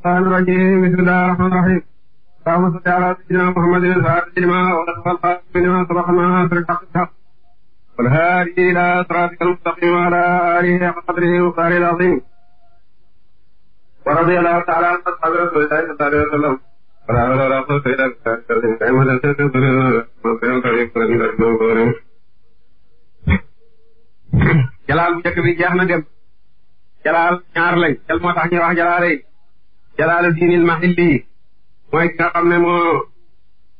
الشيطان الرجيم بسم الله الرحمن الرحيم اللهم صل على سيدنا محمد الفاتح لما ولد الخلق لما سبق ما أسرق حق الحق والهادي إلى صراطك المستقيم وعلى آله وقدره وقاره العظيم ورضي الله تعالى عن أصحاب رسول الله صلى الله عليه وسلم ولا حول ولا قوة إلا بالله jalaal bu njëkk bi jeex na dem jalaal ñaar lañ jal moo tax ñu wax jalaal yi jalaala diinil mahilli mooy ki nga xam ne moo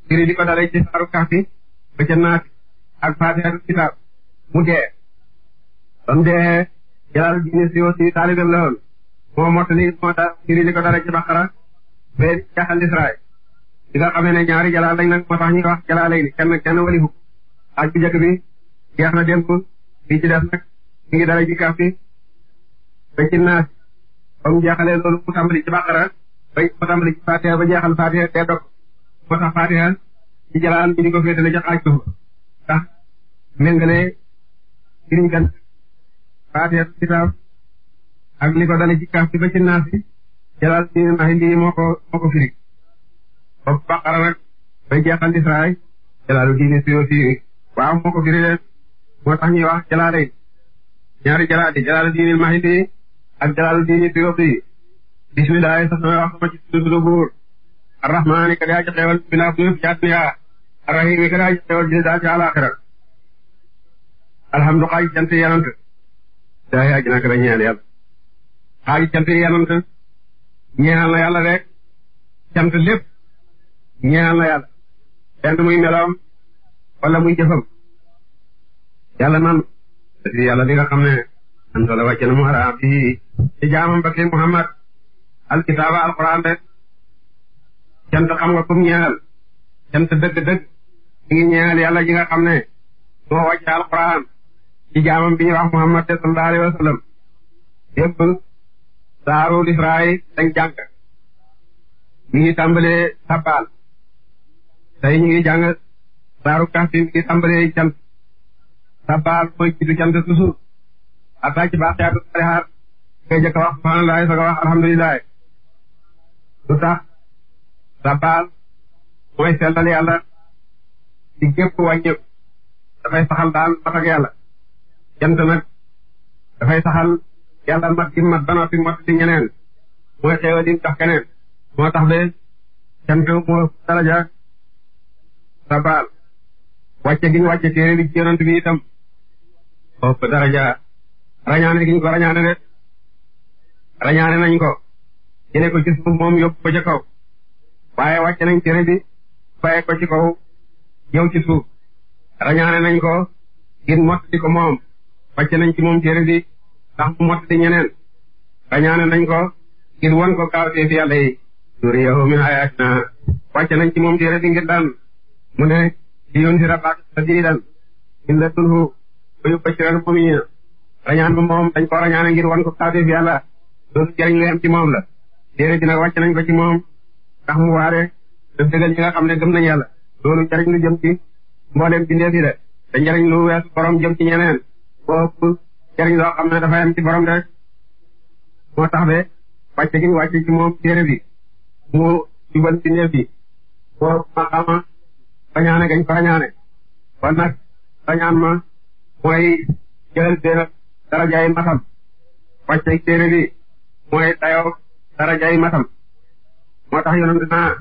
diri di ko dalee ci saaru kafi ba ca naat ak faatihaatu kitaab mu dee ba mu dee jalaala diini suyuuti taalibam la woon moo mottali moo da diri di ko dalee ci baqara ba jaxal israel di nga xamee ne ñaari jalaal lañ nag moo tax wax jalaalay ni kenn kenn walihu ak bu njëkk bi jeex na démb bi ci def nag mi ngi dalee kafi ba ci naat ba mu jeexalee loolu mu tàmbali ci ba jeexal fatiha te dog moo tax fatiha ci jalaan ñu di ba ci naas bi jalaal bi nax lii moo ba bàqara nag ba jeexal di saay jalaalu diine suyo waaw moo ko firi leen moo tax ñuy ñaari jalaal yi jalaalu diine ak jalaalu diini bi wax di bismillahi sax na wax ma ci tudd arrahmaani ka daa ci xewal bila suuf ci àdduniya arrahimi ka daa ci xewal bi daa ci àlaaxira alhamdu xaaji cant yanant daa yaaj naa ka da ñeel yàlla xaaji cant yanant ñeexal na yàlla rek cant lépp ñeexal na yàlla benn muy meloom wala muy jëfam yàlla man yàlla di nga xam ne anzala wàcce na mu ala fii ci jaamam alkitaaba alquran rek cant xam nga kum ñeexal cant dëgg-dëgg mi ngi ñeexal yàlla ji ne moo wàcce alquran ci jaamam bi ñu wax Muhammad sallallahu alayhi wa sallam saaru lisraay dañ jàng mi ngi tàmbalee sabaal tey ñu ngi saaru kahfi mi ngi tàmbalee cant sabaal mooy jiitu cant toujours ataa ci baax yaatu xaar nga jëkk a wax subhaanallahi soo ko wax alhamdulilah lu tax sabbaal mooy sellal yàlla ci saxal daal mat ak yàlla jant saxal yàlla mat gi mat ba noppi mot ci ñeneen tax keneen moo tax de jant moo daraja sabbaal wàcce gi ñu wàcce téere bi ci yonent bi itam foofu daraja rañaane gi ñu ko nañ ko jële ko ci suuf moom yóbbu ko ca kaw waaye wàcce nañ téere bi bàyyi ko ci kaw yow rañaane nañ ko ngir mott di ko moom wàcce nañ ci moom téere bi ndax mu mott di ñeneen rañaane nañ ko ngir won ko kaaw tee fi yàlla yi nuriyahu min ayatina wàcce nañ ci moom téere bi ngir daan mu ne li yun si rabaat sa dii dan in la dunhu bayu basiral mu'minina rañaan ba moom dañ ko rañaane ngir wan ko kaatee fi yàlla loolu jëriñ lay am ci moom la téere bi nag wàcc nañ ko ci moom ndax mu waare daf dëggal ñi nga xam ne gëm nañ yàlla loolu jëriñ lu jëm ci mbooleem bindee fi la te njëriñ lu weesu borom jëm ci ñeneen boo ëpp jëriñ loo xam ne dafay am ci borom rek moo tax be wàcce gi wàcce moom téere bi mu jubal bindee fi boo maxama rañaane gañ ko rañaane kon nag rañaan ma mooy jëlal benn darajaay matam wàcce téere bi mooy dayoo matam moo tax yonent na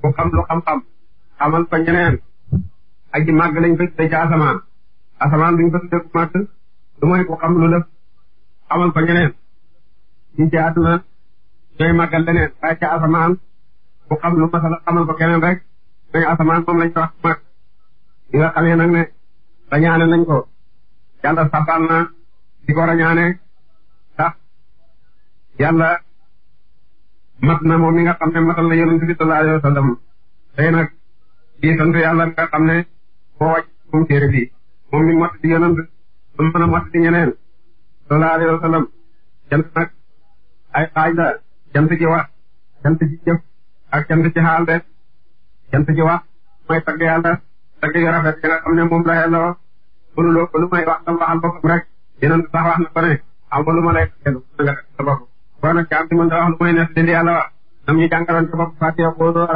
bu xam lu xam-xam xamal ko aji màgg lañ ko tudde ci asamaan asamaan duñ ko tudde ku màgg lu mooy ku xam lu lëf xamal ko ñeneen ñi ci àdduna ñooy màggal leneen waaye ca asamaan ku xam lu masala xamal ko keneen rek dañ asamaan moom lañ ko wax màgg li nga xamee ne dañaane nañ ko yàlla safaan na di ko rañaane ndax mat na moom mi nga xam ne matal na yonent bi sallallahu alayhi wa sallam tey nag nga xam ne moo wàcc moom téere bi moom mi mat di yonent ba mën a mat di ñeneen sallallahu alayhi wa sallam jant nag ay xaaj la jant ci wax jant ci jëf ak jant ci xaal de jant ci wax mooy tagg yàlla tagg yu rafet yi nga ne moom la yàlla mënuloo ko lu may wax tam waxal boppam rek dinañ sax wax na ko ne amul lu ma lay déglu nga def sa bopp. kon jaam bi mën nga wax lu may nekk dindi yàlla wax. nam ñu jàngaloon sa bopp Fatiha ko yàlla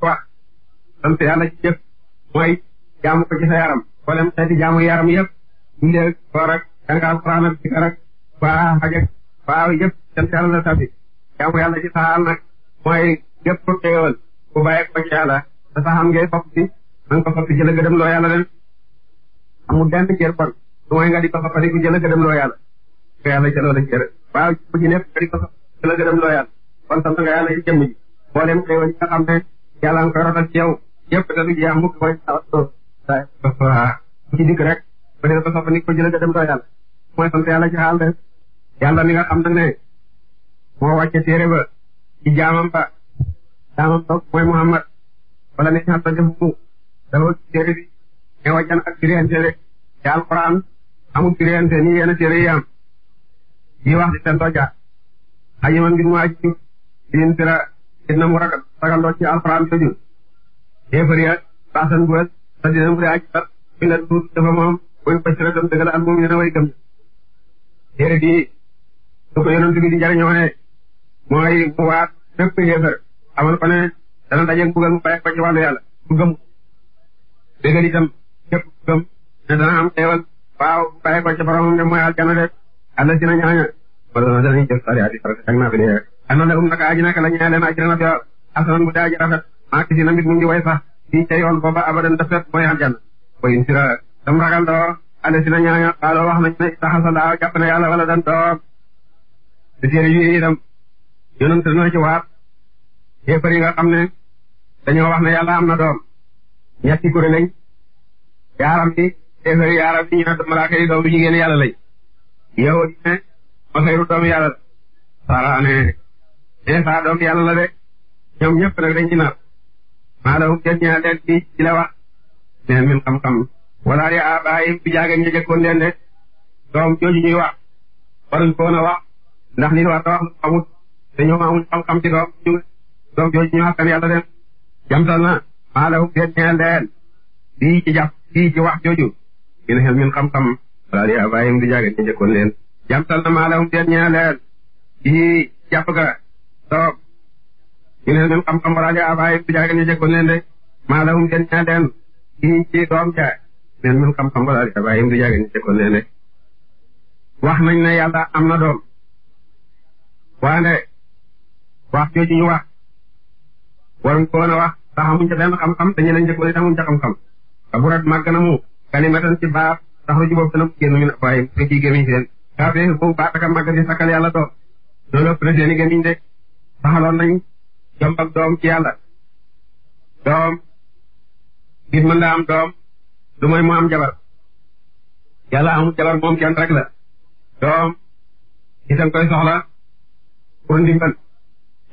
wax sant yàlla ci jëf mooy jaamu ko ci sa yaram. jaamu yaram yëpp. julleeg koor ak jàngal alquran ak sikar ak baa xaj baa yëpp sant yàlla yàlla ci saxaal nag mooy yëpp xéewal bu bàyyi ko ci yàlla te saxam ngay fopp ci na nga ko soppi jëla gëdëm loo yàlla leen amul benn cër kon su mooy nga di ko soppali ku jëla gëdëm loo yàlla nga yàlla ca loola cër waaw bu ci nekk nga di ko sopp jëla gëdëm loo yàlla kon sant nga yàlla ci jëmm ji mboolem xëy yi nga xam ne yàlla nga koy rotal ci yow yëpp te du jeex mukk koy ci dikk rek ba dina ko sopp ni ko jëla gëdëm loo yàlla mooy sant yàlla ci xaal de yàlla mi nga xam nag ne moo wàcce téere ba ci jaamam ba jaamam ba mooy Muhammad wala ni xam ta defu daloo téere bi ne wajan ak firéente de te alquran amul firéente ni yenn téere yi am yi wax di ten toja aji man mbir mu aji jub liin tira dina mu ragal ragalloo ci alquran joju éefëria sa dina mu de aji sat na duut dafa moom boy basira dam dëggal al moom yéen a way gëm téere ko yonent bi di jariñoo mooy mu waat bépp yéefër amal ko ne dana dajeeg mbugal mu bàyyi ko ci wàllu yàlla bégal itam képp gëm ne dana am xeewal waaw bu bàyyi ko ca di farata ak naafile rek ana lahum naka aji naka la ñeel leen ajran na mbir mu ngi way sax fii ca yoon booba abadan dafet mooy aljana boyin sira dam ragal doo ñaaña xaaloo wax nañ ne na yàlla wala dan doo si ci waat yéefar yi nga xam ne dañoo wax ne yàlla am na doom ñetti kuréel lañ yaaram bi téeféeri yaaram ñu ne malaaka yi doomu jigéen yàlla lañ yahudi ne masayru doomu yàlla la saara ne Iisaa eh, doomu yàlla la de ñoom ñëpp nag dañuy nar maa lahum jot ñaa leen bi ci la wax ne min xam-xam wala di abaayim bi jaaga ñu jëkkoon leen de doom jooju ñuy wax waruñ ko a wax ndax li war a wax lu xamut te ñoom amuñ xam doom doom jooju ñu waxtaan yàlla de jamtal maalahum déet ñeel leen bii ci jàpp bii ci wax jooju min xel min xam-xam walaa li di jaagat ñu jëkkoon leen jàmtal na maalahum déet ñeel leen bii jàpp ga toog min xel min xam-xam walaa li abaayim di jaagat ñu leen de maalahum déet ñeel leen bii ci doom ja min xel min xam-xam walaa di jaagat ñu leen de wax nañ ne yàlla am na doom waande wax jooju ñu wax waruñ ko wax te xamuñ ca benn xam-xam te ñeneen njëkkoon yi xamuñ ca xam-xam kaburat màgg na mu kalimatan ci baat taxruju boobu dana génn min waaye fe kii gémiñ seen kaa fee boobu baat ak màgg di sakkal yàlla doom loolu président yi gémiñ de saxaloon nañ jombal doom ci yàlla doom gis mën daa am doom lu mooy mu am jabar yàlla amul jabar moom kenn rek la doom itam koy soxla pour ndimbal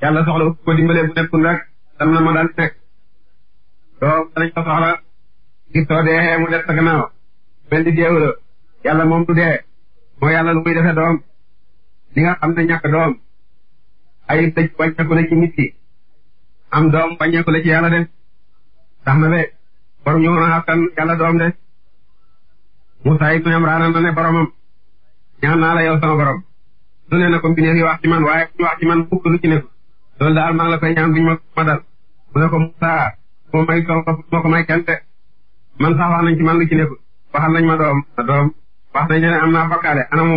yàlla soxla ko dimbalee bu nekkul rek dam na ma daan nekk soo danañ ko soxla gis dee mu def sa gannaaw mel ni déewu la yàlla moom du dee moo yàlla lu muy defe doom li xam ne ñàkk doom ay dëj wàññeeku la ci nit am doom wàññeeku la ci yàlla de tax na de borom ñu mën a xaskan yàlla doom de Musaa ibnu ñaan naa la yow borom lu ne na ko mbineef yi wax ci man waaye ñu wax ci man bukk lu ci nekk loolu daal maa la koy ñaan buñu ma dal mu ne ko Musaa mu may soxla moo ko may kenn de man sax wax nañ ci lu ci nekk waxal nañ ma doom doom wax nañ ne am naa bakkaale anamu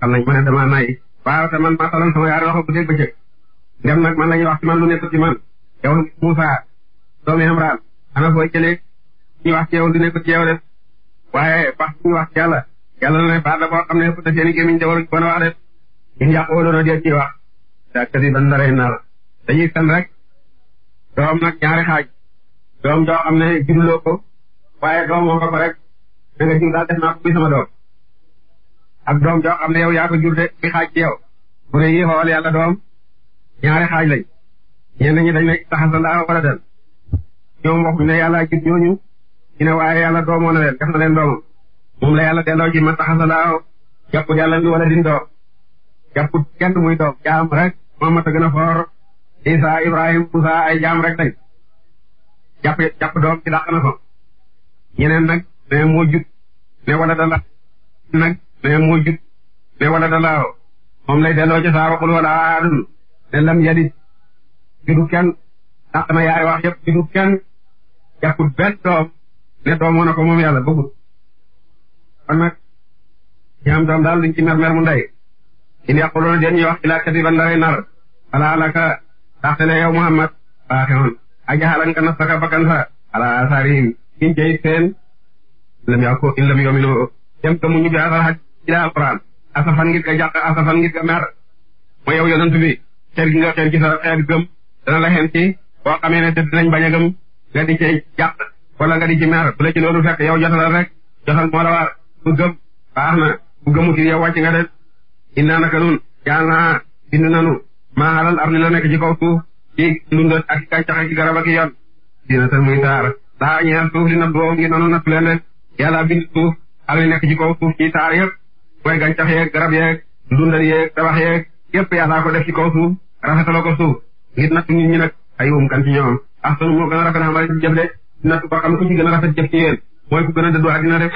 waxal nañ ma ne dama nay waaw te man masalan sama yaari waxo bu dégg bëccëg dem nag man wax ci man lu ne ci man yow Moussa doomi Imraan ana foo jëlee ñu wax ci yow lu nekk ci yow def waaye wax bu ñu wax ci yàlla yàlla na ne baat la boo xam ne fu da seeni gémmiñ da waruñ ko wax def ñun yàq wóoloona dee ci wax daa kasi ban daray naa la dañuy san rek doom doom joo am ne judduloo ko waaye doomu nga ko rek da def naa ko sama doom ak doom joo xam ne yow yaa ko jur de muy xaaj ci yow mu ne yii xool yàlla doom ñaari xaaj lañ ñenn ñi dañ ne taxasalaa wala del ñoom waxuñ ne yàlla jur ñooñu ñu ne waaye yàlla doomoo na leen def na leen doomam moom la yàlla delloo ci man taxasalaa jàpp yàlla wala din doom jàpp kenn muy doom jaam rek moom mat a gën a foor Isa Ibrahim Musa ay jaam rek lañ jàpp jàpp doom ci dàq na ko ñeneen nag ne moo jut ne wala dala nag ne moo jut ne wala dalaaw moom lay delloo ci saa waxul wala aadun ne lam yadit judu kenn dàq na yaay wax yëpp judu kenn jàpput benn doom ne doomoo na ko moom yàlla bëggul kon nag doom daal duñ ci mer mer mu ndey in yaquluna den ñu wax ila kadiban lay nar ala alaka taxte ne yow Muhammad baaxewoon ajaxalan nga nastaka bakkan sa ala asaarihim giñ ca it seen lam yaa ko in lam yominu ñam gëmuñu bi asal xaj ci daa alquran asafan jàq asafan ngir nga mer mooy yow yonent bi xeer gi nga xeer ci sa xeer gëm dana la xen ci boo xamee ne te dinañ a gëm nga di ci jàq wala nga di ci mer bu la ci loolu jotalal rek jotal moo la war bu gëm baax na bu gëmuti yow wàcc nga de innaa naka nun yaa naa bind nanu maa alal ar ni la nekk ci dundal ak gàncax ak garab ak yoon dina tan muy taar daa ñeel suuf li na boobu ngi noonu natt leen rek yàlla bind suuf ala nekk ci kaw ci taar yëpp mooy gàncax yeeg garab yeeg dundal yeeg tabax yeeg yëpp yàllaa ko def ci kaw suuf rafetaloo ko suuf ngir natt nit ñi nag ay kan ci ñoom axsanu moo gën a rafet xamal ci jëf de natt ko ci gën a rafet ci yéen mooy ku gën a dëddu àddina rek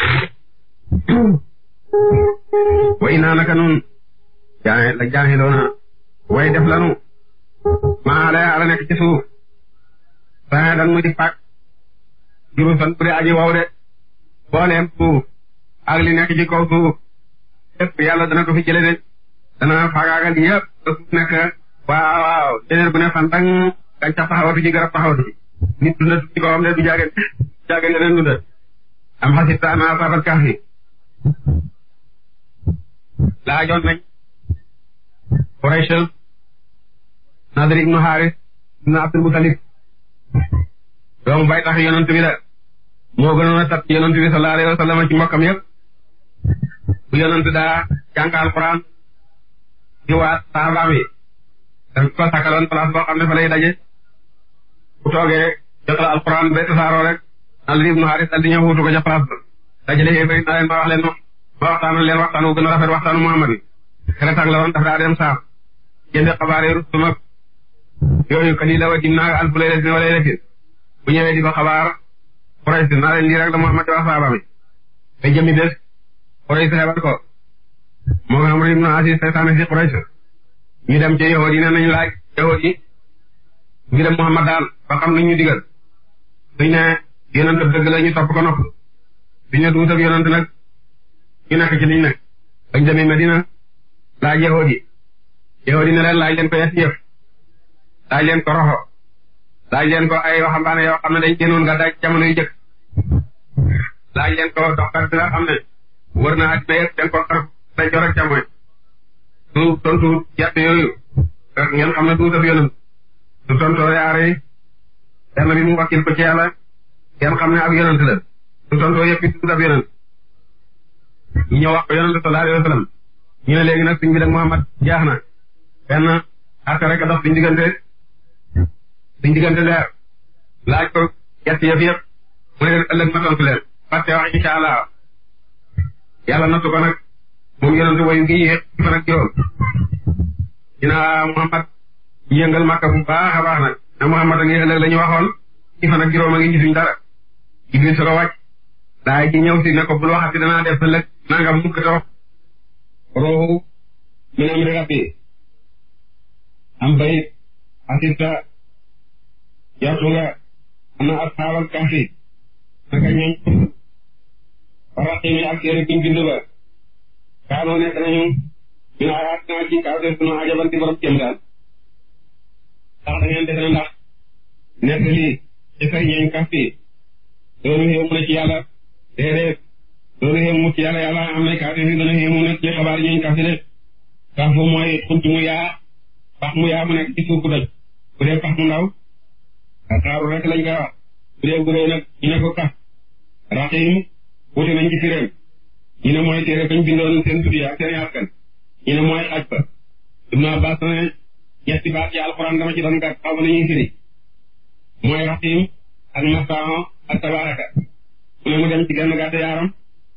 wa inaa naka nun jaaxe la jaaxe loona way def lanu maa lay ala nekk ci suuf saa dan muy pàkk juru san bu dee aji wow de booleem suuf ak li nekk ci kaw dana ko fi jële de dana faagaagal yëpp da suuf nekk waaw waaw déneer bu ne fan dang gàncax taxawatu ci garab taxawatu ci nit dundatu ci kawam de du jaage jaage leneen dunda am xasibta ana asaabal kahfi laajoon nañ Quraysh Nadir ibnu Xaaris ibnu Abdul Mutalib doomu bay tax yonent bi moo gënoon a tat yonent bi sallallahu alayhi wa sallam ci mbokkam yëpp bu yonent daa jàng alquran di waat saabaam yi daf ko sàkkaloon place boo xam ne fa lay daje bu toogee jotal alquran ba tasaaroo rek Nadir ibnu Xaaris dal di ñëw wuutu ko ca place ba dajale yéefari na leen ba wax leen moom ba waxtaan leen waxtaan wu gën a rafet waxtaanu Muhammad la woon daf daa dem saam jënd xabaar yi yooyu kalila wa dimna an fu laylatin wa laylatin bu ñëwee di ko xabaar Quraysh naa leen lii rek la Muhammad wax saabam yi te jëmmi bés Quraysh xebal ko moom Amr ibn Aziz seytaane si Quraysh ñu dem ci yahudi ne nañ laaj yahudi mbiram Muhammad daal ba xam nañ ñu digal suñ ne yonent dëgg la ñu topp ko nopp suñ ne duut ak yonent nag ñu nekk ci liñ nekk bañ laaj yahudi yahudi ne leen laaj leen ko yas yëf laaj leen ko roxo daaj leen ko ay waxambaane yoo xam ne dañ génnoon nga daaj jamono yu jëkk daaj leen ko doxkat bi nga xam ne wër na àddina yëpp dañ ko xar da jor ak càmmoñ su tontu jett yooyu ngeen xam ne duutaf yonent su tontoo yaare yi benn bi mu wakkil ko ci yàlla ngeen xam ne ak yonent la su tontoo yëpp it duutaf yonent ñu ñëw wax ko yonent sallallahu alayhi wa sallam ñu ne léegi nag suñ bi jaax na benn atte rek a dox suñ diggante suñ diggante leer laaj ko gert yëf yëpp mu ne ma tontu leen parce que wax incha allah yàlla nattu ko nag moom yonentu wayu ngi yéex fan ak juróom dina Muhammad yëngal màkka bu baax a baax nag na Muhammad a ngi ëllëg waxoon ci fan ak juróom a ngi gisuñ dara Iblis sa ko wàcc ji ñëw si ne ko bul waxati danaa def ëllëg nangam mukk toog rooxu min am rabbi am bayit asita yaatu nga ana asxaabal kahfi naka ñooñ waraqimi ak téere biñ bind ba kaanoo nekk nañu min ayaatinaa ci kaawteef sunu ajaban di borom jëm daal ndax da ngeen defe ndax nekk lii ci say ñooñ kahfi doonu xéemu na ci yàlla déedéet doonu xéemu ci yàlla yàlla am na kaawteef yi dana xéemu nekk ci xabaar ñooñ kahfi de kahfu mooy xunt mu yaa pax mu yaa mu nekk ci suufu doj bu dee mu ndaw asaaru rek lañ koy wax bu dee bu rëy ko ka raxiim wute nañ ci firéem ñu ne mooy téere bañ bindoon seen ak seen askan ñu ne mooy aj ba Ibnu Abbas ne ñetti baat ci alxuraan dama ci doon xaw ma nañuy firi mooy raxiim ak nastaano ak tabaraka mu ne mu dem ci genn gàtt yaaram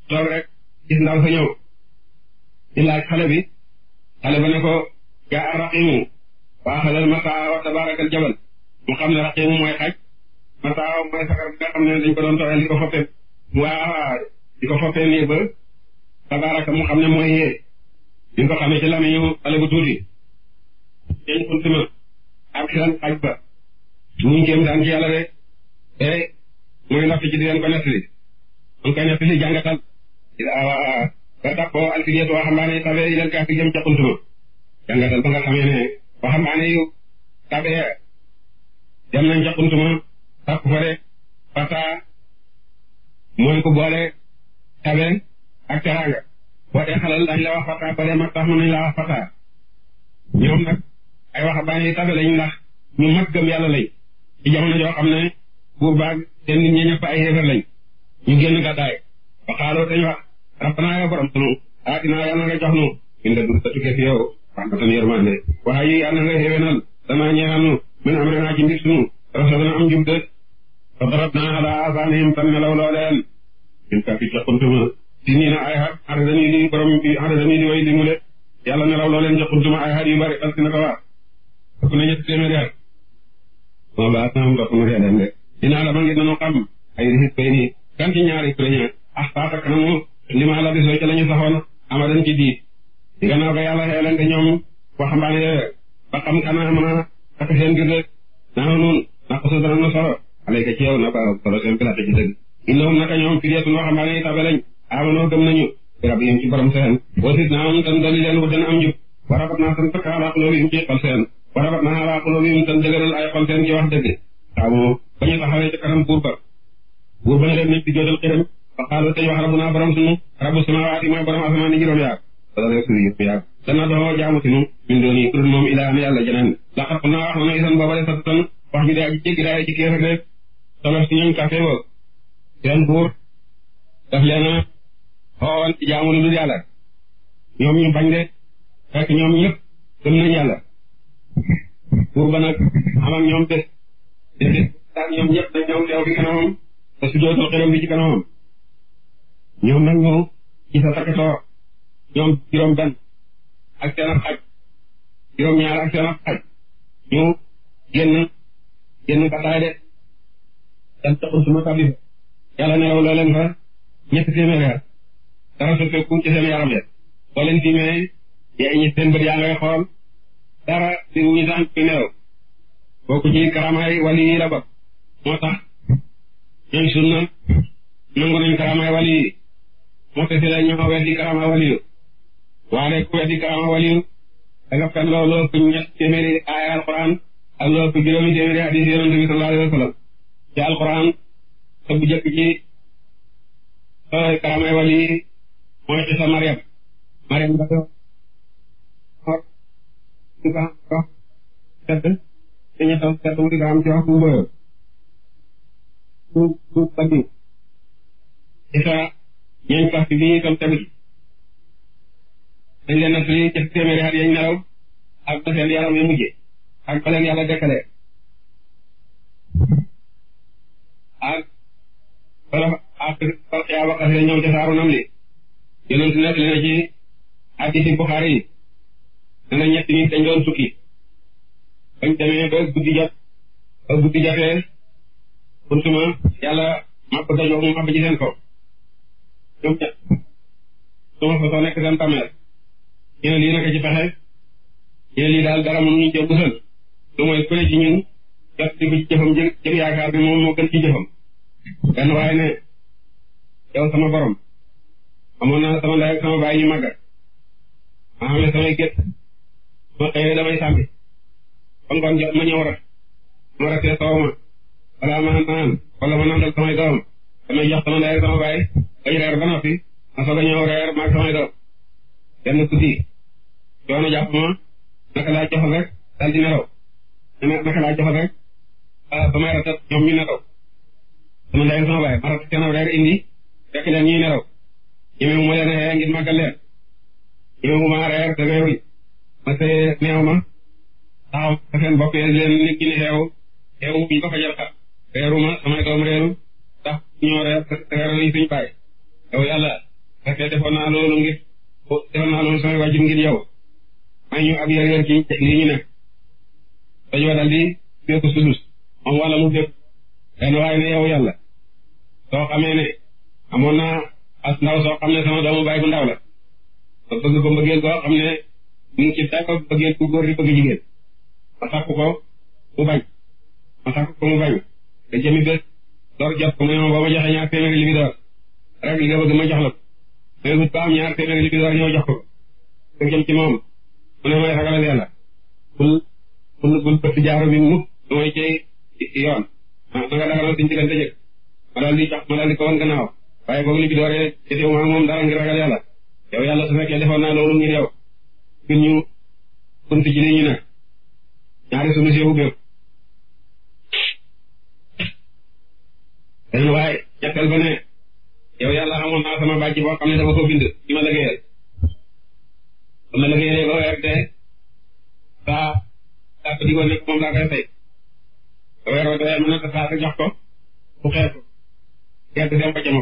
toog rek gis ndaw sa ñëw laaj xale bi xale ba ne ko gaa raxiimu waaxalal masaa wa tabarakal jabal mu xam ne raqi mu mooy xaj masaaw mooy sagar nga xam ne dañ ko doon tooyal di ko foppe waa di ko foppe nii ba mu xam ne mooy yee ñu xaj ba muy kéem daan ci yàlla de e muy ndax ci di leen ko nettali mu koy nettali jàngatal waaw ba tax boo alfidiyatu waxambaane tabee ilal kaafi jëm yu tabee dem nañ ca xuntuma fàkk fa de fataa mooy ko boole tabe ak teraanga boo xalal dañ la wax fataa boo dee mag tax mën nañ la wax fataa ñoom nag ay waxa baa ngi tabe lañ ndax ñu mag gëm yàlla lañ ci jamono joo xam ne buur baag seen nit ay xeefar lañ ñu génn gàddaay ba xaaloo dañ wax rabbanaa ya borom sunu aatinaa yàlla nga jox nu inda du sa tukkee fi yow wax nga tan yërmande waaye yi yàlla nga xéwénal sama ñeexal nu min amrinaa ci am njub de fa darabnaa alaa aasaanihim tan nelaw looleen min kaafi jaqultuma siniina ay xat xaradani borom bi xaradani li way limu de yàlla nelaw looleen jaqultuma ay xat yu bari al sina tawaa ëpp na ñetti téeméeri at moo baas na am topp na reeden de dinaa la ma ngir nanu xam ay risit bay nii kan ci ñaari préñe ax ah, taata kanamu limaa la disoo ca lañu saxoon amadan ci diit gannaaw ko kana mën a ak seen ngir rek naa noonu naka sa dana na solo alayka ci yow na ba solo seen bilaate ci dëgg innahum naka ñoom fideetun noo xam baa ngay tabe lañ amanoo gëm nañu bi rabbihim ci borom seen wasit naa ñu tan dali leen wu dana am njub wa rabat naa tan fakk alaa quluubihim ci xol seen wa rabat naa alaa quluubihim tan dëgëral ay xol seen ci wax dëgg taamu ba taxawee ci kanam buur ba buur nañ di joodal xiram fa xaalu tey wax rabu naa borom rabu samawaati mooy ndax naa wax na isan booba de sa tan wax ji daa ji jéggi daa ji kees rek solo si ñoom café ba seen buur daf leen a xoowoon ci jaamu lu dul yàlla ñoom bañ de fekk ñoom ñëpp gëm nañ yàlla buur ba nag am ak ñoom bés déedéet daal ñoom ñëpp dañ ñoom teew fi kanamam te su dootul xelam bi ci kanamam ñoom nag ñëw ci sa takkatoo ñoom juróom benn ak seen ab xaj juróom ñaar ak seen xaj ñu génn génn bataay de dan taxul sunu tabifa yàlla nelaw fa ñetti téeméeri at dara soppeeku ci seen yaram de boo leen tiimee yee ñi seen bët yaa ngay xool dara si wuñu daan ci nelaw bokku ci karamaay wali yi moo tax ñooñ sunna nangu nañ karamaay wali moo tax si la ñoo karamaay wali yu waale karamaay wali danga fekk loolu ëpp ñett téeméeri aaya alquran ak lu ëpp juróomi téeméeri hadis yonent bi sallallahu alayhi wa sallam ci alquran te bu jëkk ci karamay wali mooy ci sa Mariam Mariam ba ko di ko am ko sedd te ñettam sedd mu di ko am ci wax mu mboyoo mu mu tagg isa ñeent sax bi itam tamit dañ leen nettali ci téeméeri at yañ nelaw ak ba seen yaram yu mujje ak ba leen yàlla dekkale ak bala ak yaa waqas ya ñëw ca saaru nam li yonent nettali na ci hadiisi Buxaari yi dana ñetti nit dañ doon sukki bañ demee ba guddi jot ba guddi jafee pour suma yàlla màpp dajoo mu màpp ci seen kaw ñoom ñett fa soo nekk seen tameer ñu ne na naka ci pexe ñu ne lii daal dara mënuñu jël musal lu mooy ku ne ci ñun jot di ko ci jëfam jël jël yaakaar bi moom moo gën ci jëfam waaye ne yow sama borom amoon naa sama ndey sama baay ñu màggat maa xam samay gét ma xëyee damay sàmmi ba ngoon jot ma ñëw rat ma ratee soow ma wala ma naan wala ma nandal samay doom damay jox sama ndey sama baay bañ reer ba noppi ma soog a ñëw reer maag samay doom kenn ku ci yoonu jàpp ma naka laa joxal di nelaw ma naka ah, ba may ratat ñoom ñu nelaw sama ndey sama baay ma ratat kenn reer indi fekk leen ñuy nelaw ñemewu ma leen reer ngir màggal leen ñemewu ma reer te ma see neew ma taxaw ma seen bopp leen nit ñi ni xeew xeewu ñu ko fajal xar reeru ma samay doom reeru ndax ñoo reer reeru ñu suñ bàyyi yow yàlla fekkee defoon naa loolu ngir defal naa loolu samay waajur ngir yow may ñu ak yor yor ci li nekk dañoo daal di béeku sudus moom wala mu bépp benn waaye ne yow yàlla soo xamee ne amoon naa as ndaw soo xam ne sama doomu baay bu ndaw la ma bëgg ko mbëggeel xam ne mu ngi ci tàkk bëggeel ku góor di bëgg jigéen ma sàkk ko mu bañ ma sàkk ko mu bañ nga jëmi bés lor jot ko mu ne ma boo ma joxe ñaar téeméeri rek li nga bëgg ma léegi ba am ñaar téeméer yu dara jox ko nga jëm ci moom mu ne may ragal yàlla bul bul na ah, nga dagalal suñ diggante ma daal di ma daal di ko wan gannaaw waaye boobu li bi dooree ci déw maa moom dara ngir ragal yàlla yow yàlla su fekkee defoon naa loolu ngir yow ngir ñu bunt ji ne ñu nag ñaari sunu si ubbeeku beneen waaye ñetteel ba ne yow yàlla amoon naa sama bàjj boo xam ne dama ko bind ma liggéeyal sama liggéeyalee ba weer saa saa ko nekk moom laa koy fay ba weer wa dee ma ne saa sa jox ko bu xeer ko gerte dem ko jama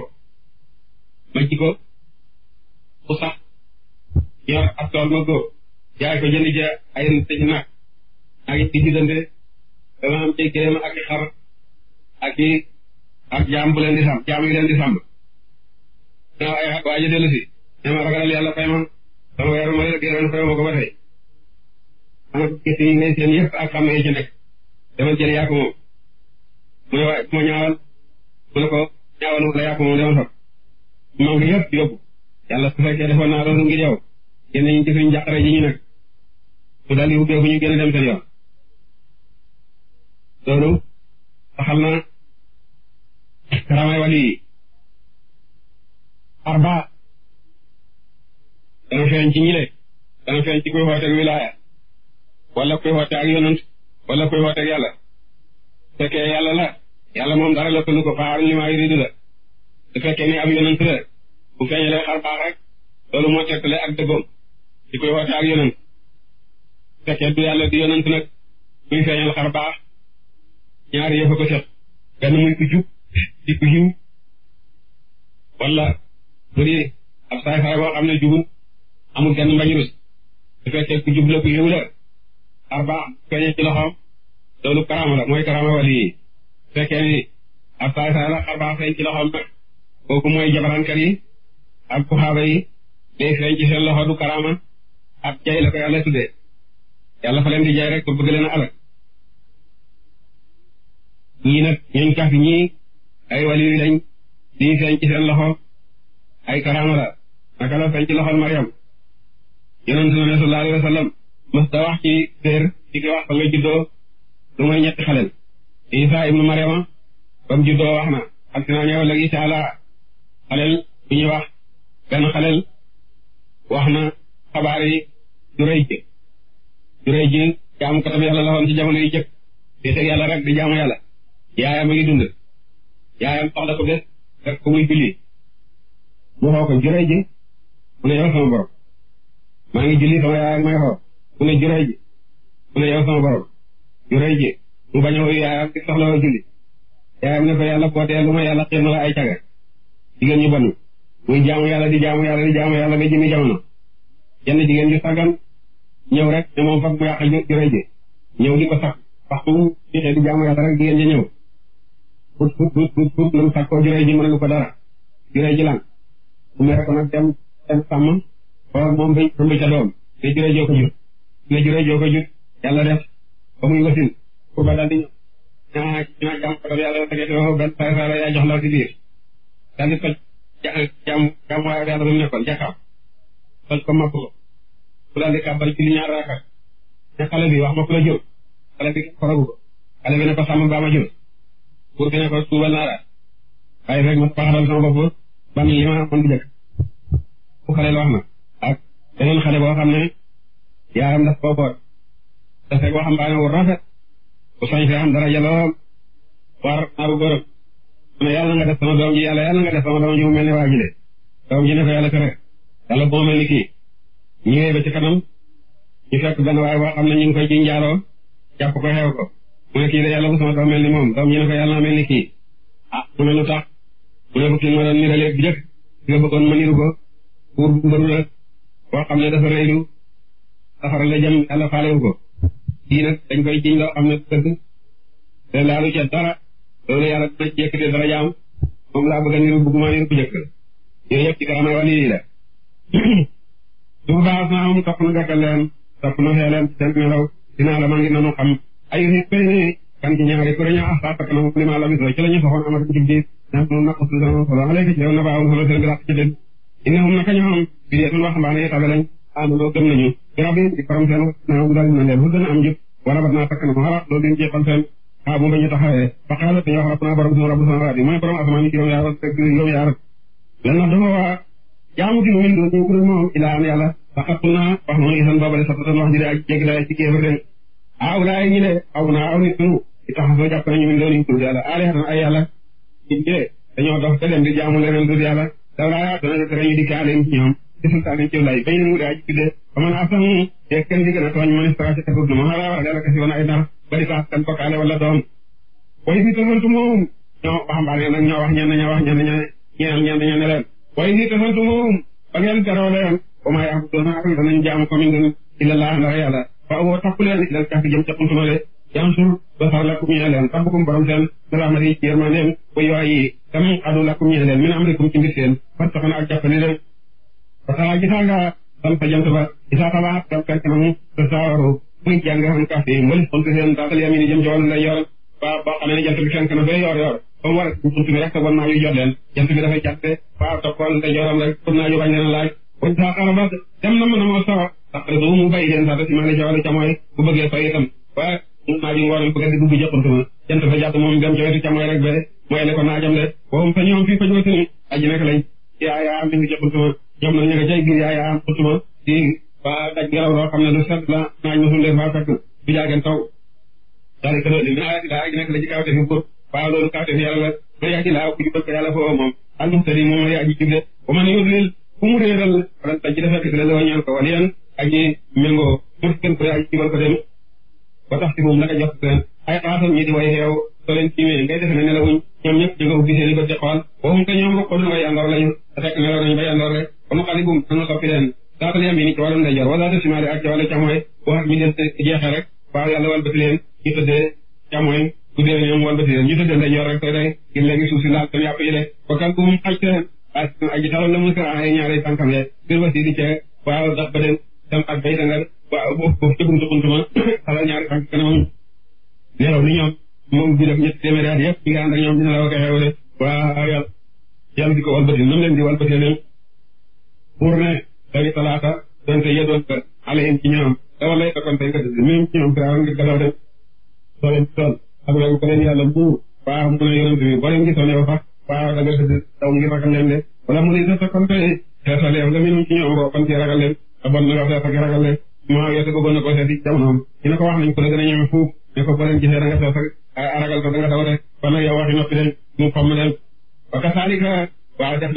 bu sax yor ab tool ma góob jaay ko jënd ja ay tëj naag naag yi di diggante dana am ci xar ak jaam bu leen di sàmm jaam yi leen di sàmm daa ay xaq waaja dellu si ne ma ragalal yàlla fay ma sama weer mooy rek yeneen ko ba tey xanaa gis seen yëpp ak xam yi ci nekk demal jël yaa moom mu ne ñaawal mu ne ñaawal wala yaa moom demal fab maa ngi yëpp yóbbu yàlla su fekkee defoon naa loolu ngir yow génn ñu ci suñu jàqare ñu nag mu daal ubbeeku ñu gën a dem seen yoon loolu waxal na karamay wali arba dana feeñ ci ñile dana feeñ ci kuy wilaaya wala kuy xoote ak yonent wala kuy xooteeg yàlla fekkee yàlla la yàlla moom dara la tënnu faar li maa yuridu la su fekkee ni ab yonent la bu feeñalee xar baax rek loolu ak dëggoom ci kuy xoote ak du yàlla du yonent nag muy feeñal xar baax ñaari yëfa ko set benn di ku yiw bëri ab saay faay boo xam ne jubul amul kenn mbañu rus su fekkee ku la ku yiw la arba feeñe ci loxoom la mooy karaama wali yi fekkee ab saay saay la arba feeñ ci loxoom nag kooku mooy jabarankat yi ak kuxaaba yi day ci seen loxo du karaama ab jaay la ko yàlla tuddee yàlla fa leen di jaay rek pour bëgg leen a ñii nag ñooñ kaf ñii ay wali yi lañ di ci seen loxo ay karaama la naka la feeñ ci loxol Mariam yonent na sallallahu alayhi wa da wax ci séer di wax ba nga juddoo lu may ñetti xaleel Isa ibnu Mariama ba mu juddoo wax na ak dinaa ñëw léegi Isa la xaleel bu ñuy wax benn xaleel wax na xabaar yi juróoy ji juróoy ji jaamu katam la woon ci jamono yi jëkk di teg yàlla rek di jaamu yàlla yaayam a ngi dund yaayam soxla ko bés rek ko muy julli mu xoo ko jërëj ji sama borom maa ngi julli sama yaay may xoo mu ne jërëj ji sama borom jërëj mu bañ a wuyu yaayam di soxla wala julli yaayam ne ko yàlla lu ma yàlla xëy na la ay caga jigéen ñu bon muy jaamu yàlla di jaamu yàlla di jaamu yàlla ba jëmi jamono yenn jigéen ñu sàggan ñëw rek ne moom fag mu yàq jërëj ñëw di ko sax waxtu fixee di jaamu yàlla rek jigéen ja ñëw put put put put lam sax koo jërëj ji mënalu ko dara jërëj mu mere ko nag dem dem sàmm ba moom ba ëmb ca doom ne juree joo ko jur ne juree joo ko jur yàlla def ba muy wasin ku ba daal di ñëw ñaa ñaa jàmm ko yàlla tegee doo benn saa saa yaa jox ndaw si biir daal di toj jàmm jàmm waaye yàlla ba mu nekkoon jàkkaam toj ko mapp ko ku daal di kàbbal ci li ñaar raaka ne xale bi wax ma ku la jur xale bi xoragu ko xale bi ne ko sàmm baa ma jur buur bi ne ko tuubal naa la waaye rek ma paxaral sama bopp man li ma amoon bu njëkk bu xaleel wax ma ak beneen xale boo xam ne yaaram daf koo boot daf fekk waxambaane wu rafet bu sañ fee am dara jalool war naaru bërëb mu ne nga def sama doom ji yàlla yàlla nga def sama doom ji mu mel ne waa doom ji ne ko yàlla kere yàlla bu ma mel ni kii ñëwee ba ci kanam ñu fekk benn waay boo xam ne ñu ngi ji njaaloo jàpp ko ko mu ne kii de yàlla bu sama doom mel ni moom doom ji ne ko yàlla mel ni kii ah mu ne tax mu ne ko fi ma doon niralee bu njëkk fi nga bëggoon ma niru ko pour bu mbëru la koo xam ne dafa reylu safara la jëm yàlla faalewu ko kii nag dañ koy jiñ loo xam ne dëgg te laalu ca dara loolu moom laa bëgg a niru bëgguma niru bu njëkk yooyu yëpp ci karamay wàll yi la suuf baax na am topp na gàttal leen topp na xee leen seen melaw dinaa la ma ngi nanu xam ay kan ci ñaari kuréña ah na mu li ma la bisoo ci la ñu soxoon amatuñ ci biir nahum naqus wa alayka ci yow naba'um xabaar bi laq ci dëgg innahum naka ñoom bi a waxambaane yi tabe lañ amandoo gëm nañu bi rabbi di borom seen naam dal na leen hudan am jub wala bat naa takk na ma xalaat loolu leen jeexal seen xaa bu bañu taxawee fa xaalat dañu wax rabbuna borom sunu rabbu samawaati mooy borom asamaan yi juróom yaar ak juróom yaar lan na dafa waa jaamuti lu min doon ñu gudul moom ilaa an yàlla faqattu naa wax noonu isan boobale satatan wax ji de ak ñi dañoo dox te dem di jaamu leneen dul yàlla dawlaayaa danañu tere ñu di kaaleen ci ñoom di santaane ci lay bay na mu daa ji tuddee ba mën a sax yeeg kenn di gën a tooñ ministration kafur du ma xalaat yàlla kasi woon ay bari sax kan bokkaale wala doom way si tafantu ñoo waxambaane nag ñoo wax ñenn ñoo wax ñenn ñoo ñeneen ñenn ñoo ne leen jaamu commune illa laa ndara yàlla ba woo takku leen ilal kafi jëm ca puntumale yam suuf ba far lakkum ñeel leen rabbukum borom seen bi rahmati a yërmandeem wa yuhayyi tamit adu lakkum ñeel leen min amrikum ci mbir seen fattaxuna ak jàppale leen fasaa gisaa nga dal fa jant ba gisaa sabaa dal fekk na mu te saawaru muy jàng xam kafe mbalis xontu seen daal yamin yi jëm ci wàllu lay yor ba boo xamee ne jant bi fenk war a xuntu bi rek te bon naa yu ba toppoon te yoram rek naa yu bañ leen laaj wa saa xarabat dem na mën a moo sawa sax du mu bàyyi leen ñun naaj yu ngoon bu ko di dugg jëppante na jant fa jàpp moom dem ca wetu ca mooy rek ba mooy ne ko naajam de boobu fa ñoom fii fa ñoo sini aji nekk lañ yaayaa am di jëppante na ñoom nag ñu nga cay biir yaayaa am xutuma di waa daj ne lu fekk du taw daal ko loolu naa ah daa aji nekk la ci kawte fi buur waaw loolu kawte fi yàlla la ba yaa ci laaw ku jubal ko yàlla moom almuhtadi moom mooy aji jubde ba man yudlil ku mu réeral wala taj ci defekk si la la ko wala aji méngoo mu gën ko aji jubal ko dem wa tax ci moom naka jox ko ay xaatam ñi di way xeew soo leen siiwee ngay defe nelawuñ ñoom ñëpp ñu nga ubbi seen i bët di xool waxum ko ñoom xolun way andoor lañu te fekk nelaw nañu bay andoor rek ba mu xali bum dana soppi leen saatal yam bi ni ci wàllu ndeyjoor wala de simaali ak ci wàllu camooy wax ak mi leen jeexee rek waaw yàlla walbati leen ñu ñu tëddee ndeyjoor rek tey day ngir léegi suuf si laal tam yàpp yi de ba kal bum la mu sa ay ñaari tànkam bir ba si waaw boobu ci buntu buntu ba xala ñaari tànk kanamam nelaw ni ñoom moom bi def ñetti téeméeri at yëpp ñi nga ànd ñoom dina la ko xewle waaw yàlla yàlla di ko walbati leen di walbati leen pour ne dari talaata donte yedoon ka alayhim ci ci ñoom firaw nga galaw dem soo leen tool ak ne yonent bi boo leen ragal leen de wala ne sa takkoon tey xeetal ragal leen Muawiya te bëggoon na ko seeti jamonoom ki ne ko wax nañ ko la gën a ñeme fuuf ne ko boo leen gisee da nga seet ak ko da nga daw rek kon nag yow waxi noppi de mu fomm leen na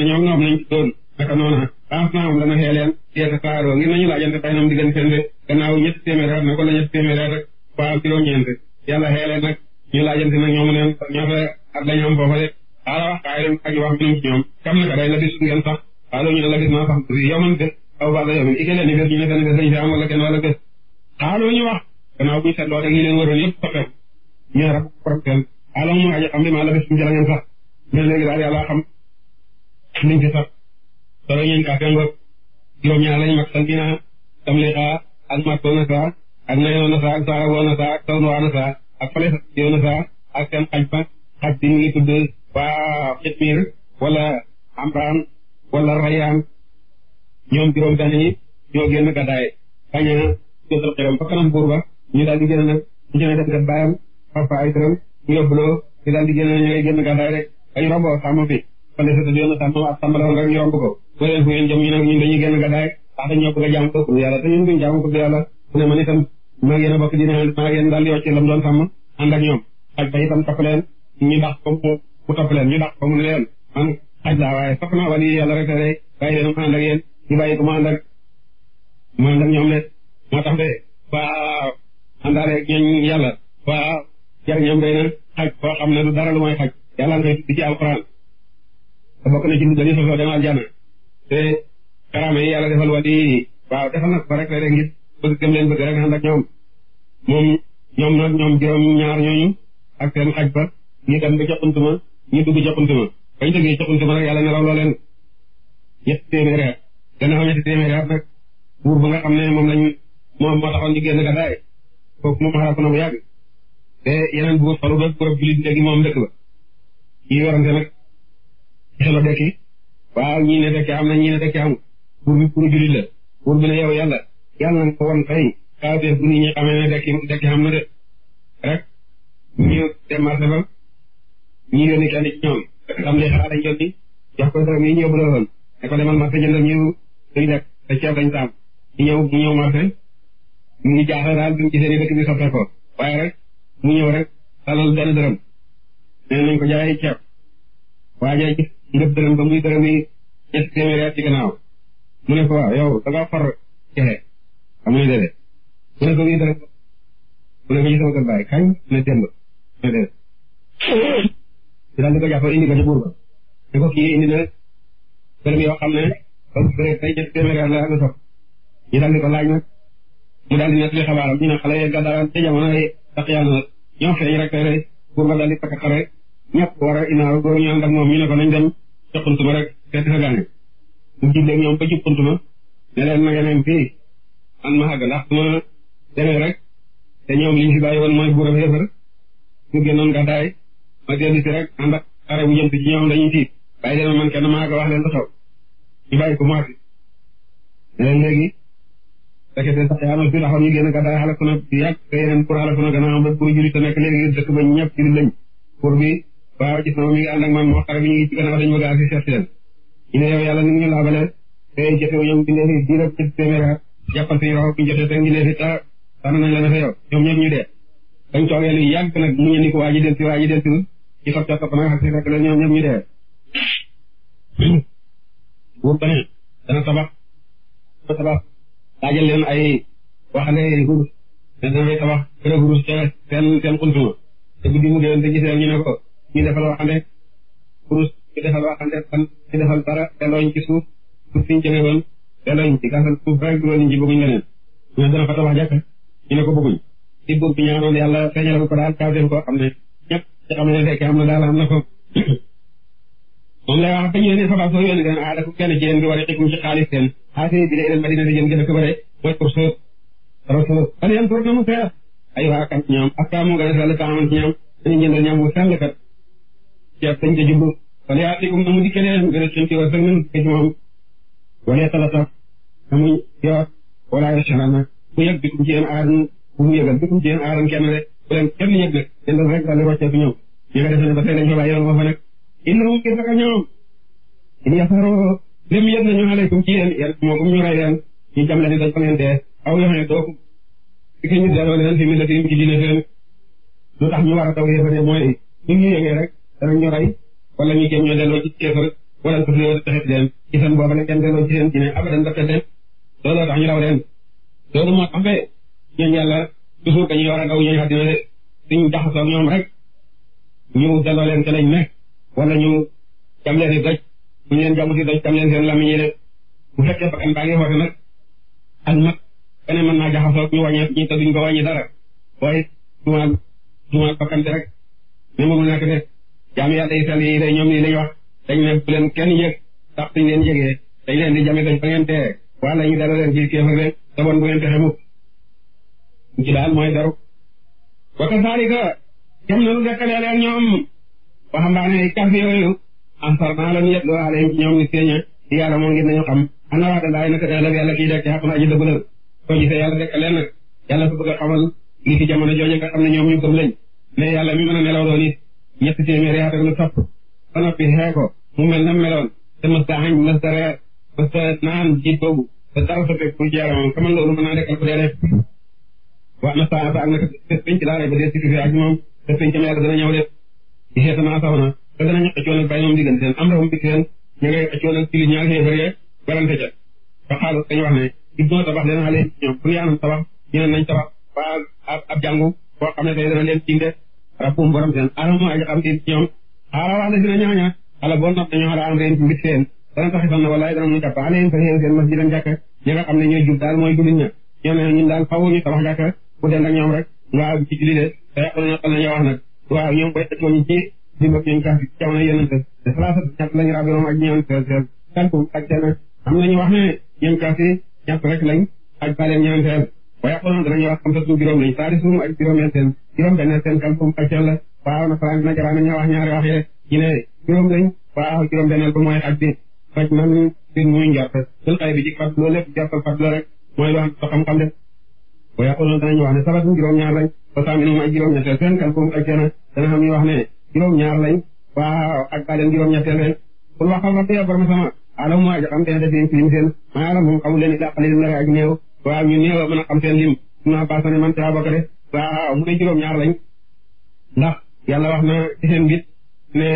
ñoom ñoom nañ doon naka noona lance naa moom dana xee leen yeete saaroo ngir nañu laajante bay nam diggante seen de gannaaw ñetti téeméer at nag wala ñetti téeméer at rek waa juróom-ñeent yàlla xee leen nag ñu laajante nag ñoomu neen ñaata at lañ am foofa de xaala wax wax minum ci ñoom kam naka day la la gis aw bada yomin i kenn anniversaire ñu ne seen bés lañ fi am wala kenn wala bés xaalu ñu wax gannaaw buñ seetloo rek yi leen waroon yëpp soppeeku ñu ne rab problème ala mu aji xam bi maa la bés ñu jëla ngeen sax mais léegi daal yàlla xam liñ fi sax solo ñeen kaa fengoog juróom ñaar lañ mag salbina tamliqa ak mattoo na saa ak nayoo na saa ak saaraboo na saa ak sawnwaa na saa ak fale sayo na saa ak seen xaj ba xaj bi mu ngi tudd waa xitmir wala amraan wala rayaan ñoom juróom benn yi ñoo génn gàddaay bañ a jësal xiram fa kanam buur ba ñu daal di génn nag ñu cene def def bàyyam faf fa ay tëram ñu di génn ñu ngay génn gàddaay rek bañu romboo sàmm fu ngeen jëm ñu ne ñun dañuy génn gàddaay ndax dañ ñoo bëgg a jàmm ko pour yàlla te ñun duñ jàmm ko yàlla mu ne man itam maa yéen a bokk dina maa yéen daal di wàcc lam doon sàmm ànd ñoom xaj ba itam topp leen ñu dax ko mu topp leen ñu dax ko mu ne leen man xaj laa waaye soxna wali rek te day bàyyi leen ma ànd ak yéen ñu bàyyi ko mu ñoom de moo tax de waaw àndaale ak ñooñ yàlla waaw jariñam day na xaj koo xam du dara lu mooy xaj yàlla ngay di ci alxuraan te bokk na ci lu dañu sosoo dem aljana te karaama yi yàlla defal wali yi defal na ko rek la rek ngir bëgg gëm leen bëgg rek ànd ak ñoom moom ñoom nag ñoom juróom ñaar ñooñu ak seen xaj ba ñu dem ba joxuntuma ñu dugg joxuntuma bañ duggee joxuntuma rek yàlla nelaw loo leen ñett téeméer gannaaw ñetti téeméeri at nag buur ba nga xam ne moom lañ na bu yàgg te yeneen buur falu nag buur ab jullit léegi moom dëkk ba ñuy warante nag xelo dekki waaw ñii ne dekki am na ñii ne dekki amul buur bi buur jullit la buur bi ne yow yàlla yàlla na ko won tey saa def bu ñi xamee ne dekki dekki xam na de rek ñu dem marché ba ñu yónni kenn ci ñoom xam li xaalañ jot di jox ko dërëm yi ñu yóbbu la woon ne ko demal marché jëndal ñu dañ nekk te ceeb dañ saam ñu ñëw mu ñëw marché daal duñ gisee ni dëkk bi ko waaye rek mu rek talal benn dërëm nee nañ ko jaayee ceeb waajee gis ngëp dërëm ba muy dërëm yi ñetti téeméeri at ci gannaaw mu ne ko waaw yow da ngaa for joxe amuñu déedéet mu ne ko bii dërëm mu ne ko ci kañ ne démb ne déedéet ko jàpp indi ko ci buur ba ko kii indi na dërëm yoo xam ne ba bëree bay jëf téeméeri at a ak sopp ñu daal di ko laaj nag mu daal di nettali xabaaram ñu ne xale yee gàddaaraan ca jamono yi tax yàlla nag ñoo feeñ rek rek buur ba daal di xare ñëpp war a inaaru góor ñu ànd ak moom ñu ne ko nañ dem ca xuntuma rek seeti fa gaane mu jiileeg ñoom ba ci xuntuma ne leen na ngeen fii man ma xàgg ndax demee rek te ñoom liñ fi bàyyi woon mooy buur a yëfër mu génnoon gàddaay ma dellu si rek ànd xare bu jëm ci ñoom dañuy tiit bàyyi ñu bàyyi ko leen léegi fekkete sax yaa ma fi la xam ñu génn gàddaay xalaku na yàgg te yeneen pour xalaku na gannaaw ba pour jullit te nekk léegi dëkk ba ñëpp jullit lañ pour bi waaw gis na ma mi ngi ànd ak man moo xare bi ñu ngi ci gannaaw dañu bëgg a agsi seet ñu ne yow yàlla ni ñu laabale te jëfewu ñoom bi ndeefi dii rab ci téeméer at jàppal suñu roxo ñu jotee te ngi ta tànn nañ la ne fa yow ñoom ñëpp ñu dee dañ toogee lu yàgg nag mu ñu ni ko waa ji buur beneen dana tabax tabax daajal leen ay gurus te damay tabax gën a gurus ca guddi mu déwén te gisee ñu ne ko ñu defal waxande gurus ñu defal waxande fan ñu defal dara dellooñ ci suuf suuf si ñu jëmee woon dellooñ ci gasal suuf rek dulooñ ci bëgguñ leneen ñu ne dana fa tabax jàkk ñu ne ko bëgguñ ci buur bi ñaanoon yàlla feeñal ko daal kaawteef koo xam ne ñëpp ci xam ne fekkee am na na ko moom lay wax te yéene sabab soo yónni den aada ku kenn ci yéen bi war a xikmu ci xaalis seen xaasee bi la ilal madina di jëm gëfe ko bare mooy pour suuf rasul fan yéen pour namu seer ay waa kam ci ñoom aska moo gën a sell taaman ci ñoom dañu jëndal ñam bu sell kat ceeb dañ ca jublu wala yaa tikum na mu dikke leen gën a xinti war sëg nan ke ci moom wala tala taf namuñ yoor wala yasara nag mu yëg bikum ci yéen aaran bu mu yëgal bikum ci yéen aaran kenn de bu leen kenn yëg de yéen rek daal di rocceeku ñëw ñu nga ba tey lañ innahum gis nga ñoom in yasaroo lim yëg nañu alaykum ci yéen yéen moom ñu rey leen ñu jam leen dañ ko leen dee aw yoo xam ne dooku di ko ñu delloo leen fi millati im ci diine seen lu tax ñu war a daw yéefare mooy ñu ñu yëgee rek danañ ñu rey wala ñu jéem ñoo delloo ci kéefar wala ko fi taxit leen ci seen boobu la kenn delloo ci seen diine abadan dafa tax ñu daw leen loolu moo tax be ñooñu yàlla toujours dañuy war a daw ñooñu àddina de suñu jaxasoo ñoom rek ñu wala ñu jam leen i doj bu ñu leen jamuti doj jam leen seen lamiñ yi de bu fekkee bakkan baa ngi xoote nag ak mag beneen mën ñu wàññee ñu te duñ ko wàññi dara waaye dumaal dumaal bakkan bi rek ni mu nekk de jaam yàlla yi sell yi de ñoom lii lañ wax dañ ne bu leen kenn yëg ndax suñ leen yëgee dañ leen di jame doj ba ngeen tee wala ñu dara leen ci kéefar de te bon bu ngeen texe mukk ci daal mooy daru wa kasaalika jam nanu dekkale ak ñoom waxambaane kaf yooyu am sarna la ñu yet loo xale ci ñoom ñu feeña di a moo ngir nañu xam ana waada laay naka na aji dëgg la soo gisee yàlla rek leen a fi jamono a nelaw doon it ñetti téeméeri lu topp ba noppi ko mu mel na meloon te mës ta xañ naan jiit boobu te dara sa fekk ci yaramam xamal loolu mën naa nekkal ko dee def waa na saa ak naka te penc ba dee si ak moom te penc yàlla dana ñëw def gisee sama saw na te danañu xëccoonal bàyyi moom diggante seen am rahum bi seen ñu ngay xëccoonal ci li ñaar xeefar ya barante ca ba xaalu wax ne ibnoo tabax leen xale ne nañ boo xam ne tey dana leen cinde rabbum borom seen alamu aji xam ci ñoom boo nopp nañu xala am reen ci mbir seen dana taxi fan na walaay dana mu jàpp aleen fa xeen seen mas ji dañ jàkk ñi ne ñooy jub daal mooy jullit ña ñoo ne ñun daal faw ñu tabax jàkk bu dend ak ñoom rek nga ci julli de te yàqu nañu xel nañu wax nag waaw ñoom koy moom ci dimba ñuñ ka caw na yénante salaasa ñett lañ rabiroom ak ñeent teel kalku ak teel am nañu wax ne ñoom kaas yi ñett rek lañ ak baleen ñeenteel waaye xooloon danañu wax xam satu juróom lañ saari suum ak juróomeel seen juróom benn seen kalku ak teel la waaw nasaraan dina jaraan nañu wax ñaari wax yee ñu ne juróom lañ waaw juróom benneel ba mooy xaj bi faj man din muy njort dul xay bi ci fat loolu lépp wa yaquluna danañu wax ne sabatun juróom-ñaar lañ wa saaminuhum ay juróom-ñetteel seen kan koom ajjana dana xam ñu wax ne juróom-ñaar lañ waaw ak baaleen juróom-ñetteel leen kul waxal rabbi ya borom sama alam mu aja xam dana def yéen fiim seen maa alam moom xamul leen ilaa qalilun rek ak néew a mën seen lim suñu abbasa ne man te abakar waaw mu ne juróom-ñaar lañ ndax yàlla wax na ci seen bit ne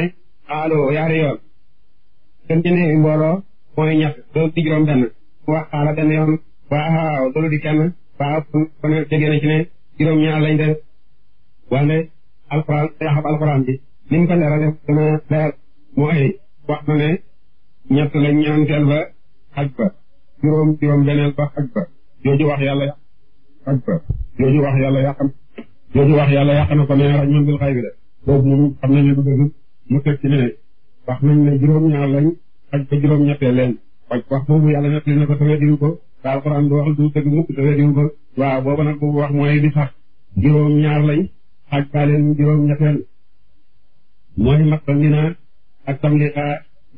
alo yaari yoon gën ci néewi mbooloo mooy ñett loolu di juróom benn wax xaala benn waaw kon déggee na ci ne juróom-ñaar lañ def wala alxuraan day xam alxuraan bi ni mu ko leeralee dana leer mu ay wax na ne ñett la ñeenteel ba xaj ba juróom juróom beneel ba xaj ba jooju wax yàlla yàq xaj ba jooju wax yàlla yàq jooju wax yàlla yàq na ko ne raj bil xay bi de boobu moom xam nañu du dëgg mu teg ci ne wax nañ ne juróom-ñaar lañ xaj ba juróom-ñettee leen wax boobu yàlla nettali na ko tawee diru ko daal alxuraan ba wax du dëgg mukk te wédiwu ko waaw boobu nag boobu wax mooy li sax juróom ñaar lañ xaaj baa leen juróom ñetteel mooy matta mina ak tamliqa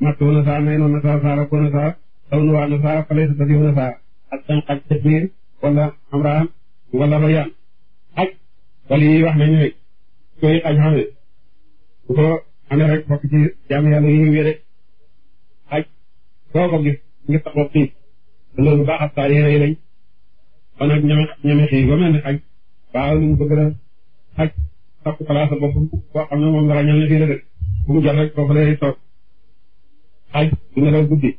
matta na saa nay noon na saa saa rakkoo na saa saw nu na saa falay sa tasiw na saa ak tam xaj tëbbiir wala amraan wala rayaan xaj wala yi wax nañu rek koy xaj xame bu ko amee rek bokk ci jaam yàlla yi wére xaj soo ko gis ngi taxaw xiit loolu baaxat saa yi rëy lañ kon nag ñeme ñeme xii ba mel ni xaj baaxal ñu bëgg na xaj takk place bopp boo xam ne moom la ràññal ne fii la dëkk bu mu jot rek foofu lay toog xaj du nelaw guddi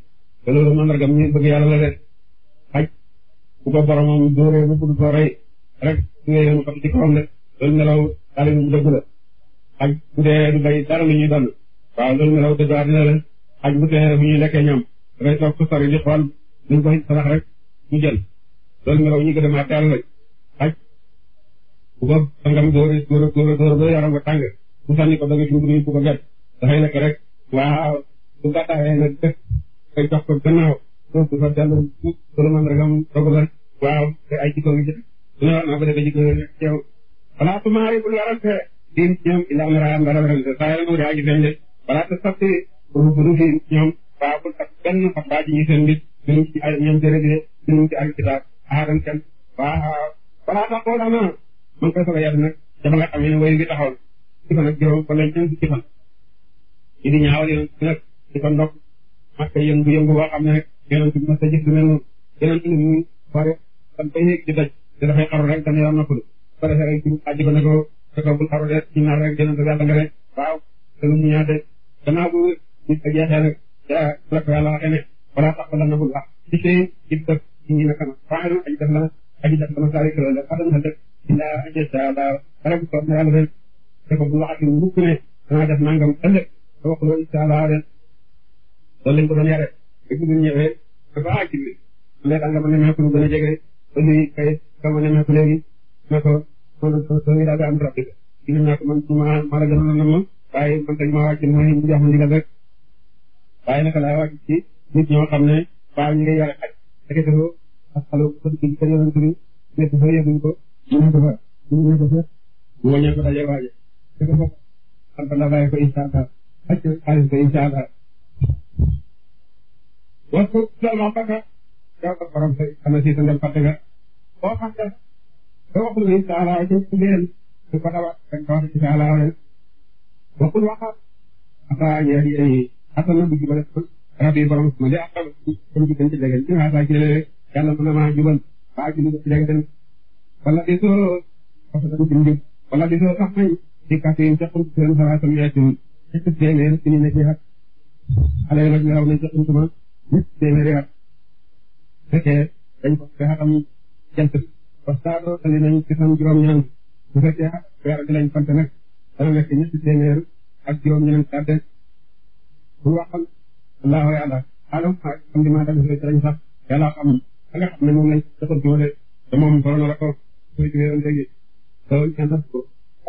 te loolu mandargam ñu bëgg yàlla la de xaj bu ko boromam bu bëgg ko rey rek su ngay yoon fam ci kawam de loolu nelaw daal bu dëgg la xaj bu dee bay dara lu ñuy donn waaw loolu nelaw dëgg dina la xaj bu dee bu ñuy lekkee ñam dafay ku sori di xool ñu bañ sarax rek ñu jël loolu melaw ñu a màgg yàlla lañ xaj bu ko sangam góor a góor a góor a góor a ba ba tàng bu sànni ko ba nga dugg nii bu ko gàtt dafay nekk rek waaw bu gàttaayee nag def ngay ko gannaaw donc dafa dellu suuf loolu man rek am doog la waaw te ay jikko ngi ci ne wax naa ba defee jikko nekk ci yow voilà su maaree bul warante diin ci ñoom ilaa maraam nga rafetante saa yaram daa gi feeñ de balaa te satti bu du fi ñoom waaw bul tax ñun ci ay ñoom dérégle ñun ci ay kitaab aaran kan waa balaa tax koo daana man koy soog a yàlla nag dafa nga xam ne wayu ngi taxaw ci fan ak juróom kon lañ ten si ci fan ñi di ñaawal yonent bi nag di ko ndog màkk yën bu yëngu boo xam ne nag yonent bi mas a gis lu mel noonu yonent bi mu bare sam bay nekk di daj te dafay xaru rek dana yoon noppalu ko defee rek ci àjji ko ne ko te ko bul xaru de ñu naan rek yonent bi yàlla nga ne waaw te lu mu ñaate gannaaw bu nit ak jeexee nag daa la ko yàlla waxee ne wala sax ba nga bëgg a li see gis def ñu ne kanam waaye nag aji def la aji def la saa yu kër la na def dinaa aji saa daa dara bu na yàlla rek dafa ngi daal di man ma ma la gënoon a man dañ ma wàcc mooy mu laa wàcc nit ñoo xam ne waa ñu ngi yore xaj deketewoo asxalo bi ka yonent bi nekk fa yëguñ ko ñu nekk fa ñu nekk fa wóñee ko daje waaje dëgg fa xam nga bàyyi ko incha allah xaj ko xaalis ko incha allah wax ko seulement baka gaw ko borom sa xana si sa ndem fàtte nga boo xam ne ba waxul incha allah ci leen su ko dawa dañ ko wax incha allah waxul waxaat ata ñeer yi ay asana dugg ba def rab yi ma li àqal borom bi dañ ci légal ñu xaasaa ci ne yàlla na maa jubal baa ci ci di soo parce que dañ ci wala di soo sax nañ di kàtt yi jox ko seen xalaat am ñaari ñetti téeméer suñu nekk at xale yi nag nelaw nañ jox sama ñetti téeméeri at fekkee dañ ko fexe xam jant ba saaro tali nañ ci sam juróom-ñaan bu fekkee weer bi lañ fante nag dana nekk ñetti téeméer ak waxal allahu yàlla alam xam di maa tamit ci lañ sax yàlla xam da nga xam ne moom lañ defal doole te moom solo na la ko soo ci wéeroon léegi soo ci nas ko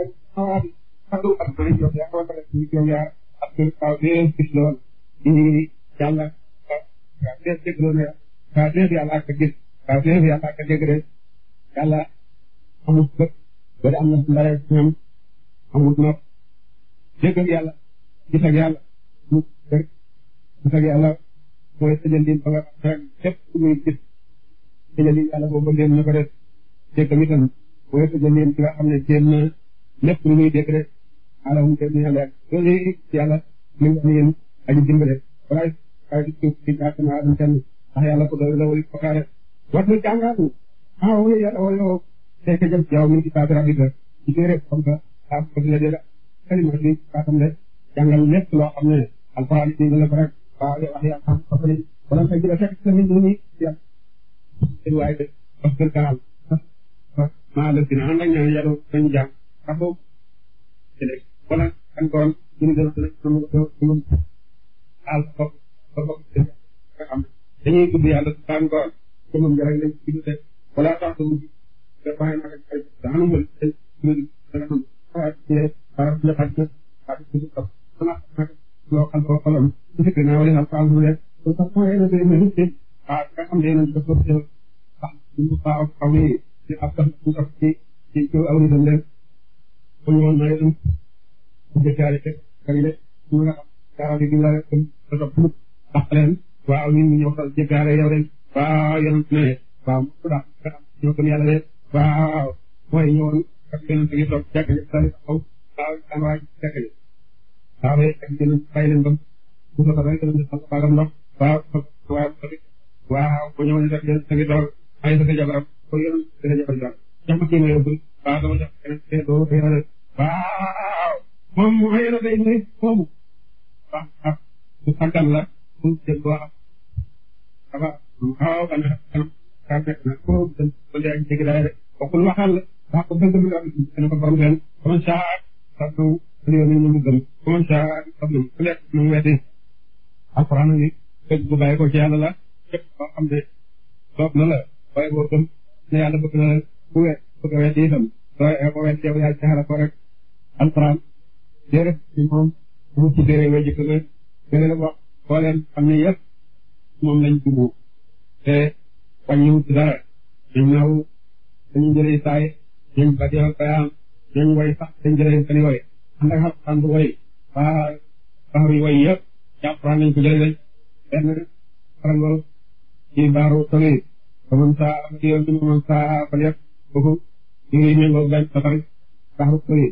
ak xawaati xadu ak bay jox yaa xamante ne ci jox yaa ak kaw déen gis la woon ñu ngi yàlla kaa teef dégg loolu ya kaa teef yàlla ak gis kaa teef yàlla ak dégg rek yàlla amul bët ba di am na ndare ci ñoom amul nopp dégg ak yàlla gis ak yàlla mu rek ak yàlla mooy tëjandin ba nga rek képp ku muy gis tëjandin yàlla boobu ba na ko def jékkam itam mooy tëjandin bi nga ne jéem na lépp lu muy dégg rek alahum jéem na yàlla ak loolu yàlla mi ngi am yéen aji dimbale waaye waaye suuf si ñaata naa am kenn ndax yàlla ko doy la wala fakaare war na jàngaatu ah wala yàlla wala yow tey ka jëm yow mi ngi saa dara bi ci téere comme ça daa ko la dégg kalima bi nga xam ne jàngal lépp loo xam ne alxuraan la ko waaw li wax yàlla xam ba pare wala fekk dina fekk tamit mu ngi yàq. waaye de wax dëgg yàlla. maa dëkk dina ànd ak ñaar yàlla dañu jàpp ndax boobu. wala kan ko woon ñu ngi doon dinañ ko doon àll ba ba ba nga xam dañuy tudd yàlla daan ko woon te moom rek lañ tudd te wala tax mu ji te bàyyi na ak ay daanu mën te ñu ngi dana xam waaye ci yéen xaaral ñu xaj na xaaral ci ñu topp xanaa loo xam ko xolam su fekkee naa wala xam ko rek kon sax mooy yéen a ngi lay nit ah nga xam ne yéen a ngi ko def sax ñu baax ak xaw yi ci ab sax ñu sax ci ci ci aw nitam rek bu ñu woon naa yéen bu jëkkaale rek kari de ñu nga xam gi la rek da topp lu tax leen waaw ñun ñu ñëw sax jëkkaale yow rek waaw yéen a ne waaw mu dax nga xam ñoo gën yàlla de waaw mooy ñëwoon ak yéen a ngi toog jàkkale sa taxaw waaw daan waaj jàkkale saxaba yi ak yéen bàyyi leen bam bu ko rek ñu sax bagam ndox waaw waaw waaw bu ñëw ñu def yéen tamit dool ay sa jabaram ko yéen sa jabar jox jox ma kii ma yóbbul waaw dama jox keneen te doo fay rek waaw moom mu xëy na day ne foofu waaw waaw bu sàggan la bu jël boo xam xaba xaw kan kan kan na ko dem ko jaay dégg daay rek waxul waxal la wax ko bëgg mi nga am ko borom leen comme ça mu gëm moom saa xam ne ku lekk mu weddi alxuraan ni dëgg bu bàyyi ko ci yàlla la képp koo xam ne soob na la waaye boo gëm ne yàlla bëgg na la ku we bëgg a weddi itam soo ko weddi yow yaa jaxala ko rek alxuraan déedéet ci moom mu ci déré way jëkk la déré la wax koo leen xam ne yëpp moom lañ dugg te wàññiwu ci dara ñoom naw dañu jëlee saay ñoom badial bayaam ñoom woy sax dañ jëlee seen yooyu ànd ak alxuraan bu way waa baaru way yëpp ci alxuraan lañ ko jëlee rek benn xarangal ci baaru toni faman saa yoon bi man saa fal yëpp foofu ñu ngi méngoo benn safari baaru toni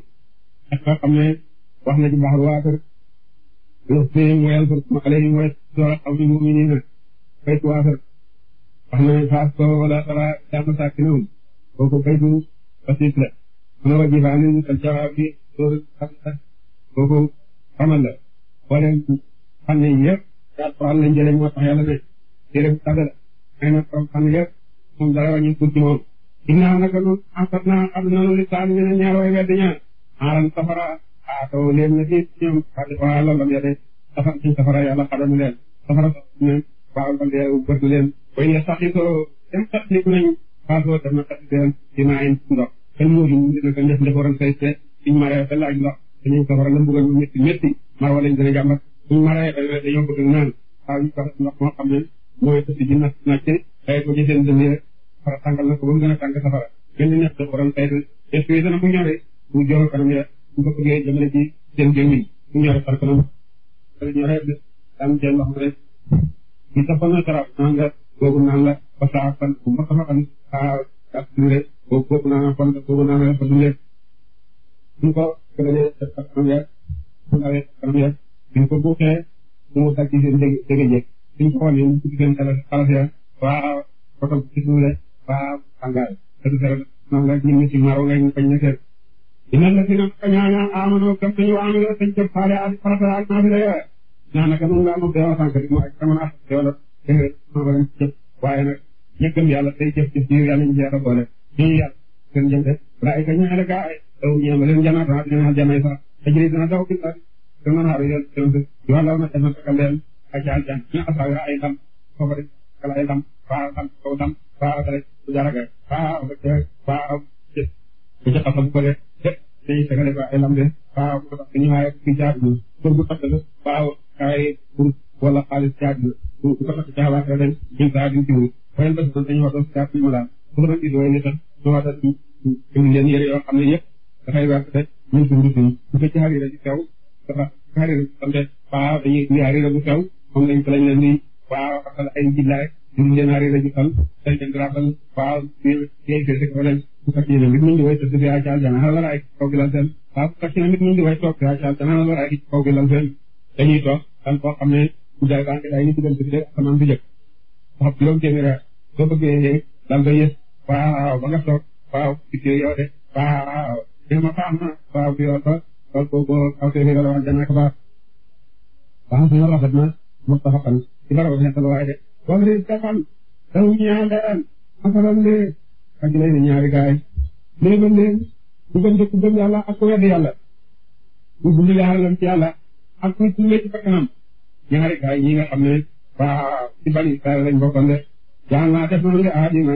ak nga xam ne wax na ci baaru waatir yusbihim wa yansurukum alayhim wa yasdora qawmi muminina baytu waatir wax na faas ko wala tara jàmm saakinahum kooku baytu basit la mu ne wa jifaanin kal jawaabi loolu boo ko xamal la wala xam ne yëpp am na njëriñ moo tax yàlla de jërëjëf Sadio la na ko xam yëpp dara wàññi ko ci moom. ginnaaw nag ñun en naa xam nañu li saa ñu ne ñaar way wedd ñaar aaran safara ah taw leen na si ñoom xale la de safara suñ safara yàlla xaram leen safara ñoom waaw loolu bët leen. way ne sax itoo dem sax nit nañ faasoo dem na sax leen dinaa indi ndox kenn mënuñu dina ko def defaroon suñ maree ba laaj ndox dañuy safara la mbugal mu métti métti marwa lañ gën a jàmbat suñ maree ba dañoo bëgg naan saa ñu sax ndox moo xam ne mooy tëdd ji na nàcc xëy ko ci seen dënd rek fara tàngal na ko ba mu gën a tàng safara gën a nekk borom xëy est-ce que dana mu ñoree mu joxe kanam ya su ko bëggee jëmale ci seen gémmiñ mu ñoree par kanam ñoree bis daan jël wax rek ñu sax ba nga tara naan la boobu naan la ba saa fan bu ma sama fan saa ak dundee boobu boobu naan fan boobu naan la fa dundee suñ ko gënee def ak am weer su nawet am weer suñ ko buuxee mu dagg seen dégg dégg jéeg suñ ko xoolee mu tudd seen xalas xalas ya waa foto bu ci suule waa tàngaay te seret noonu rek ñu ngi ci maru rek ñu bañ na seet dina la si naka ñaaña amanoo gëm nañu amanoo sañ jëf faale ak farata ak naafila yooya ñaa naka noonu nga am beewa sànq di mu ak sama naaf yoola te sama leen jëf waaye nag ñu gëm yàlla day jëf jëf ñu yàlla ñu jeex a boole ñu yàlla seen jëf de laay ka ñaale gaa ay aw ñëw ba leen janaata dina janay sax te jëlee dina daw bi sax dana naaru yéen dem si yoo law na dana fekk leen ak jaan jaan ñu asaaga ay ndam foofa rek kala ay ndam faa ndam kaw ndam faa rek bu jaraga faa rek faa jëf bu ca xasa bu ko def jëf dañuy tegale ba ay ndam de faa bu ko tax ñu waaye ci jaar bi pour bu tax la faa kaay pour wala xaalis jaar bi bu ko tax jaawaate leen ñu saa di jiwu fayal ba dañu war doon jaar bi mu daal bu ko doon gisee ni sax ñu war a leen yére yoo xam ne yëpp dafay wax te ñun suñu suñu bu fekkee xarira di sew dafa xarira tam de waaw dañuy indi xarira bu sew moom lañ fa lañ leen di waaw xasal ay jillaay ñu leen xarira ju tal dañ leen rabal waaw ñu yey fee ko leen bu fekkee ne nit ñu di way tëdd fi àccal jana xana la raay kaw gi lal seen waaw bu fekkee ne nit ñu di way toog fi àccal jana xana la raay kaw gi lal seen dañuy toog kan koo xam ne bu jaay baa ngi day ni diggante bi rek asamaan bi jëkk wax juróom téeméer soo bëggee lal ba yës waaw ba nga toog waaw yow de waaw li ma baax na waaw bi ba tool boobu aw see yore wax dana ko baax baax na rafet na muttafaqan ci barab nekk la waaye de. boobu de Jokalante dañu ñaan leen masalan lee ak lay ne ñaari gaay yi léeg-léeg leen ku gëm de ku gëm yàlla ak ku wedd yàlla ku bëgg yaaralam ci yàlla ak ku tuulee ci bakkanam ñaari gaay yi ñi nga xam ne waa ci bani Israël lañ bokkoon de yàlla def na lu de ah di ma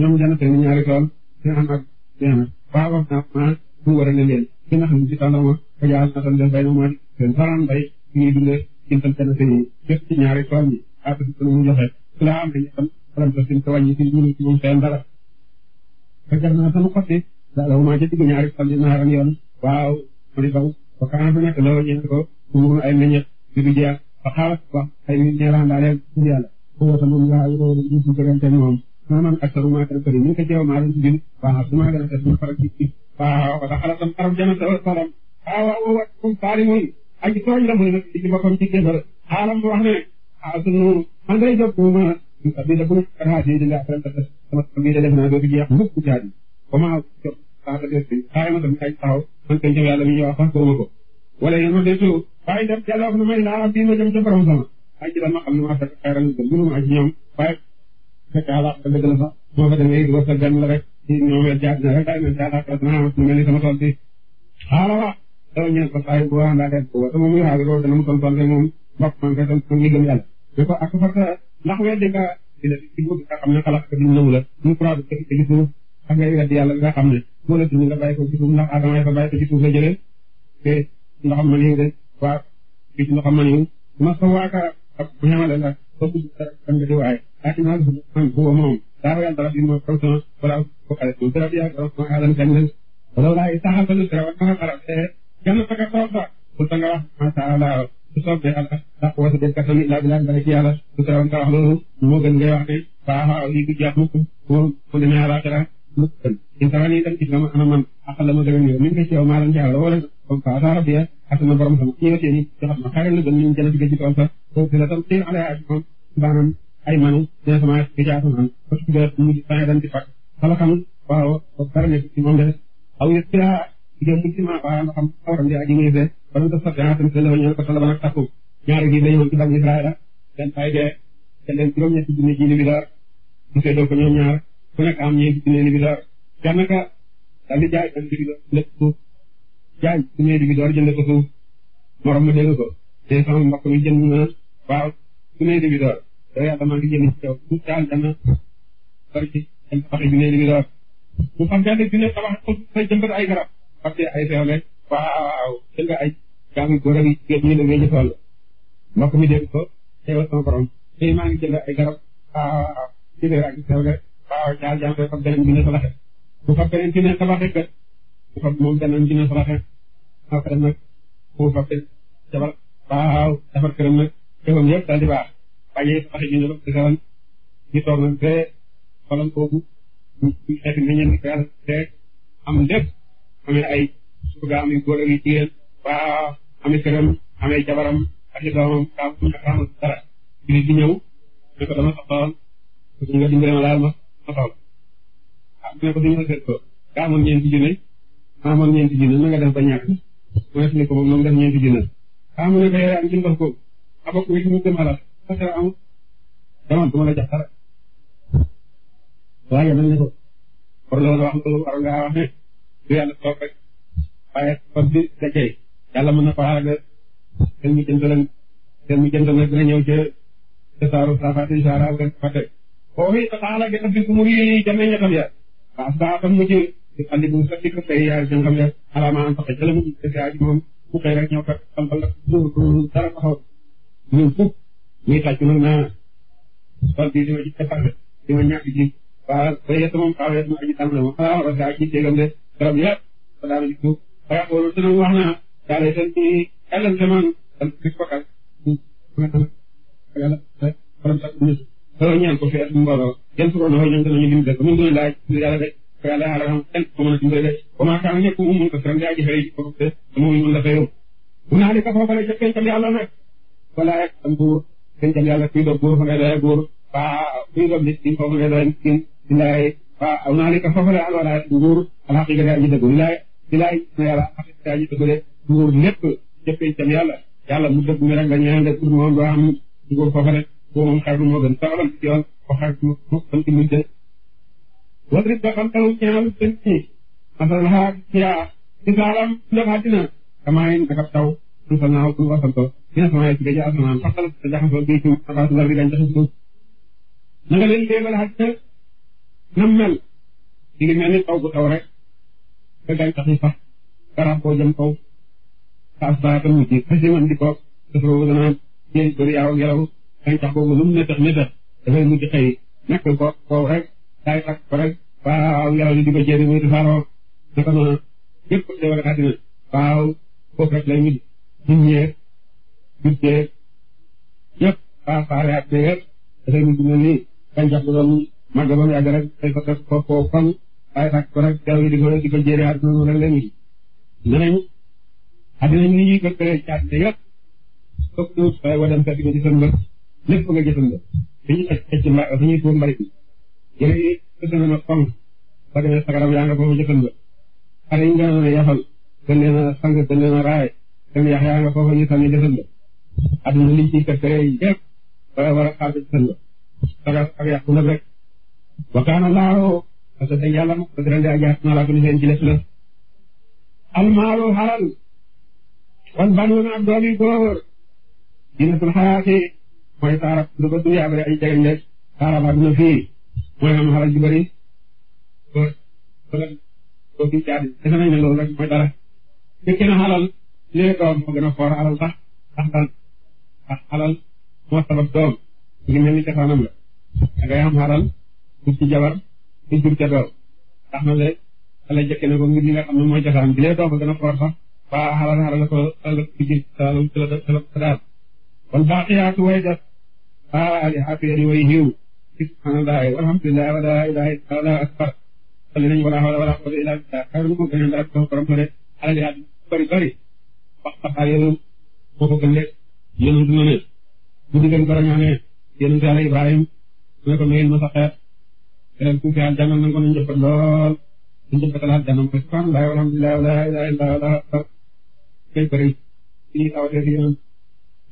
ñoom jënd seen ñaari tool seen am ak seen waaw waaw. mu war a ne leen ki nga xam ne ci tàndarma fajal na tan def bay na maa seen saraan bay ñuy dundee in tan kenn seen jëf ci ñaari tool yi ak si mu joxe su la am dañu tam faram ta sin ko wàññi si ñu ci moom seen dara fajar naa tan xotti daalaw maa ca digg ñaari tool yi naaran yoon waaw mu di daw ba kaana bi nekk law ñeen ko umurun ay meññet di du jeex ba xaalat wax ay mi ñeeraan daa leen ci yàlla kowota moom laa yo ñu su jëganteen moom maanaam ak saruma tan sëri ñu ko jeew maa leen si bin waaw su maa gën a def ñu farak ci waaw wala xalaat tam xaram jana sa salam la muy nag ci ci wax a ah, sunu ma jox sa ta def bi xaayma wax sax ko ko wala yéen ma na may naa rabbi ma jëm ca borom sama aji dama xam ne ma fekk xayral mënuma aji ñoom waaye fekk ala dëgg la sax boo fa demee di wax sa gan la rek ñoom it jaag na rek ay na jaag ak maanaam mu mel ni sama tool bi xaaral dama ñëw ko saa yi bu baax ndax ak mu toll toll rek moom bopp man kay toll toll ñu yàlla. mais ko ak parce que ndax weddi nga dina ci bëgg ne xalaat ko dina nangu la mu croix bi te gis nga ak ngay la dindi nga bàyyi man yi waa fii ci man yi ma sa waaka ak bu ñamale la ba gudd ak naa لا يلترف إنه حوتنا ولا فقالت مدرب يا رب ما هذا الجنة ولولا إذ سحبت النسرة وما قرأت جنة كفوفا قلت أنا ما شاء الله تصاب على لا قوة بالكسل إلا بالله بارك يا الله نسرة وأنت أهله مو جن جاي وعدي فها أولي بجابكم وكل ما على كلا مكتن إن تراني إذا إسلام أنا من أقل ما جرني من كشيء وما لن جعل ولا فقال ربي حسن برمه مكيوتني تخاف مخارج لجنة جنة جنة جنة فوق لا تمطير عليها أجمعهم سبحانه ay manam des na ci asamaan ba ci biir ñu ngi bàyyi dañ di fàq xalakan waaw dara nekk ci moom de aw yëpp yaa jëm ci ma baax nga xam di aji muy fe ba doon def sa gànnaar tamit la ñu ko sala ba nag takku ñaari gi dañu woon ci bàgg Israël seen fay dee te ji libi daar ñu seddoo ko ñoom ñaar ku nekk am ñeenti junne libi daar gànnaka daal di jaay benn libi daar lépp jaay junne libi daar jënd ko suuf morom ma dégg ko te sama yow yàlla maa ngi jëm ci yow bu daal dana bari ci tabax bi nee nañu la bu xam yàlla dina tabax ko fay jëmbat ay garab parce que ay feew rek waaw jël nga ay jaamu góor ak jigéen ñi la wéññi tool mbokk mi dégg ko teewal sama borom tey maa ngi jënd ay garab waaw ci feew ak feew rek waaw jaal jaam rek fab beneen bi ne sa laxe bu fab beneen bi ne sa laxe kat bu fab moom beneen bi ne sa laxe après nag bu fab jabar waaw defar këram nag jëfam yëpp daal di baax bàyyee wax dëgg yàlla dëgg ñu toog nag ba xolam xeeti meññeent daal rek am lépp amee ay surga amee góor ak jigéen waa amee këram amee i doomam kaa bu nga xam dara jullit di ñëw ne nga dimbale ma daal ma soxla woon ah ne ko duñu seet ko gaa amoon ñeenti junne nga def ba ñàkk mu def ni ko moom moom def ñeenti fekkee amul demal du ma la jox dara waaye mel ni ko war la woon wax loolu war ngaa wax ne du yàlla toog rek waaye kon bi dajee yàlla mën na ko xaaral de seen mu jënd leen seen mu jënd nag dina ñëw ca ca saaru saafaat insaara bu leen fàtte foofu xaaral gi ëpp mu ngi jamee ñettam ya waaw daa xam mujj di andi bu sotti ko say yaay jën xam ya alaama am sax ca la mujj moom mu xëy rek ñëw kat xam-xam la dara taxaw ñun fukk ñuy tàcc nag naa sol bi dima ci tefar dima ñàkk ji waaw yett moom xaw yett moom aji tàmm la moom waaw rafet ak ci tegam de garab yàpp ba daal di tuub waaw loolu dina wax naa daal di seen ci xelante man dal gis ko kal soo ñaan ko fi at mbooloo kenn su ko noo ñoom danañu lim def min duna laaj yàlla rek ko yàlla xaaral xam kenn ko mën a dimbale de ba maa kaan nekk mu mun ko siram yaa ji xëy ko te mu mun la fa yow mu naa li ko foofale ca pencam yàlla nag wala rek am buur gën yàlla kuy doon fa ngay doyee buur waa kuy doon nit ki foofu ngay doyee nit ki bilaay waa am naa li ko foofu la alwala nguur alxaqiqa daa ñu dëgg bilaay bilaay na yàlla alxaqiqa yàlla yàlla mu dëgg mi rek la ñu ànd ak moom doo am nguur foofu rek boo yoon ko xarnu am ci mujj wadrib ba xam taw ñaal seen ci yaa misaalam ndox àddina kamaay ndakab taw am sa naaw pour wasanto dina fa waaye ci géej asamaan sax dara te jaxasoo géej gi abaatu war di dañ jaxas suuf na nga leen léebal xaj na mel di ngi mel ni taw bu taw rek ba gàncax yi sax garab boo jëm kaw saas baa ba mujj ba si man di ko defaroo danaa jéem bëri yaaw ak yelaw gàncax boobu lu mu netex netex dafay mujj xëy nekk ko kaw rek daay takk ko rek waaw yelaw li di ko jéem muy defaroo naka noonu yëpp ko teewal àddina waaw foofu rek lay mujj nit ñeek bicce yëpp faafaare ak déer dafay mujj mel ni gàncax bu doon màgg ba mu yàgg rek ko def ko foofu fan waaye sàkk ko rek jaww ji di ko di ko jéere àdduna mu ni ñuy bëgg ci àddina yëpp foog ñu waaye wadem sa dina jëfan la lépp nga jëfan la fi ñuy tecc mba fi ñuy tuur mbari bi yëre yi ësana nga foofu yafal gën leen a sang gën leen a raay seen yax yaa nga foofu ñu sànni jëfan la àdduna liñ ciy fekk yëpp dara war a xaaju sën la ak yàqu nag rek wakaana laaroo parce que dañ yàlla ma parce que dañ seen ci les la almaalu xaral wal banuuna ak doomi góor dinatul xayaati mooy taarab lu ko duyaa bari ay jegeñ rek taarab àdduna fii mooy am xaral ju fi mooy na xaral lee doom moo gën a foor xaral ak xalal moo sabab doom mu ngi mel ni cosaanam la dangay am xaral ut ci jabar ci jur ca doom tax na de xale jëkke ne ko ngir li nga xam ne mooy cosaan bi lee doo ko gën a foor sax ba xalal xalal ko xalal ko jur xalal ko xalal ko daal wal baaqiyaatu way des saalihaatu yéen way xiiw ci subhaanallaahi walhamdulillahi wa laa ilaaha illallaah akbar sali nañ wala hawla wala quwwata illaa billaah xayru ko gën a daal ko borom ko de xalal yaa bari bari wax saxaa yooyu moo ko gën lépp yéen dina ne guddi gañ ko rañaane yéen Yàlla Ibrahim mu ne ko ngeen ma sa xeet xeet ku fi àjjana na ko nañ jëfat lool nañ jëfatal àjjana mooy subhanallah walhamdulillah wala ilaha illa allah akbar kay bëri ñuy tawatee si yéen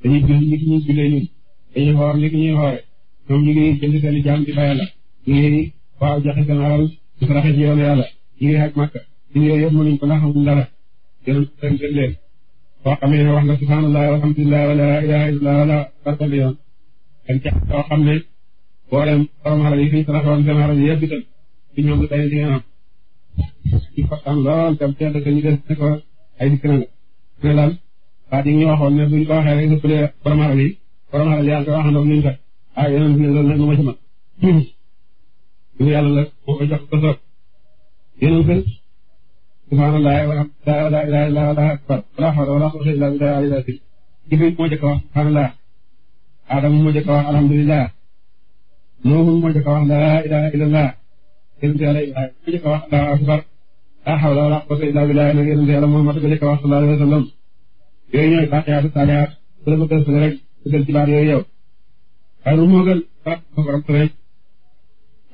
dañuy julli ñi ki ñuy jullee ñun dañuy xoor ñi ki ñuy xoore ñoom ñu ngi jënd seen i jaam di fa yàlla ñu ngi waaw joxe seen alal di saraxe ci yoonu yàlla ñu ngi xaj màkk ñu ngi yooyu yëpp mënuñ ko ndax xamuñ dara yéen seen leen boo xam ne wax nga subhaanallah walhamdulillah wala ilaha illallah wala barkal yoon dañ ca soo xam ne boolem borom xarab yi fi ñu saraxoon seen xarab yëpp itam ci ñoom la tey di ngeen am ci waxtaan lool tam teel ka ñu def ne ko ay dikk na nga ne daal baat yi ñu waxoon ne buñ ko waxee rek ëpplee borom xarab yi borom xarab yaa ah, ngi koy waxandoo ñu fekk ah yeneen bi ne loolu nag lu ma ci mën yàlla la moo ko jox ko soog yeneen subhaanallaahi walhamdulillaahi wa laa ilaaha illallaah wallaahu akbar laa hawla wa laa quwwata illaa billaahi al-aliyyil aziim Jibril moo jëkk a wax subhaanallaah Aadama moo jëkk a wax alhamdulilah Nuuh moo jëkk a wax laa ilaaha illallaah yonent Yàlla Ibrahima moo jëkk a wax allaahu akbar laa hawla wa laa quwwata illaa billaahi ak yonent Yàlla Muhammad nga jëkk a wax sallallaahu alayhi wa sallam yooyu ñooy baaxiyaatu saalihaat bu la bëggal sële rek bëggal ci baat yooyu yow xayrul moo gën baat moo ko rek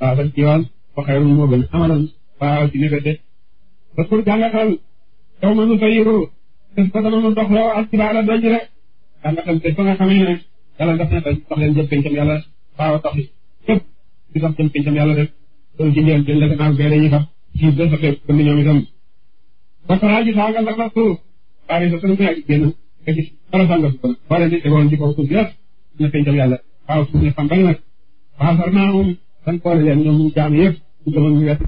waaw dañ ci wàll ba xayrul moo gën amalan waaw ci liberté ba pour jàngatal taw ma nu fayiru def ko dama nu dox loo alxibaara doj rek jàngatal te fa nga xamee ne yàlla def na dañ dox leen jëm pencam yàlla faaw dox yi képp di dox jëm pencam yàlla rek loolu ci njël jël la gannaaw gee dañuy fab ci ba sa fekk comme ñoom itam basaraa ji sangal la nastu bari sa sunu aji génn nga gis dara sangal ko boo leen di tegoon ci kaw suuf yëpp dina pencam yàlla waaw suuf ne fambal nag waaw far naa moom dañ boole leen ñoom ñu jaam yëpp ñu demoon ñu wet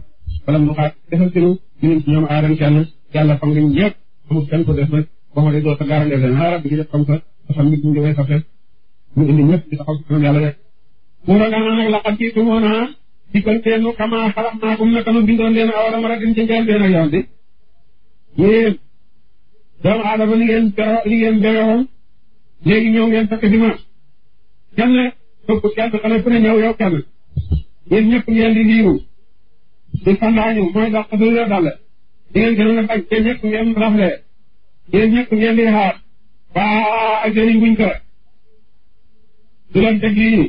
wala mu xaar defal ci ñun si ñoom aaran kenn yàlla fang nañ ñëpp amul kenn ko def nag boo ma dee doo sa garandee seen xaaral bi ñu def comme ça te xam nit ñi dafay safee ñu indi ñëpp di taxaw si kanam yàlla rek. mu nga naan nag laqad jiitumunaa dikkal teenu kama xalaqnaakum naka nu bindoon leen awala maratin ci ngeen leen ak yoon di yéen doomu aadama li ngeen bero li ngeen beroon léegi ñëw ngeen fekk di ma kenn ëpp kenn xale ku ne ñëw yow kenn yéen ñëpp ngeen di liiru di Fanda ñëw mooy dox ba suñu la dal a bañ yéen ñëpp ngeen rafle di xaar waa jëriñ buñ ko du leen teg lii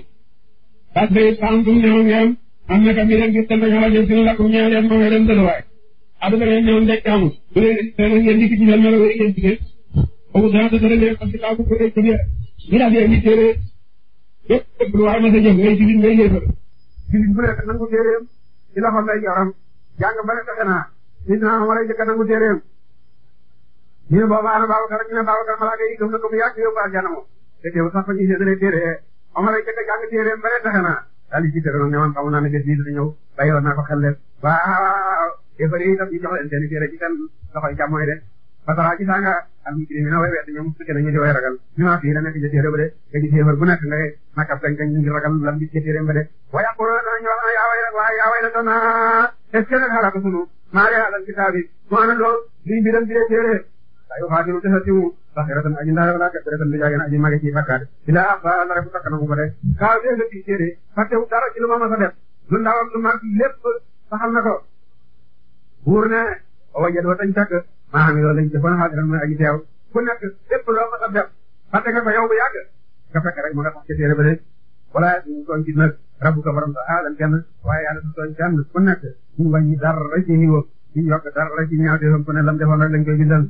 parce que santum ñëw ngeen am na kam yi leen gis te dañoo la jëm suñu lakk ñëw leen moo ngi leen dëlwaay aduna melo yi ngeen gisee boobu dana dëgëral leen parce que daa ko ci biir ñu daal yéen ñi téere yëpp lu waaye ma sa jëm ngay ci biir ngay yéefal ci loxo mbay jooram jàng ba leen defe naa nit naa ma lay jëkk a nangu téeréem ñu ne yi gëm na ko mu yàgg yóbbu aljana moom te teewul sax fa ñuy séddale di jiite ne man xamu naa ne bés bii dina ñëw bàyyi ko xel leen waaw waaw yëpp a itam ñu jox leen seen i basaraa ci saaga almuslimina way wedd ñoom sukke nañu di way ragal minaa fii la nekk ca téere ba de nga gis ba de wa yaquluna danañu wax ay away nag waaye away na tona est-ce sunu maa de alal kitaab yi mu ana loo lii bi dem bi dee téere te sa timu saxiratan aji ndaare wala kabiratan du jaageen aji mage ci bakkaat ila axsa la refu takkanaku ko de kaaw dee nga fii téere fàttewu dara ci lu ma mas a def lu ndawam lu mag lépp maa xam ne loolu lañ defoon xaadiran mooy aji teew ku nekk lépp loo mën a def fàtte nga ko yow bu yàgg nga fekk rek mu nga tax ca téere ba de wala ñu tooñ ci nag rabu ko borom sa alam kenn waaye yàlla du tooñ kenn ku nekk ñu wàññi dara ci niveau ñu yokk dara ci ñaaw teefam ku ne lam defoon rek lañ koy bindal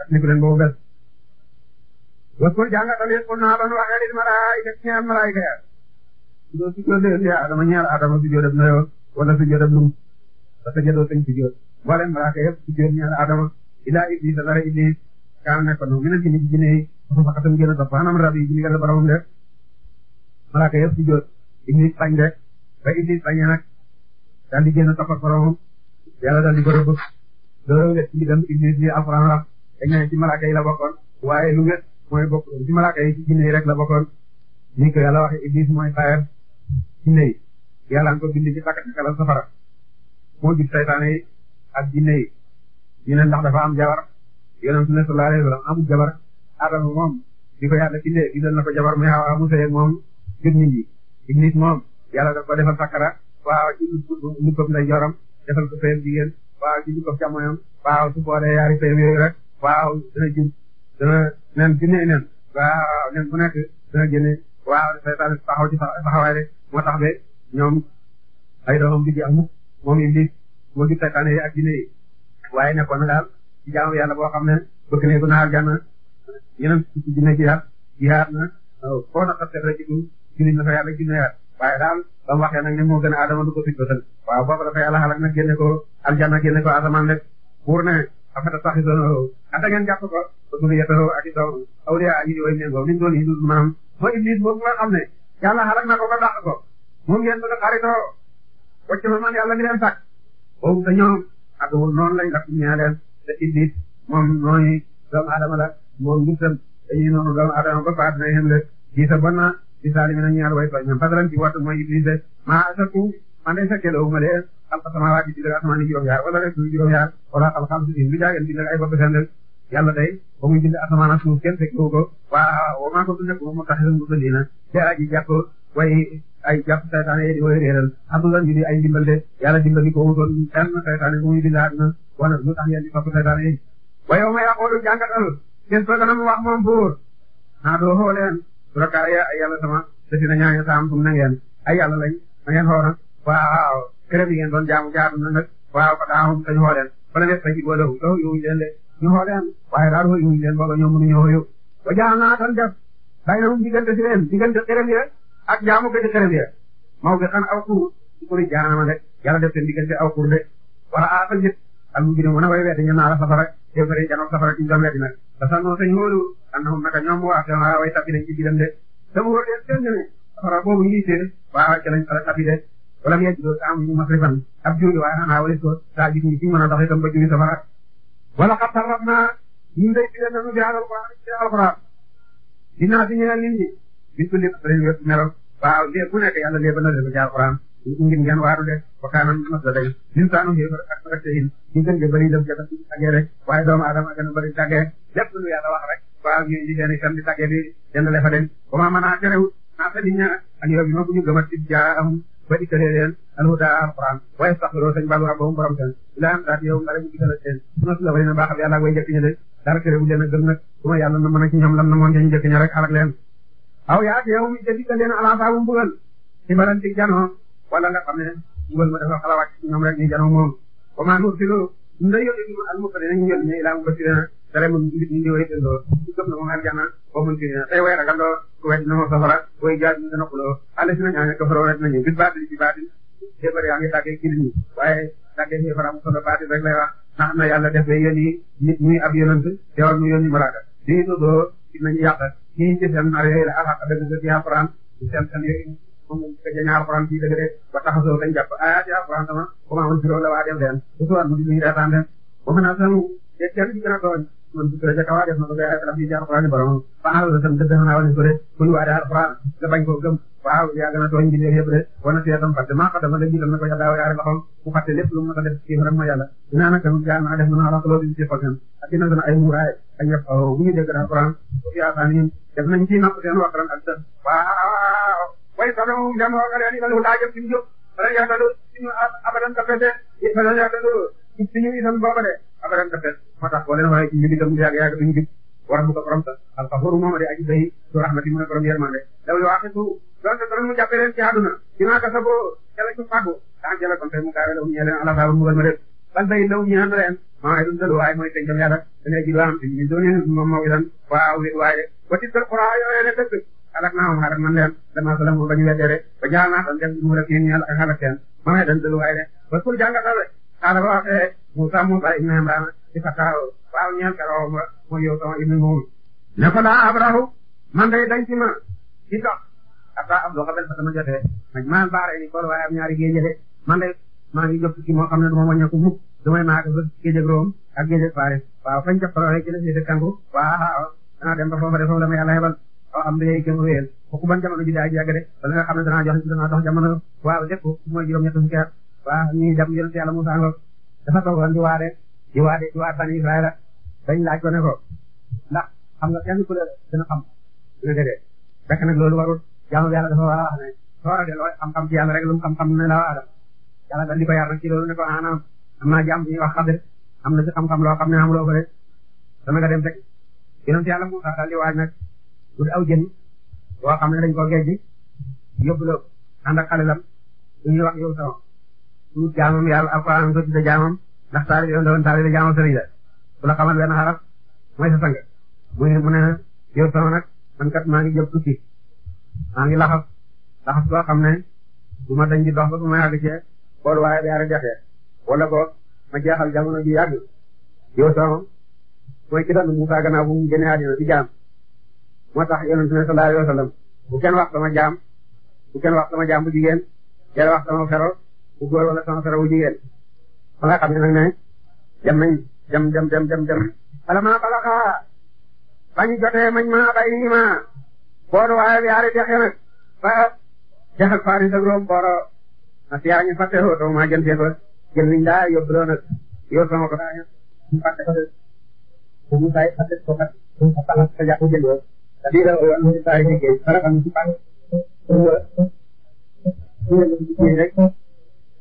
ak ni ku leen boobu bes waskul jàngatal yëpp naa doon waxee li malaayika ñeel malaayika ya doo sujjóot de adama ñeel adama sujjóot def na yoo wala sujjóot def lum parce que doo sañ sujjóot mboolem malaaka yëpp ci jël ñeel Adama ilaa Iblis dara Iblis kaana nekkoon na mu ne dina ci jinne yi ba fa xasam gën a topp maanaam rab yi jëlee boromam de malaaka yëpp ci jël Iblis bañ de ba Iblis bañee nag daal di génn topp ak boromam yàlla daal di ko rëbb loolu wet ci dem Iblis bi alxuraan la dañ ne ci malaaka yi la bokkoon waaye lu wet mooy bokk ci malaaka yi ci jinne yi rek la bokkoon ni ko yàlla waxe Iblis mooy faayam jinne yi yàlla nga ko bind ci takk-takkala safara moo jub saytaane yi ak jinne yi ñu am jabar yonent ne sallallahu alayhi wasallam jabar Adama moom di ko yàlla bindee bindal jabar muy Hawa mu sëyeeg moom gën nit ñi Iblis moom yàlla daf ko defal sakkara waaw ci lukkam lay joram defal ko fayam jigéen waaw ci lukkam càmmoñam waaw su boolee yaari fayam yooyu rek waaw dana jub dana nen jinne nen waaw nen bu nekk dana génne waaw moo ci saytaane yi ak jinne yi waaye nekkoon daal ci jaamu yàlla boo xam ne bëgg ne bu naar jànn yeneen ci jinne ci yaat jihaat na foo na xas rek ci jullit na fa yàlla jinne yaat waaye daal ba mu waxee nag ne moo gën a aadama du ko tuj ba sën waaw boobu dafa yàlla xalak nag génne ko aljanna génne ko asamaan rek pour ne afata sax iso anta ah, ngeen jàpp ko suguri yetoo ak i doom awliya ak yi way méngoo ni mu doon indil maanaam mooy iblis boobu nga xam ne yàlla xalak na ko ba dàq ko moom ngeen bëgg a xaritoo wacc fa man yàlla mi leen sàkk boobu te ñoom ak noonu lañ rafetlu ñu leen nooy doomu aadama la moom ñu tënk dañuy noonu doomu aadama ba faat na yem le gis nga bon na si saa li ñu man de fekkee la ma de xalqa samaawaati ci dëgg asamaan yi juróom-yaar wala rek juróom-yaar wala xalqa xam si bi jaageen bind ay bopp seen rek yàlla day ba suuf kenn fekkoo waa wa maa ko dundee ko mu tax a dund dina ay jàpp saytaane yi di koy réeral abdoulaye ñu di ay ndimbal de yàlla dimbali ko wutoon benn saytaane bu muy bind àdduna wala lu tax ngeen di topp saytaane yi. ma yàqoolu jàngatal ngeen fa gën a wax moom buur naa doo xoo leen surakaay yàlla sama defi na ñaañu saam tum na ngeen ay yàlla lañ na ngeen xool nag waaw kërëm yi ngeen doon jaamu jaadu na nag waaw fa taxawum dañu xoo leen fala wet taji boo dow dow yowuñu leen de ñu xoo leen waaye daal xoo yuñu leen booba ñoom mënuñoo xooyu wa jaam naa tan def bàyyi ak jaamu gëj këram ya moo gën an aw xur ci kuri jaanama de yàlla def seen diggante aw de wala aar ak ñëpp ak mu gën a a way weete ñu naa la safara yow kër yi janoog de te mu wóor seen ñene safara boobu ngi seen waa ca lañ de wala ngeen juddoo am ñu masrifan ab jooju waaye xanaa walis ko saa gis ñu ci mën a dox itam ba juri safara wala xat sarraf naa ñun day bide nanu bi alal ko ci alquran dinaa si biñ ko lépp dañu yëpp meloon waaw léegi ku nekk yàlla léegi na leen ci alquran ngir ngeen waaru de ba kaanam mas la dañ ñun saanu yéefar ak maratéyin ñu gën nga bëri def jota ci tàggee rek waaye doomu aadama gën a bëri tàggee lépp lu yàlla wax rek waaw ñu di seen itam di tàggee bi dendale fa den ba ma mën a terewut naa ta liñ ña an yow bi ma bu ñu gëmat ci jaa am ba dikkalee leen alhuda alquran waaye saxloo sañ bàllu rabbahum borom seen ilaan daat yow nga leen digal seen suna sula bari na baaxam yàlla ak way jëkk ña de dara terewut leen a gëm nag su ma yàlla na mën a ci ñoom lam na moon ca ñu jëkk ña rek alak leen aw yaa ak yow mi jëndi ka leen alaasaabu mbugal ci balanti janoo wala nga xam ne mbugal ma dafa xalawaat ci ñoom rek ñu janoo moom. wa maa nursilu ñu ne yónni ñu al-mursaliina ñu yónni ñu ilaa mubashiriina dara mu nit ñi di way dëndoo ñu gëm na moom aljanna wa munziriina tey way ragandoo ku wet na moom safara way jaaj ñu dana xuloo àll si na ñaane kafaroo rek nañu bis baatil ci baatil jébar yaa ngi tàggee ci nit ñi waaye tàggee ci faram solo baatil rek lay wax ndax na yàlla def na yónni nit muy ab yonant yow mu yónni malaaka lii dëgg dinañu yàq ñii ci seen nar yooyu la alxaq dëgg dëgg alxuraan ci seen seen yooyu moom da jañ alxuraan fii dëgg de ba taxasoo dañ jàpp ayaati alxuraan sama commencé juróom la waa dem leen bu suwaat di ñuy reetaan leen ba mën a sanu a moom ci projet Kawa def na ko ba yàlla daf ñuy jaar xuraan borom waaw loolu itam dëgg naa wane ko de ku ñu waa daal xuraan nga bañ koo gëm waaw yaa gën a tooñ bi yëpp de wana si itam fàtte maa ko dama la jiital na ko yàlla yaare loxoom ku fàtte lépp lu mu ko def ci rek ma yàlla dinaa nag tamit jaar naa def na la ko loolu ci fokkam ak dina dana ay muraay ak yëpp bu ñu dégg daal xuraan yaa saan def nañ ci napp seen waxtaan ak seen waaw way solo dem ko leen ni lu laajam ci ñu jóg rek yaatalu suñu abadan tapete suñu itam booba de abadan te fees moo tax boo leen waxee ci mbiri dem yàgg yàgg duñu gis waram ko borom sa alxafuru mooma di aji bay su rahmati mu ne borom yërmande law yu axisu donte doon mu jàppee leen ci àdduna dinaa kasa boo jala ñu fàggu daan jala kon tey mu gaawe law ñee leen ala saabu mu ma def bal bay law ñean leen maa dum dalu waaye mooy tencam yàlla dana ji am ti ñu doon moom maw idan waaw wit waaye wa tilkal qura yooyee ne dëgg alak naa moom xaran man leen dama salamu ba ñu weddere ba jaal naa tan mu rek yéen xaala ba waxee Musa Musa ibn Imran di fataaw waaw ñeel ka roxom ba mooy yow sama ibnu moom ne ko laa abrahu man day dañ ci ma ci dox ata ab doxa bel fa sama jotee maj maan baare ni kool waaye am ñaari géej de man day maa ngi jokk ci moo xam ne du ma wàññeeku mukk du may maaka ba géej ak Rome ak géej ak Paris waaw fañ jàppaloo ci la si dëkkanku waaw danaa dem ba foofa de foofu la ma yàlla yebal waaw am na yooyu kéem wéyal kooku ban jamono ji daa yàgg de wala nga xam ne danaa jox danaa dox jamono waaw lépp mooy juróom-ñett fukki at waaw ñuy dem yonent yàlla Musaa ngoog dafa toogoon di waare di waare di waat bani Israayla dañ laaj ko ne ko ndax xam nga kenn ku la dina xam dina déggee fekk nag loolu warul jaamu yàlla dafa war a wax ne soo war a delloo xam-xam ci yàlla rek lu mu xam-xam ne la waa Adam yàlla daal di ko yar nag ci loolu ne ko ana ah, am naa jaam bu ñuy wax xadir am na ci xam-xam loo xam ne amuloo ko de dama nga dem teg yonent yàlla Musaa daal di waaj nag du aw jën boo xam ne dañ koo géej gi yóbbu la ànd ak xale lam ñuy wax yow sama ñu jaamam yàlla alxuraan ko tudde jaamam ndax taalibe yoon doon taalibe jaamam sëriñ la bu la xamal benn xaraf mooy sa sang mu ne mu ne yow sama nag man kat maa ngi jëm tukki maa ngi laxas laxas boo xam ne du ma dañ di dox ba du ma yàgg cee boolu waaye bi yaara jaxee wala boog ma jeexal jamono ji yàgg yow sama mooy ki doon Musaa gannaaw bu mu génnee àddina di jaam moo tax yonent ne sallallahu alayhi wa sallam bu kenn wax sama jaam bu kenn wax sama jaam bu jigéen yàlla wax sama fero bu góor wala sansara wu jigéen ba nga xam ne ne dem nañ dem dem dem dem dem bala maa balaxaa bañ jotee mañ ma boor waaye bi dexe nag ba dex ak Faris ak na siyaa ñu fàtte woo doo maa ko jën liñ daa yóbbu loo nag yow sama ko daañu ñu fàtte ko bu mu saay fàtte ko kat mu fa taxat sa jàpp jël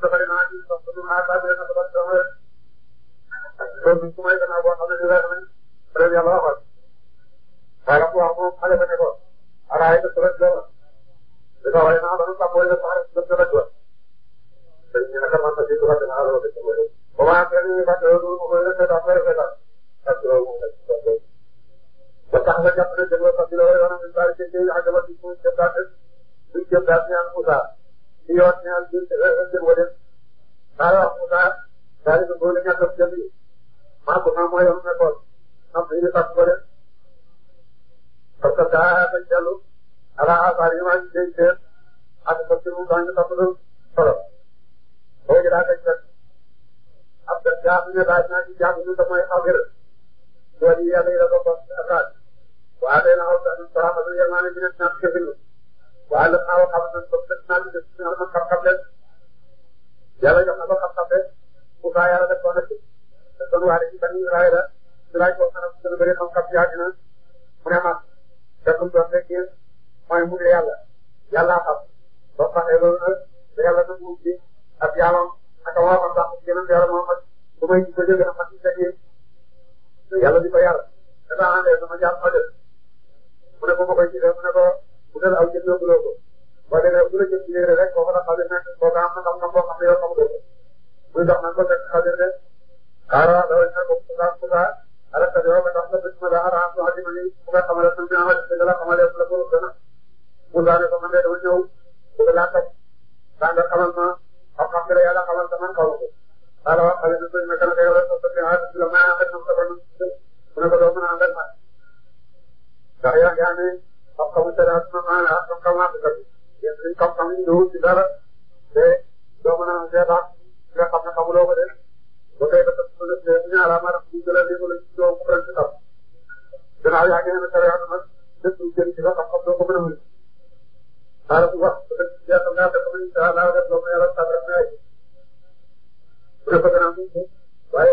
dafay naa ci soxla du naa saa biir na ko doon sama loolu su may gannaaw boo xam ne nii weer nañ loolu yàlla waxal waaye ku wax moom xale ba ne ko alaay dëkk la jëloon li ko waree naa ba nu sàmmooy la sax dëkk la jëloon dañ ñu naka man tamit wax dina ala dëkk la jëloon ba maa xam ne fàtte loolu moom mooy la seetaan mooy la seetaan ak loolu moom la ci soxla ba tax nga jàpp ne jëloon parce que loolu yoonam ñu bari ci ci àgg ba ci suñu jëm daal def suñu jëm daal ñaan Moussa yoon ñaar jël jël wa dem daal wax Moussa daal di góor la ñàkk a jëm yi maa ko maa mooy yoon nekkoon am na ñu fàtt ko dem parce que daa dañ dellu ala asaar yi maa ngi dégg seen ak parce que mu baa ngi fàtt doon solo boo jëlee dañ fekk ab def jaaxu ne daal naa ci jaaxu ne damay xawir loolu yàlla yi la ko bokk ak waa day na xaw sa ñu saraxatu yàlla naa ne dina ci naan waaye lan naa xam ne comme def naa def si ñoom xam-xam leen yàlla jox na ko xam-xam leen bu baax yàlla def ko nag def doon waare ci ban Israël la si laaj boo xam ne dana bëri xam-xam yaa dina mu ne ma def mu doon rek yéen mooy mu ne yàlla yàllaa xam boo xamee loolu nag da yàlla nag mu ci ak yàlla ak a waxoon sax yeneen yàlla moo xam bu may gis nga jógee nag ma ci teg yéen yàlla di ko yar dafa àndee sama jaar ma def mu ne ko ma koy gisee mu ne ko. utal aw jëf yóbbuloo ko boo demee bu la jëf yére rek koo xam ne nekk koo xam ne xam na boo xam ne yow xam nga ko muy dox nañ ko fekk xadir de xaaral da ngay ko Moussa Moussa alal sa dëgg ba tax na bisimilah araham wax dëgg yi bu nga xamale suñ dina amal dëgg la xamale la ko gën a Moussa ne ko man de dama ñëw bëgg laa topp saa nga xamal ma xam-xam bi la yàlla xamal sa man xaw ma ko. xaaral wax xale bi suñ ma gën a koy wala sa bëgg a la maa ànd ak moom sa bopp mu ne ko doo mën a ànd ak man ndax yaa ngi xam-xamu salaat maanaam xam-xamu àttekat yéen suñ xam-xam yi ñëwul ci dara te doo mën a seetaat nga xam ne xamuloo ko de ba tey dafa def ne ñaara maanaam ñu jëlaat yëngu lañ ci doom bu ci xam gannaaw yaa ngi ne sariyaatu nag lépp lu jëm ci la xam-xam doo ko mën a mën daal di wax ba tey yaakaar naa dafa mën incha allah def doomu yàlla sax rek naa ji bu dee ko gannaaw ñu ngi waaye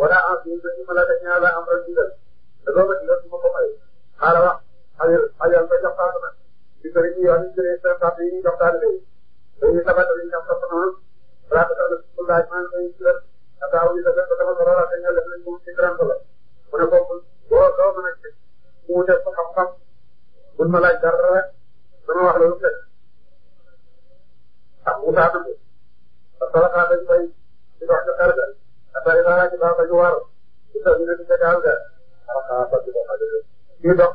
wala en tout cas ñu mën la def ñaar laa am rek ñu def te doo ma ci def du ma ko may xaaral wax ayel ayel nga jox saa dama ci kër yi ak ci les services yi ñu jox saa dama yi dañuy sabata dañuy jox saa dama laata saa dama su laaj maa ngi koy ci def daaw ñu def dama ko roolaat dañoo def nañ ko ci trente la mu ne ko boo doo mën a ci ku mu def ko xam-xam buñ ma laaj dara rek dama wax loolu fekk ah mu saa dama parce que la xaar dañ koy di wax ci xarga après daal ci baax dañu war ci sa ñu ne di ca gaaw ga ah ah parce que ñu dox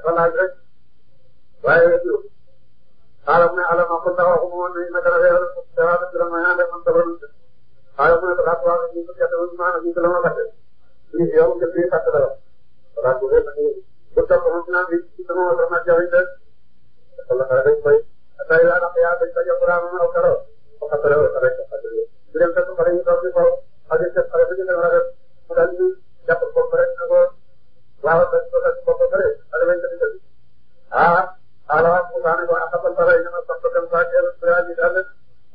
dafa laaj rek waaye wetu xaaral mu ne alama xul ndax waxu moom ne naka la réer ah dafa am si la may ànd ak man dama doon xaaral mu ne dafa am waaw ñu ngi ko gerte ba ñu maanaam ñu ngi ko doon waxate ñu ngi yow ngeen koy fàtte dara voilà bu dee nag bu topp moom dinaa fi ci sama wàllu mat yow it rek dafa la xale rek koy atay yaa ndax yaa dañ ko jàpp daa moom aw karoo ba xam dara wala rek ñu dem fekk pare ñu toog di kaw xale bi xale bi ñu dem rafet mu daal di jàpp bopp rek ne ko waaw sa sa bopp bële xale bañ ko di def ah xaaral Moussa ne ko ah xamal ba lay ñu ne sax ba dem saa kër Sëriñ bi daal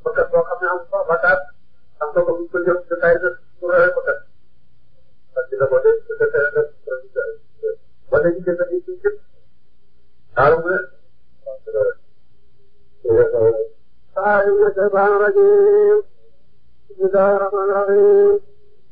ba kat boo xam ne am sax bakkaat am nga ko bu ko jëm ci kay def pour rek ko kat parce que boo dee def def def boo dee gis nga gis nga xaaral mu ne waaw c'est vrai. الشيطان الرجيم بسم الله الرحمن الرحيم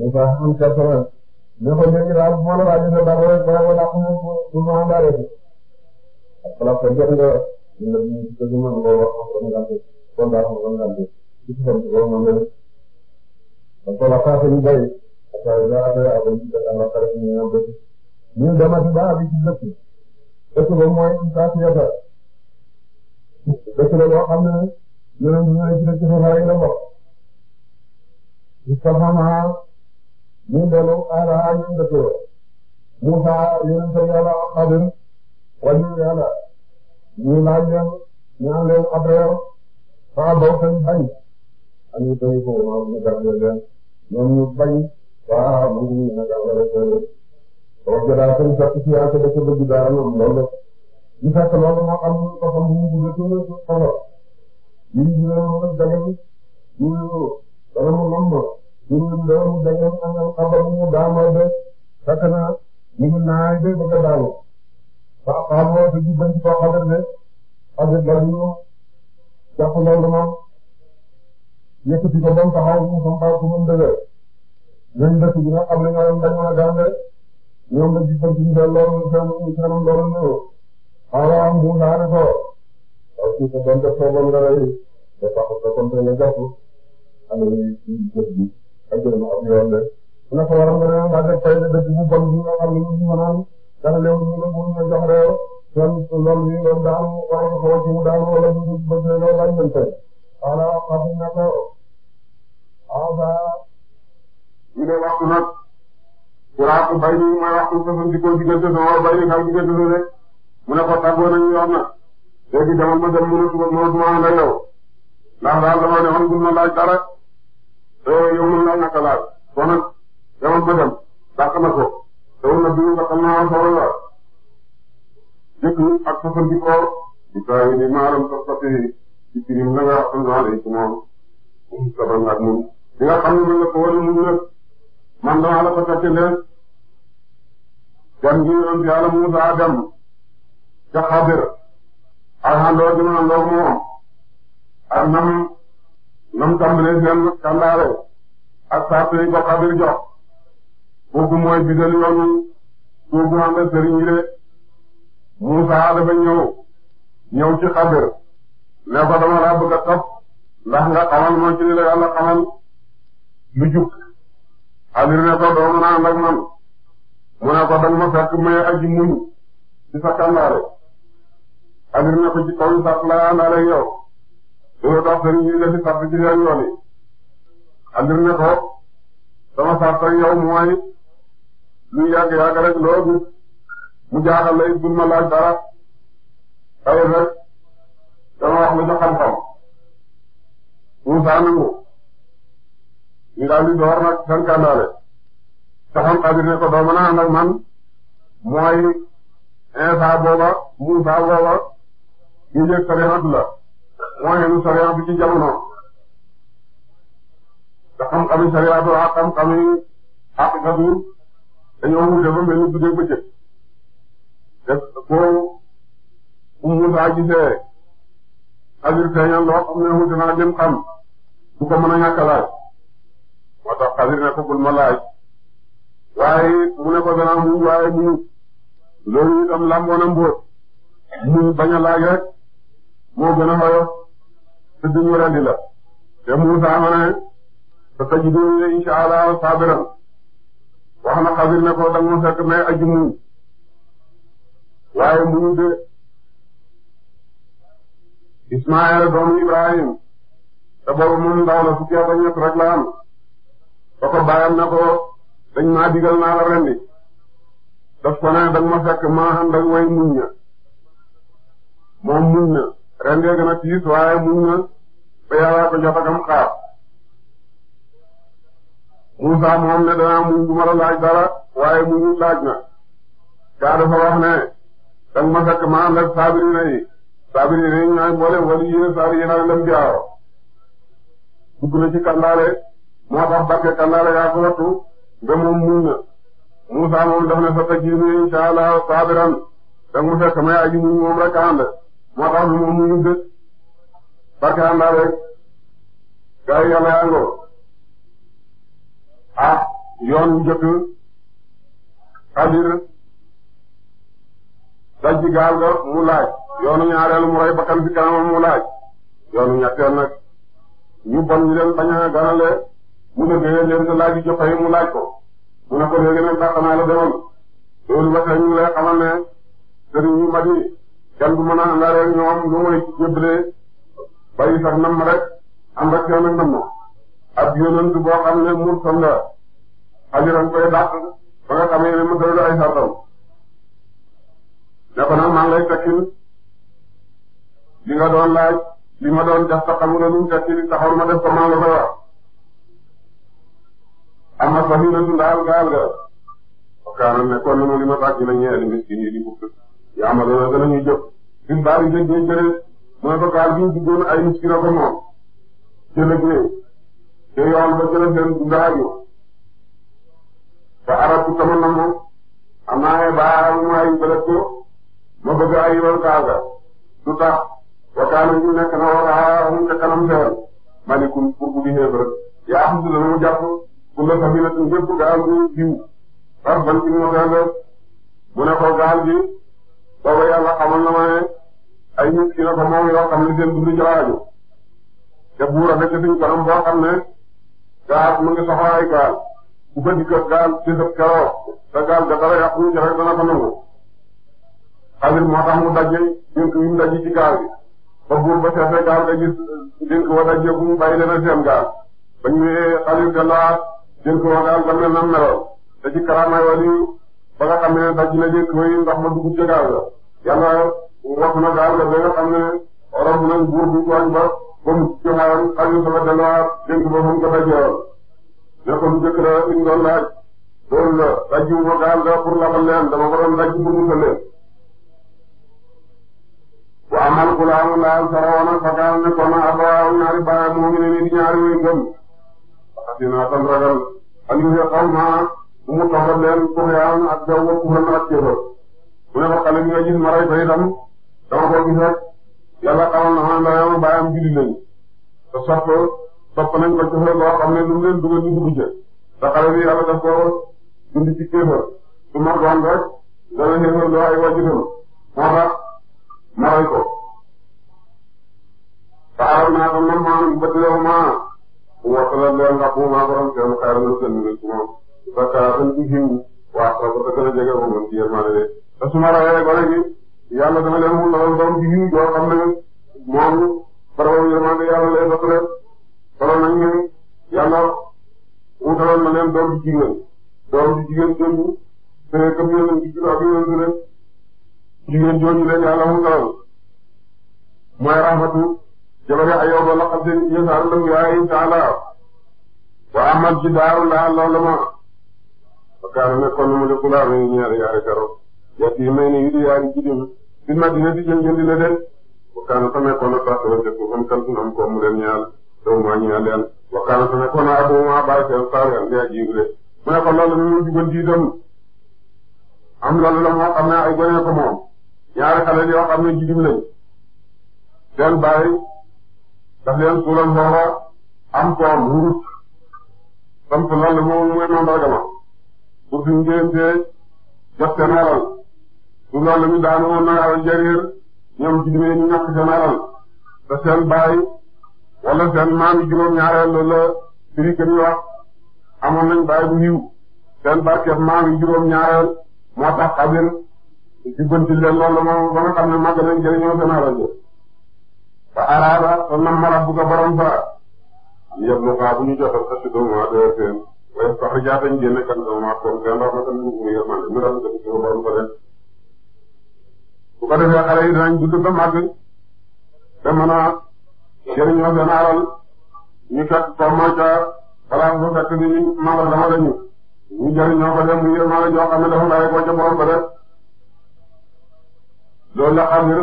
Moussa am gerte la ne ko ñooñu daal bu ma la laajee sa dara rek balaa ma dàq mu mu ma àndaale ko. ak balaa ko jot nga dina dina dina dina mën nga wax ko nga gàllankoor kon daal ko nga gàllankoor ci ci kon loolu moom la def. kon kon la xaase ñu béy ak ay jaarale ak ay jiital ak ay xarit ñu ñëw dëkk. ñun demati ba abi ci dëkk dëkk ba mooy saa si yàlla dëkk la boo xam ne ñeneen ñi ñooy ci dëkk xabaar yi la bokk. Moustapha Maha. ñu delloo aaraay ñu dëkkee Moussa yéen seen yàlla Xadir wàññi yàlla ñu laaj leen ñaan leen après saa doog seen bañ am ñu tey foofu noonu ñu gàddee leen ñoom ñu waa mu ngi ñu gàddee rek wax dëgg yàlla seen fekk si yàlla sa dëkk bëgg dara ñoom loolu ñu fekk loolu moo am ko xam bu mu gudd ci xolo yi ñu leen mën a jagal ñu dana mu ñun loolu da ngeen amal xabar mu daamoo de fekk na ñu ngi naaj de bëgg a daalu waaw xam nga dañuy bañ koo xamal ne xam nga dañu jàpp loolu moom yëkkati ko ba mu taxaw mu xaw ko moom dëgër ñun dëkk bi nga xam ne ñoom dañu mën a daan de ñoom dañuy bañ ci ñu doon loolu seen seen loolu ñëw xaaral am bu naare ko parce que doon def soo bon nga rey dafa ko kon teel a jàpp xam nga yëkkati bi. ak yow am na yoon de su ne ko waroon nga ne maa def fay de dëkk bu bon bi nga xam ne ñu mënoon dara léew ñu ne bu ñu jox réew ñoom loolu yi loolu daal war nga koo ci mu daal wala ñu ngi bëgg ne loolu lañ leen fay voilà xam nga ko waaw ba ñu ne waxtu nag waraatu bay mi mooy waxtu jëfandikoo diggante sa war bay mi xam diggante sa rek mu ne ko tàggoo nañu wax na léegi dama ma dem mënatu ma mënatu ma ànd ak yow ndax daal dama ne xam dul ma laaj dara yow mën naa ñàkk a laal kon nag yow bëtam dàq na ko yow nag bii nga xam naa war a laal jëkk ak sa sant ko di bàyyi ni maaram sa soppi ci kirim la nga xam naa lay ci moom sabal nga ak moom li nga xam ne mën nga ko war a mën nag man damaa la ko fekkilee gan gi yonent yàlla Muusaa dem ca Xadir ak àndoo gi ma àndoo moom ak nam nam tàmbalee seen kàndaare ak sart yi ko xabir jox kooku mooy bidal yoonu kooku ànd ak sëriñ yi de Muusaa dafa ci xabir ne ko dama laa bëgg a nga xamal ma ci la xamal lu jub xabir ne ko doo man mu ne ko danga ma fekk may aji muñ ci sa kàndaare xabir ne ko ci kaw sart laa àndaale yow dina dox sëriñ bi def ci sart ci seen yoon yi ne ko sama sart ak yow mooy lu yàgg yàgg rek loo gis mu jaaxal la it ma laaj dara xëy rek dama wax la ca xam-xam Moussa nangu ñu daal di door nag seen kàndaale te xam xabir ne ko doo mën a ànd ak man mooy Insa booba Moussa booba ñu jëkk sa la mooy nu sariya bi ci jamono te xam-xami sariya bi ak xam-xami haqiqatu dañoo wuute ba mel ni guddeeg bëccëg te boo umm Musaa gisee xadir feeñal loo xam ne wuute naa lim xam du ko mën a ñàkk moo tax xadir ne ko ma laaj waaye mu ne ko danaa mu waaye mu loolu itam làmboona mbóot mu bañ a laaj rek moo gën a xoyof tëdd ñu rendi la te Muusaa ma ne sa tajiduni insha Allah sabiran wax na Xabil ne ko danga fekk may aji muñ waaye muñu de Ismaayil doomu Ibrahim te boobu moom ndaw fukki at ak ñett rek la am ba ko bàyyam ko dañ maa digal naa la rendi daf ko ne ma fekk ma ànd ak way muñ na moom muñ ren dee gën tiis waaye muñ na ba yàlla ko jot akam xaar moom ne danaa muñ du la laaj dara waaye muñu laaj na gaa dafa wax ne dang ma fekk ma ànd ak saabiri na yi saabiri na yi ñooy mboolem wala yéen saabiri na lam jaaro dugg na ci kandaale moo tax barke kandaale yaa ko wattu ba moom muñ na moom daf ne sa tajiini insha Allah saabiran dang ma fekk may aji muñ moom rek ànd moo tax ñun ñu ngi dëkk barke am naa rek gars yi yàlla yàngoo ah yoon njëkk xadir daj gaal ga mu laaj yoonu ñaareelu mu rey bakkan bi kanamam mu laaj yoonu ñetteel nag ñu bon ñu leen bañ a ganale mu ne dee leen nga laaj joxe yi mu laaj ko mu ne ko léegi nag dàq naa la demoon loolu ba tey ñu ngi lay xamal ne sëriñ yu mag yi kenn du mën a àndaale ak ñoom lu muy yëblee bàyyi sax nam am na ab yonent boo xam ne mursal la xajiran koy dàq ba nga ne mësal la ay sartam ne ko nag maa ngi lay tekkil li doon laaj li ma doon def sax amul woon tekkil taxaw ma def ko maa ngi la koy wax am na sax yu ne ndaal gaal ga. parce que nekkoon na ma li yaa ma doon danañu jóg suñ baal yi dañ koy jëlee mooy que kaal gi ñu ay nit ki moom jëlee te yoon ba jëlee seen dundaa gi te arab bi sama nangu am naa ne baaraam mu ay bële ko ma bëgg ay yoon kaaga du tax waxtaan bi nekk na waxtaan ca kanam seen malikum pour bu gisee rek yaa xam si dana jàpp pour nga xam ne nag ñëpp gaal gi jiw par ban ci mu ne ko gaal gi. booba yàlla xamal na ma ay nit ki moom yoo xam ne seen dund ci te buur a fekk suñ kanam boo xam ne gaal mu ngi soxla gaal bu ko gaal ci sëb gaal ga dara yàquñu ci rek dana ko nangu xalit moo tax mu daje dénk yi mu daje ci gaal gi ba buur ba seetee gaal ga gis wa daje bu mu bàyyi leen a gaal ba ñu nee xalit ga laat wa gaal ga mel te ci karaamay wali ba nga ne daj na leen mooy ma dugub ca gaal ga yàlla wax na gaal ga ba nga ne romb nañ buur bu tooñ ba ba mu ci xaaral xajul sama delluwaat dénk ba mu ko dajeewal ne ko lu la li mu doon laaj loolu la dajul ma gaal ga pour labal leen dama ko doon daj pour mu tëlee. wa amal xulaamu ne kon abawaaw ñaari baayam moo ngi ne ni ñaari way ngëm. wax dëgg naa tam ragal. Aliou xaw ma. mu toogal leen Soufiane ak Diop ak Koungheul ak Kéba mu ne ko xale bi nga gis ma rey ko itam dama ko gis rek yàlla xamal na ma ne ma bàyyam jullit lañ te sopp sopp nañ ko ci xel boo xam ne lu mu leen dugal ñu dugg ca te xale bi yàlla daf ko dund ci Kéba su ma doon rek dana ñëw loo ay waajuram moo tax ma rey ko. te aar naa ko man maa bëgg yow maa waxtu la leen ndax bu ma borom seen xayma seen mbir ci moom. bakaratan ci xiw waa soo ko gën a jege moom ci yërmande de te su ma rawee ba léegi yàlla dama leen mun lool doom ci xiw yoo xam ne moom barabam yërmande yàlla lay dox leen solo nañ ne yàlla na leen doom ci jigéen doom ci jigéen jooju te comme yéen ci juróom yéen su leen jigéen jooju leen yàlla wutaloon mooy rahmatu jabari ayoba laqad yasalu lahu ya ta'ala wa amal ci daaru la loolu ma kaana nekkoon na mu def kulaa may ñaari yaari karo yatti yi may ne yu di yaari jigéen bi madina di jël jëndi la de wa kaana fa nekkoon na passe woon def ko fan kaltu nam ko mu leen ñaal doom maa ñaal leen wa kaana fa nekkoon na abu maa bàyyi seen saari am yaa jiiru de mu ne ko loolu ñu jugal diitam am loolu la moo xam ne ay gone ko moom ñaari xale yoo xam ne jigéen lañ seen bàyyi daf leen suulam foofa am koom wurut sant loolu moom mooy mandarga ma pour suñu jëlantee def seen alal su loolu la ñu daanoon na alal ñoom ci dimbali ñu ñàkk te seen baay wala seen maam juróom-ñaareel la la firi kër yi amoon nañ baay bu yiw seen barkeef maam yi juróom moo tax xabir ci loolu moom ba xam ne màgg nañ jëriñoo seen alal ja fa araada fa nam marab bu ko borom lu xaa bu ñu jotal xasi doomu adee seen waaye sax la jaatañ génne kan sama maat comme kenn rafetal ñu muy yërmande ñu rafetal ci lu bon ko def bu ko defee xale yi dinañ gudd ba màgg te mën a jëriñoo seen alal ñu fekk comme ca balaa nga fekk ni ñu màggal dama la ñu ñu jëriñoo ko def muy yërmande joo xam ne dafa bàyyi ko ca borom ko def loolu la Xadir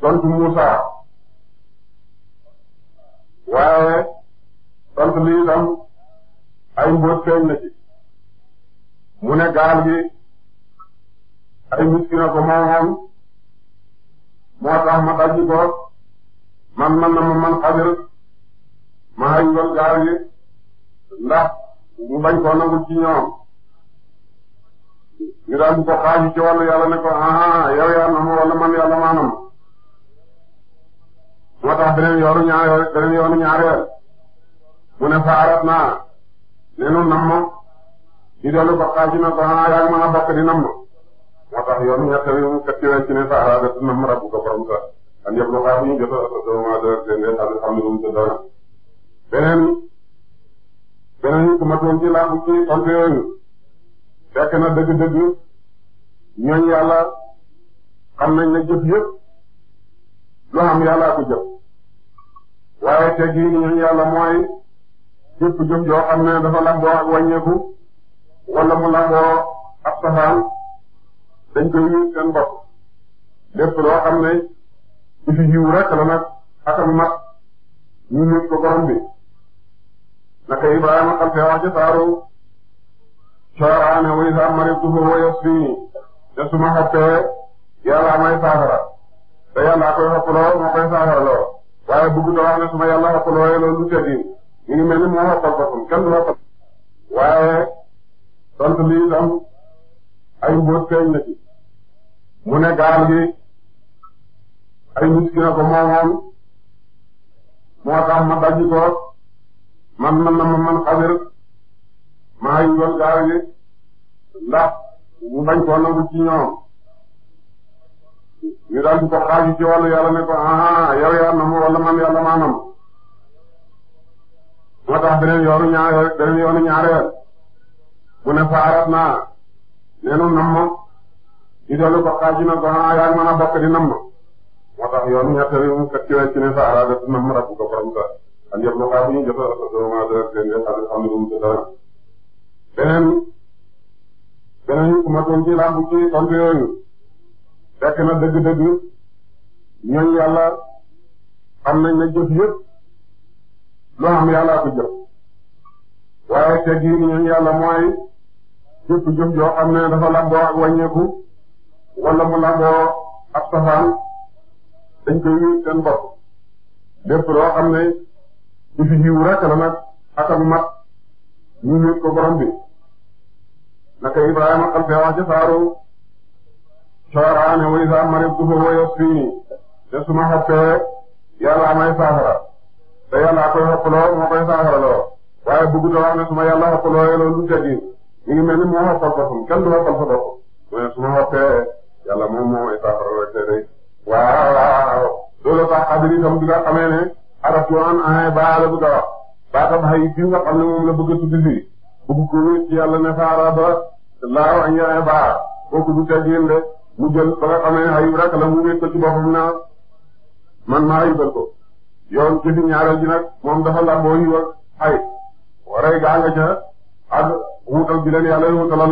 tontu Muusa waaye tontu lii tam. ay mbóot feeñ na ci mu ne gaal gi ay miskin a ko moomoon moo tax ma dajji ko man man na ma man xadir ma hayuwal gaal gi ndax mu bañ koo nangu ci ñoom ñu daal di ko xaaju ci wàllu yàlla ne ko ah yow yaa nam wala man yàlla maa nam moo tax beneen yoonu ñaar beneen yoonu ñaareel mu ne faarat naa nee na namm di dellu ba xaaju na ko ah yaa a bokk di namm moo tax yoonu ñett yu fekk leen ci ne fa araada namm rabbu ko borom sa an yëpp lu xaar bu ñu jot a doomaa dër dende xam xam ne lu mu tëddoo na beneen beneen ku ma doon ci laa ci tontu yooyu fekk na dëgg-dëgg ñooñ yàlla xam nañ ne jëf yëpp lu am yàllaa ko jëf waaye teggi ñooñ yàlla mooy képp jëm joo xam ne dafa lamboo ak wàññeeku wala mu lamboo ab saxaan dañ koy yëngu seen bopp lépp loo xam ne ci fi jiw rek la nag akam mat ñu nekk ko borom bi naka Ibrahima xam te wax ci saaru coaraane wuy saa maritu huwa yasfini te su ma xattee yàlla amay saafara te yàlla koy xappaloo ma koy saafara loo waaye bëgg na wax ne su ma yàlla xappaloo loolu lu tëddi ñu ngi mel ni moo waxal boppam kenn du waaye tontu lii itam ay mbóot feeñ na ci mu gaal gi ay nit ko moomoon moo tax ma dajji ko man man man xabir maa yëngal gaal gi ndax mu bañ koo nangu ci ñoom ñu daal di ko xaaju ci wàllu yàlla ne ko ah, ah yow yaa nam wala man yàlla maa nam moo tax beneen yoonu ñaar beneen ne faarat naa nee na namm di dellu na ba xanaa yaa ngi a bokk di namm moo tax yoonu ñetteel mu fekk ci wàcc ne faara def namm rab ko borom sa ak yëpp lu xaar ñu jot a vraiment dara seen yëpp xam beneen beneen ku ci làmb ci tontu yooyu fekk na dëgg-dëgg ñooñu yàlla xam nañ ne jëf yëpp. lu am yàllaa ko jëf waaye te gii ñun yàlla mooy jëpp jëf joo xam ne dafa lamboo ak wàññeeku wala mu lamboo ab safaan dañ koy wéy seen bopp lépp loo xam ne du fi jiw la nag ak mat ñu wéet ko borom bi naka Ibrahima xalfe saaru coaraane way sa marib tufa wa yos nii te su ma xattee yàlla amay saafara te yàlla koy xokkuloo moo koy saafaraloo waaye bëggu te wax ne su ma yàlla xokkuloo loolu lu tegi mi ngi mel ni moo xokkal boppam moom moo may saafara rek tey waaw waaw loolu sax xabir itam bi nga xamee ne arab ci waan ay baa la bëgg a wax baatam xëy fi nga xam ne moom la bëgg a tudd fii bëgg ko ci yàlla ne saara ba laaw añ ay baa kooku du teggin de mu jël ba nga xamee xëy rek la mu wékk ci na man yoon jëfi ñaareel ji nag moom dafa lamboo yiw ay waree gaa nga ca ak wutal bi leen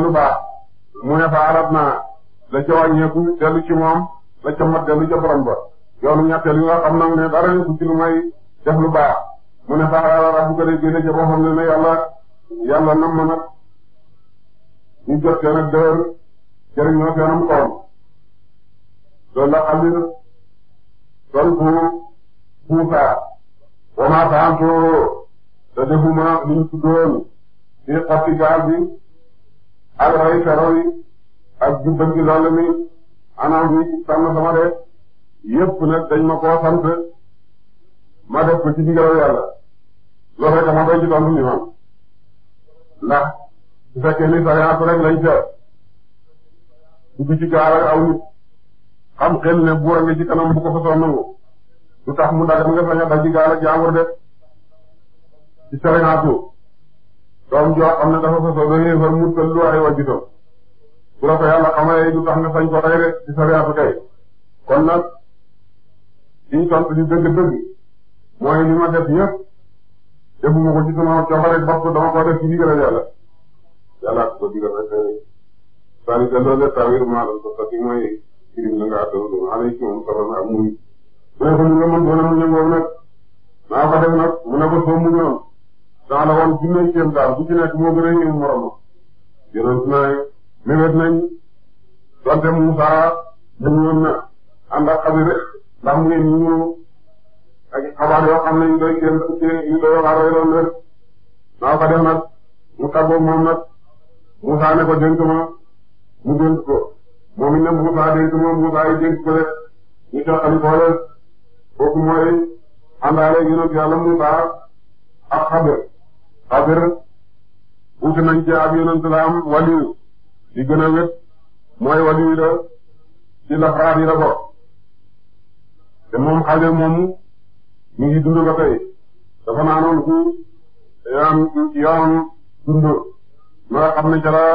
lu baax mu ne fa arab naa la ca wàññeeku dellu ci moom la ca dellu ca borom ba yoonu ñetteel yi nga xam nag ne dara nekku ci lu may def lu baax mu ne fa rabu ko de génne ca boppam ne ne yàlla yàlla nam ma nag jot seen ak dër jëriñoo seenam koom loolu la xam ne sol bu Muusaa wa maa te defuma li ñu tuddoon ci xatti bi ak rey fero yi ak jubbanti mi anam bi tànn sama def yépp nag dañ koo sant ma def ko ci digalu yàlla loolu rek ma doy ci tontu ni man ndax su fekkee ni sariyaatu rek lañ ca dugg ci gaal ak lu mu dagan nga sañ a daj gaal ak jàmbur de ci doom joo xam dafa sosoo ba mu tël ay wajjutam bu la ko yàlla xamalee nga sañ ko rey de ci kay kon nag liñ di dëgg-dëgg mooy li ma def ñëpp defuma ko ci sama coobare bopp dama ko def ci digal yàlla yàlla ko digal rek sani te loolu de tawir maa doon ko sotti mooy kirim la nga àddoon alaykum salaam ak muy mu ne ko ñu nga mën doon nañu yëngoo nag maa ko def nag mu ne ko soo mu ñëwoon sax la woon junne seen daal bu ci nekk moo gën a yëngu moromu. yonent naa yi mébét nañ donte Musaa dañu na ànd ak xabir ndax mu ngi ñu ak xabaar yoo xam ne ñu doy seen yu doy waxaar doon rek maa ko def nag mu tàggoo moom nag Musaa ne ko dénk ma mu dénk ko moom it ne Musaa dénk ma Musaa yi dénk ko rek ñu jox am doole. kooku mooy àndaale yonent yàlla Muusaa ak Xadir Xadir wuute nañ ci ab yonent la am waliyu li gën a mooy waliyu la ci lafraat yi la bokk te moom Xadir moomu ñu dund ba tey dafa naanoon ku yoon yoon dund nga xam ne ca la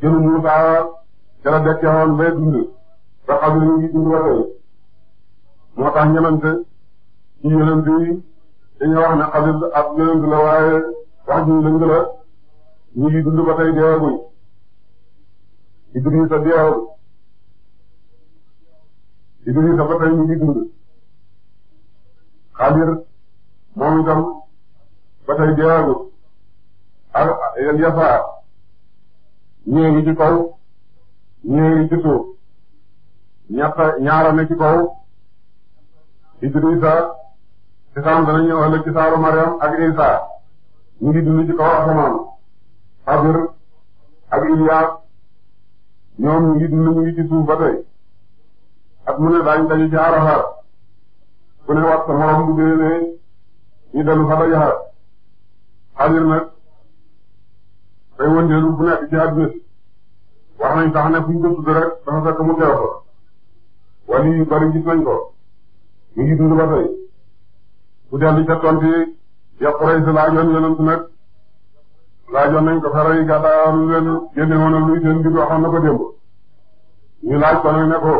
jënu Muusaa ca la dekkewoon bay dund te Xadir ñu dund ba tey moo tax ñamante ci yonent bi wax ne Xadir ab yonent la waaye wax ju lëng la ñu ngi dund ba tey deewaguñ Idrisa deewagul Idrisa ba tey ñu ngi dund Xadir moom itam ba tey deewagul ak Yasaa ñee ngi ci kaw ñee ngi ci suuf ñett ñaara ne ci kaw Idrissa sisaan dana ñëw ëllëg ci saaru Mariam ak Isa ñu ngi dund ci kaw asamaan Xadir ak Ilyas ñoom ñu ngi dund ñu ngi ci suuf ba tey ak mu ne daañu daje ci Arafat ku ne wat sa morom bu gën ne ñu dellu fa daje xar Xadir nag day wëndeelu nekk ci àdduna wax nañ sax ne fu ñu ko tudd rek dafa fekk mu teew fa wala yu bari gis ko. ñu ngi dund ba tey ku dellu ca tonti ya Quraysh laajoon yonent nag laajoon nañ ko fere yi gàddaa lu leen génne woon ak ko démb ñu laaj ko nag ne ko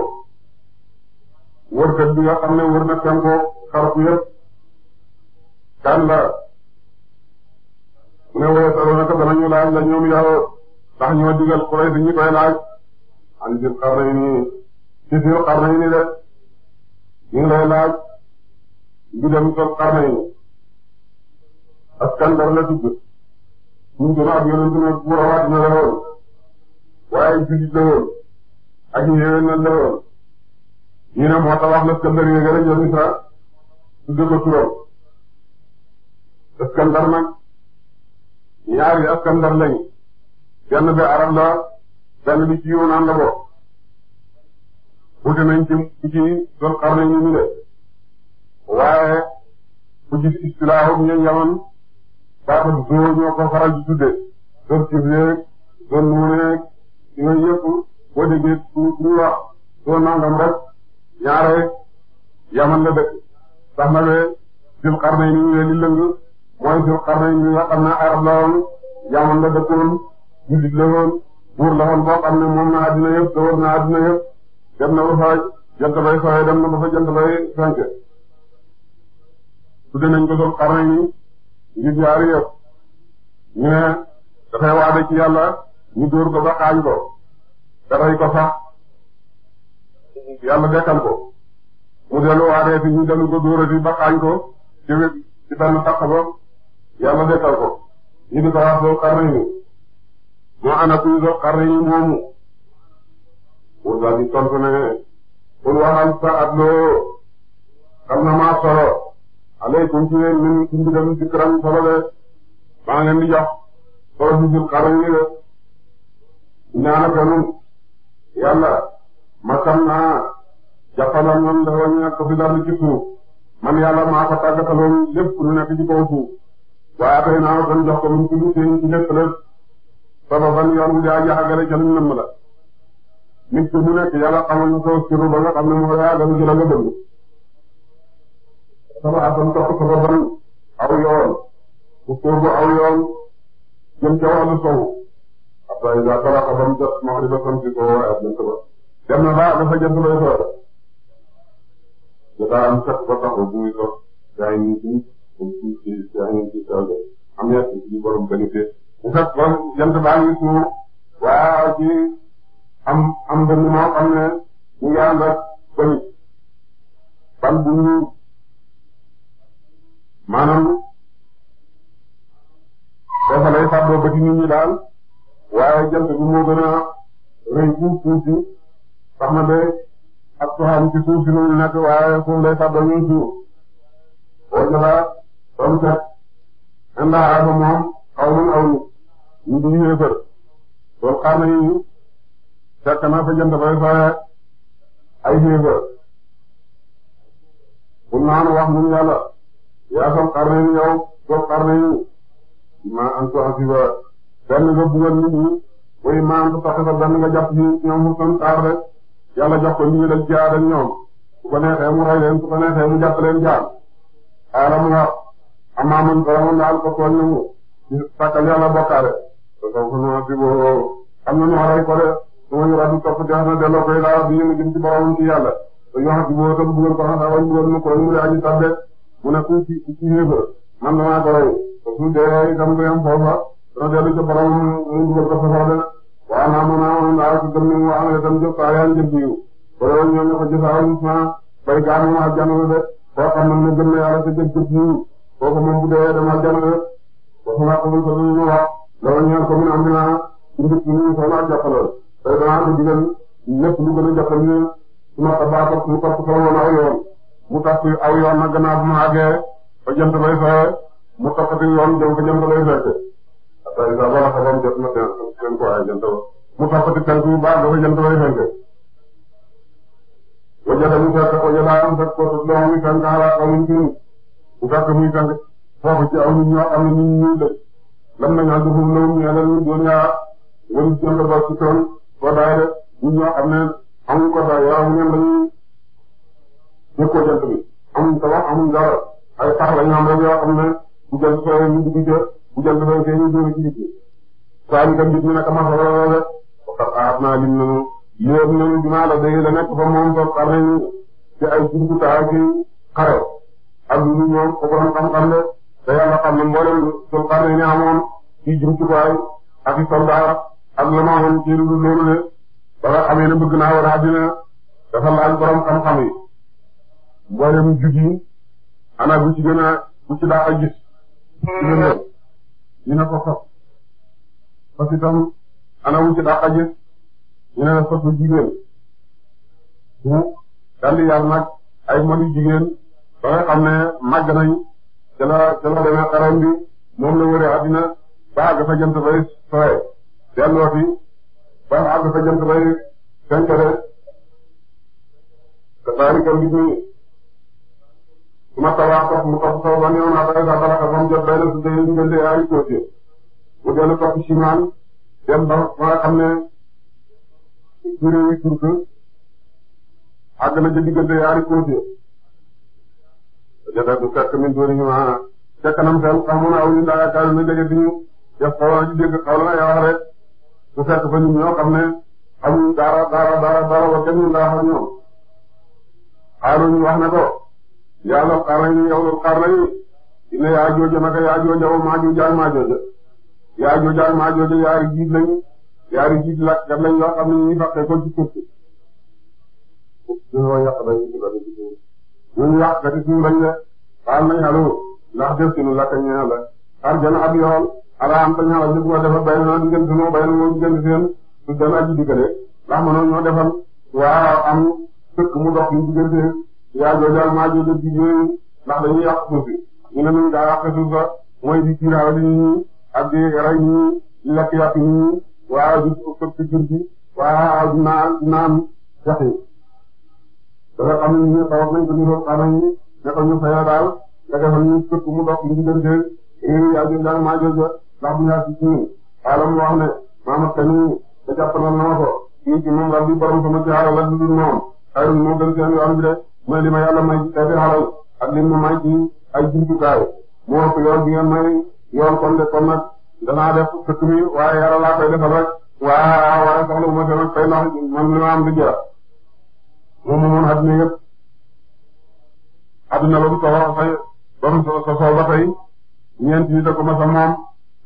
wërkat bi nga xam ne wër na kan ko xarfu kan la mu ne wooyee solo na ko laaj la ñoom yow ndax ñoo digal Quraysh ñi laaj an sil xar ci sil xar de ñu ngi lay laaj mbiram Dul Qarnayni Iskandar la tudd ñun dina ak yonent bi bu na la woon waaye jullit la woon ak yéwén na la woon ñu ne moo tax wax na Iskandar yooyu nga jël Misra tudde ko turam Iskandar nag ñaari Iskandar lañu benn bi arab la benn bi ci Yunaan la bokk wute nañ ci ci Dul Qarnayni ñu de waaye ku gis istilaahu ñoom yaman baatu zoo ñoo ko faral di tudde Dul Kifleeg Dul Nuuneeg yooyu yëpp boo déggee ku ñu wax soo nangam rek ñaare yaman la dëkk tax na be Dul Qarnayni ñu ne li lëng mooy Dul Qarnayni nga xam ne arab la woon yaman la dëkkoon jullit la woon buur la woon boo xam ne moom na addina yëpp te war na addina yëpp dem na ba fa jant bay dem na ba fa jant bay fenk tudde nañ ko sol xarni ni ngir yëpp ñu dafay waade ci yàlla ñu dóor ko ba xaañ ko te ko sax yàlla dekkal ko mu dellu waadee fi ñu dellu ko dóorati ba xaañ ko ci ci benn sàq ba yàlla dekkal ko ñu di ko wax sol xarni moo ana kuy sol xarni moomu Moussa di tontu ne pour waxal sa adloo xam na maa solo aleykum ci leen min ci mbiram dikran solo de maa leen di jox solo si jur xarañ ni de ñaanaka nun yàlla masam naa jàppaloon nan dafa ñàkk fi dara ci suuf man yàlla maa ko tàggataloon lépp lu nekk ci kaw suuf waaye tey naa ko jox ko lu mu tudd seen ci lépp lépp sababan yoon bu jaa jaxagale ca lu ñu nëmm nit ki mu nekk yàlla xamal ñu ko sirru ba nga xam ne moo yaa dana ci la nga bëgg sabatan topp sababan aw yoon ku sóobu aw yoon jëm ca wàllu sow après ida talaxa ba mu jot maxriba samsi ko waaye jënt ba dem na ba dafa jënt bay soo dafa am set ba tax bu muy sof yaa ngi ci comme ci ci yaa ngi ci sell am na ci borom benn bu set ba jënt baa ngi suuf waaw ci am am dënnu moo xam ne ñu ngi ànd ak tamit ban bu ñu maanaam dafa lay fàddoo ba ci nit ñi daal waaye jant bi moo gën a rëy fuuf fuuf si tax na ba ak soxaam ci suuf si lañu nekk waaye suuf lay fàddoo ñuy suuf boo jëlaat ba mu set indaa aadama moom xaw ma aw nit ñu ngi yéefër loolu xaar nañu fekk na fa jënd fay fayee ay xéefar bu naan wax nu yàlla yaa sol xar nañu yow sol xar nañu ma am soo ak ba benn nga buggal nit ñi way maam sax sax benn nga jàpp ci mu son xaar rek yàlla jox ko nit ñi dañ jaar ak ñoom su ko neexee mu rey leen su ko neexee mu jàpp leen jaar xaala mu wax amaa man borom daal ko tooñ na mu ci sàkkal yàlla bokkaare te soo ko noonu si boo nu rey ko de soo yor aadul topp te xanaa delloo koy laa bi ñu jëm ci boromam ci yàlla te ñoo xam ci boobu tam bëggal ko xanaa wala bëggal mu ko mu yaa ñu tàbbe mu ne ku ci ku ci yéefar man damaa ko rey te su dee itam day am foofa dana dellu ca boromam mu bëggal ko safara de waaw naa ma naa ma naa ko gëm ni mu wax ne itam jëf saa yaa ngi jëm ci yiw ba loolu ñoom ñoo ko jëfaaw ñu fa bay gaal ma àjjana de boo xam ne mu gëm na yàlla te jëf jëf yiw kooku moom bu dee dama àjjana de ba sama ko mu ko ñu wax loolu ñaan ko mu am dina indi ci ñu soxla jàppalal te damaa di digal lépp lu gën a jàppale su ma tabaatoo mu topp sama woon mu tax aw yoon nag gannaaw bu ma àggee fa jant bay fee mu yoon jëm fa jant bay fekk. après ça va xabaam jot na seen seen ko ay jant ba mu toppati tànk bu baax dafa jant bay fekk. wajata mu fekk wajata am ko doom mi tànk ala amuñ fi mu fekk muy tànk foofu ci aw nit ñoo am nit ñi ñuy def lam nañu àgg foofu la mu la ñu doon yaa wëri jant ba ci tool. kootaay de nit ñoo xam ne amuñ kootaay yoo xam ne dañuy ñëkkoo jant bi amuñ tabax amuñ dara ay sax la am rek yoo xam ne bu jant sooyee ñu dugg ca jant sooyee fee ñu dóor ci nit ñi saa yi tamit ñu ne kama fa la la xar aat naa lim nañu yéen nañu dinaa la dégg la nekk fa moom fa xar nañu ci ay lu ñu ñoom ko borom xam-xam de te yàlla xam ne mboolem suñu xar ak la ma woon ci loolu ne ba nga xamee ne bëgg naa war a dafa laaj borom xam-xam yi mboolem jug yi ana bu ci gën a a gis ci lëndëm ñu ne ko sopp parce itam ana bu a gis ñu ne la sopp jigéen bu daldi yar nag ay moni jigéen ba nga xam ne màgg nañ ca la ca la demee xaram bi moom la wëree ba àgg fa jant bay sooyee delloo fi ba mu àgg fa bay fenkale kasaalika gis ni su ma tawaa topp mu topp sa baraka ba bay la su dee diggante ay côté mu dellu topp simaan dem ba ba ne ci réew yi turk àgg na ca yaari côté jota du fekk min dooni ma ca kanam seen xamu na aw ñu daa yaakaar na jege fi ñu def xaw la dégg xaw la wax rek su fekk fa nit ñoo ne amuñ dara dara dara dara ba kenn mën laa xam ñoom wax ne ko yàlla xar nañu yow xar nañu dina yaa jooja naka yaa jooja wa maa jooja ak maa jooja yaa jooja ak maa jooja yaari jiit lañu yaari jiit lakk kat lañ yoo xam ne ñuy fàqee ko ci suuf si. ñoo yàq dañuy ci bëri ci suuf ñun yàq kat ci suuf lañ ne xaar nañ allo ndax def ci nu lakk ñeent la xar jën ab yool. alaam dañu xamal ni bu ko defal bay na diggante moom bay na moom diggante seen am sëkk mu dox ñu diggante yaa jooju di ciiraale nit ñi ak di rey nit ñi di lekk yàq nit ñi waaw di sëkk jur gi waaw naan naan jax yi dafa xam ne ñu xaw nañ ko ñu doon xanaa ñu ne ko ñu fayoo daal nga defal ñu sëkk laa mu ñaar ci suñu xaaral mu ne maanaam tamit da jàppaloon na ma ko fii ci moom daal di borom sama ci xaaral la dugg moom xayru moo gën seen yoon bi de mooy li ma yàlla may ci xeeti xaaral ak ma may ci ay jumtukaay mu wax yoon bi ngeen may yoon kon de kon nag def sëkk mi waaye yàlla laa koy defal rek waaw ma gën a fay man li ma am di jëlaat moom moo mën adduna yëpp adduna ba mu soxla ba ba tey ñeent ñi da ko a moom.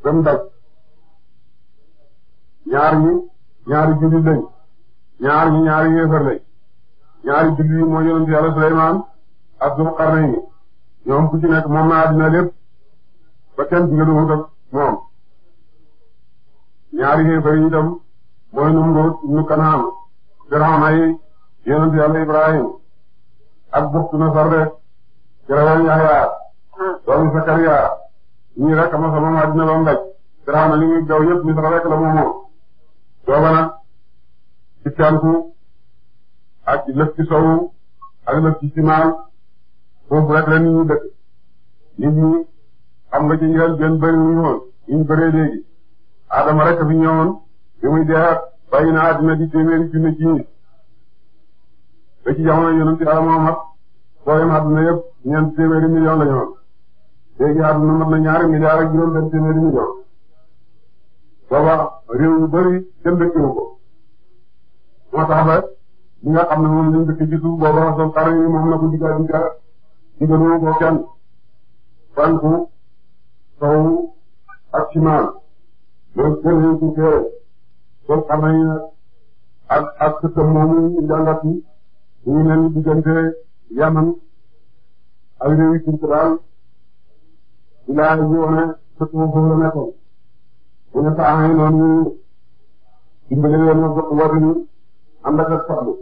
ba mu daj ñaar ñi ñaari jullit lañ ñaar ñi ñaari yéefar lañ ñaari jullit yi moo yonent yàlla Suleymaan ak Zulqarnayni ñoom ku ci nekk moom na àddina lépp ba kenn jigéen wut ak moom ñaari yéefar yi itam mooy Numruud ibnu Kanaan Firawna yi yonent yàlla Ibrahim ak Buxtu Nasar rek ci rawan Yahya ah. doomi Sakariya ñii rek am na sama moom àddina ba mu daj. Firaaw na li muy gaw yëpp Misra rek la moomoo. booba ci penku ak lëf sowu ak lëf ci simaal foofu rek la nit ñi dëkk. nit ñi xam nga ci njël benn bëri wu ñu woon ñu léegi. Adama rek fi ñëwoon bi dee bàyyi na àddina di téeméeri junne ci ñi ba ci jamono yonent Yàlla Muhammad booyam àddina yëpp ñeent téeméeri million la ñu léegi àdduna mën na ñaari milliards ak juróom-benn téeméeri million booba réew yu bëri kenn dëkkiwu ko moo tax ba li nga xam ne moom lañ dëkk ci booba soo xar yi moom la ko digal digal digaloo ko kenn fànku sow ak cimaan loolu kenn lañ ko téere soo xar ak ak sëttam moomu jàngat yi ñu ngi leen diggante yaman ak réew yi daal ilaa ji wane surtout foofu la nekkoon bu ne saa ah, yi noonu dimbali leen ma waruñu am rek ak farlu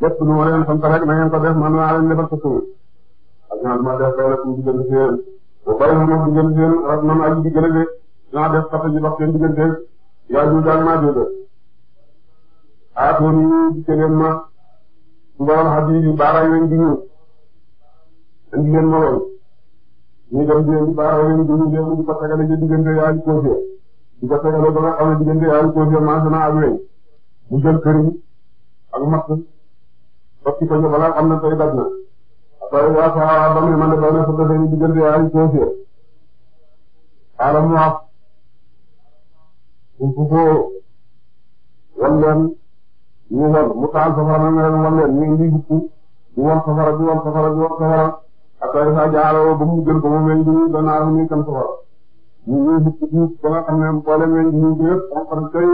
lépp lu ma leen sant rek na ngeen ko def man maa leen defal ko suuf ak ñoom ma def rek ñu diggante si yéen bu bàyyi ma ma diggante si yéen rek man ak diggante de dinaa def fàtte ji wax seen diggante yaa ngi daal maa jóge ma su borom xaj yi baaraay leen ma woon. ñu dem di leen di baaxee di ñu di ko tegale ci diggante yaa ngi ko fiyee di ko tegale ba nga xam ne diggante yaa ngi ko fiyee maanaam ak wéy mu jël këriñ ak matt ba ci ko ñu balaa xam ne tey daj na waaye yaa ko waaw ba muy mën a doon ne su ko defee diggante yaa ngi ko fiyee xaaral mu safara nga leen wan leen ñu ngi gukku ñu wan safara bi wan safara bi wan safara. après sa jaaroo ba mu jël ko mu mel ni gannaaw ni kan soxla ñu ngi gis gis ba nga xam ne mboole mel ni ñu yëpp am fan kay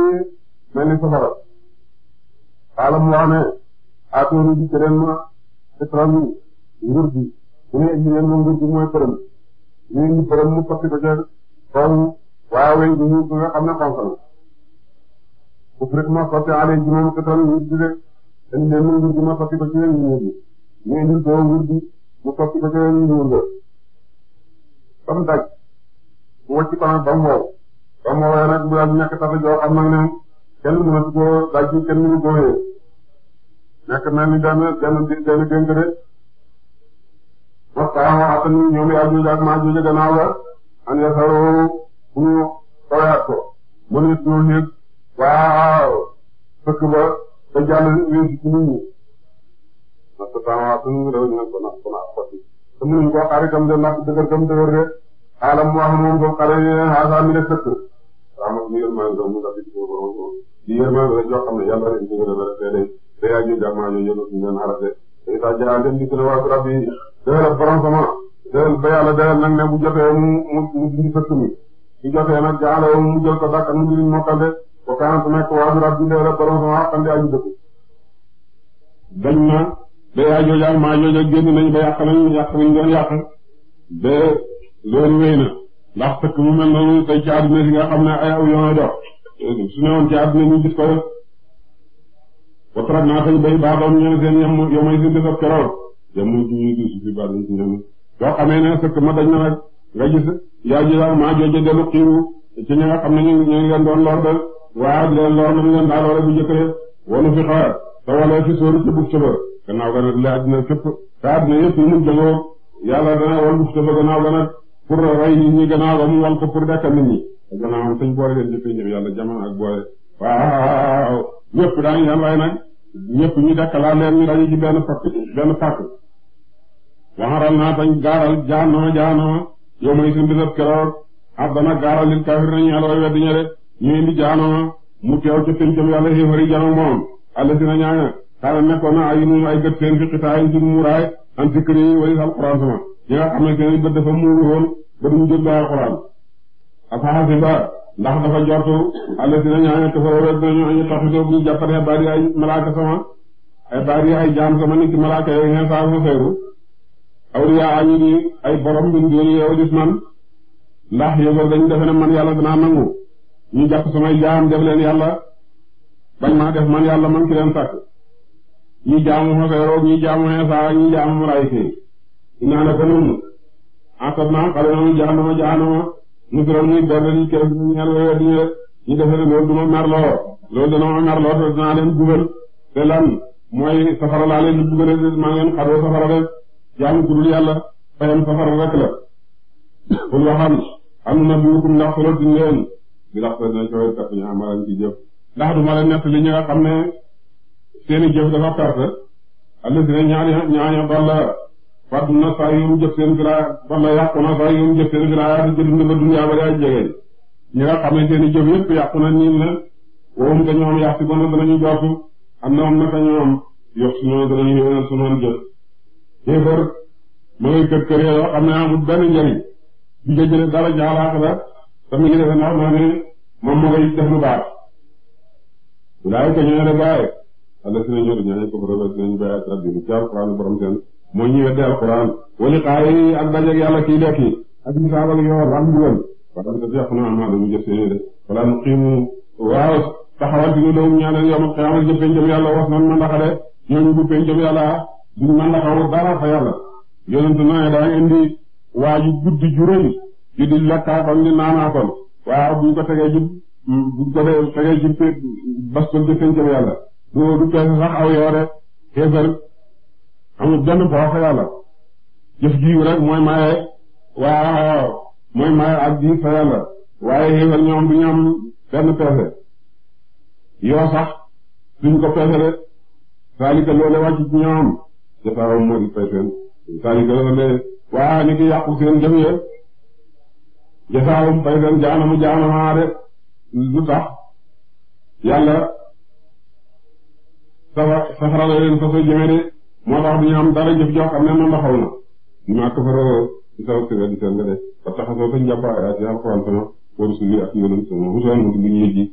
mel ni soxla xaaral mu wax ne atoori bi ci ren ma pétrole bi nguur gi bu ne ñu leen ma nguur gi mooy përëm ñu ngi përëm mu fàttali ko ca kaw waaye wéy bi ñu nga xam ne xonq na bu fi rek ma fàtte aale ji moom pétrole bi ñu tuddee dañ leen ma nguur gi ma fàttali ko ci wéy bi ñu ngi ñu indil ko nguur gi mu sos ci bëccëg ñu ba mu daj mu wëcc ko nag ba mu wow ba nag mu daal ñàkk a tasa joo nag ne kenn mënu koo yee nekk na ni benn benn benn gëng de waxtaan waxtaan ñoom Yaajuuj ak Maajuuj gannaaw la an yasaroo fu ñu tooyaat ko mu nit ñu nit waaw ba ba jàll wéesu ci na ko taamaa suñu ngi doon ñu ko na ko na xotti te mënuñ koo xaar itam de nak dëgër gam dëgër de xaalam mu wax moom ba xare xaasaa mi de sëkk waaw moom ñu yërmaa nga mu dafi ko borom di yërmaa nga jox xam ne yàlla rek ñu gën a la te day te yaa jël jàmmaa yooyu yëpp ñu leen xarate te itam jaxaan dem di gën a waa rab yi dëgëral borom sama dëgëral ba yàlla dëgëral nag ne bu jotee mu mu mu dindi sëkk mi bu jotee nag jaxaloo mu jël ko dàq mu dindi mokkal de ko kanam nekk waa rab bi dëgëral borom sama xaqante aju dëkk bañ na ba yaajooj ak maajooj ak génn nañ ba yàq nañ yàq nañ nga xam ne ay aw yoon a dox su ne woon ci àdduna ñu gis ko watrack naa fay bay baa doon ñeen seen yom si desab keroog yamu yoo xamee ne sëkk ma daj na nag nga gis yaajooj ak maajooj a dellu xiiru ci ñi nga xam ne ñu doon lor de waaye leen lor nañ leen daa loore bu jëkkëre wanu fi xaar te wala fi sóoru ca bug gannaaw ga nag la addina fépp te addina yëpp yi mu jagoo yàlla dana wal buf tafa gannaaw ga nag pour rey nit ñi gannaaw ga mu wal ko pour dekkal nit ñi te gannaawam suñ boole leen jëppee ñëw yàlla jamono ak boole waaw ñëpp daañu yan way nag ñëpp ñu dekkalaa leen ñu dañu ci benn pakk benn pakk waxaral gaaral jaanoo jaanoo yow may si mbisat keroog ab dana gaaral lil kaafir nañu yàlla way weddi ña de ñu indi jaanoo mu teew ca péncam yàlla si na ñaanga xaaral nekkoon na ay moom ay gët seen fi xitaayin ci muuraay an sikkiri walis alxuraan sama ñi nga xamante ne ba dafa muuru dafa jortu àlla si na ñaaña kafaroore dinañu ay malaaka sama ay ma ay jaam sama nit malaaka yooyu ngeen saa fa xeeru awliyaa ñu di ay borom bin dooni yow gis man ndax yëgoor dañu defe ne man yàlla danaa nangu ñu jàpp samay jaam def leen yàlla bañ maa def man yàlla man ki leen sàkk ñi jaamu xofeeroog ñi jaamu xeesaa ñi jaamu maraayika inaa naka nun asab naa xale noonu jaanuma jaanuma nu biram ni berde di kër ñel way weddi ñe ñu defe ne loolu duma merloo loolu dana ma merloo te dinaa leen dugal te lan mooy safara laa leen di dugale de maa ngeen xadoo safara jaamu gudul yàlla fayam safara rek la kul waxam am na biukum ndax solo din leen bi lax ta dina coowet kat ñu amalan ci jëf ndax duma leen nett li seeni jëf dafa perte alladina ñaaña ñaaña balla fad na saa yoon jëf seen billa balla yàqu na saa yoon jëf seen billa jënd ba dunyaa ba yaa jege ñi nga xam ne seeni jëf yëpp yàqu na niin la woom te ñoom yàq si bona danañu jortu am na moom naka ñoom yox suñoo danañu yéwénal suñoon jëf kéefër ma ngay kër kër yoo xam ne amul benn njariñ di jëjële dara jaalaax la te mi ngi defe ndax ma ne ma ngay def lu baax laay ko ñëwee rek waaye alla si na njëriñ ay ko rëbës nañ bay ak addina ci alquran borom seen mooy ñi weddi alquran wali xaay ak dajeeg yàlla kii lekk yi ak misaab ak yoor ak mbugal waxam te yàq na amaana mu jëf seen de wala nu xiimu waaw taxawal di ñu doom ñaanal yomal xiyaamal jëf yàlla was nan mandaxa de ñooñu bu pencam yàlla duñ mandaxawu dara fa yàlla yonent naa daa indi waa ju guddi ju rëy di lakkaakoon di naanaakoon boobu du kenn sax aw yoo xeefar amul benn boo fa yàlla jëf jiw mooy maye waaw mooy maye ak jiw fa yàlla waaye xeefar ñoom du ñoom benn peese yoo sax duñ ko peese de saalika loole ñoom jasaawam moo di peeseen saalika loole waa ni seen jëf ya jasaawam peeseen jaanamu jaanamaa de lu tax yàlla safara la leen safay jëme de moo tax du am dara jëf joo xam ne man ndaxaw na maa kafaroo di saw sira di de ba taxasoo sa njàppaay ak alxuraan sama war su bi ak yoonam sama husan mu dugg ñuy ji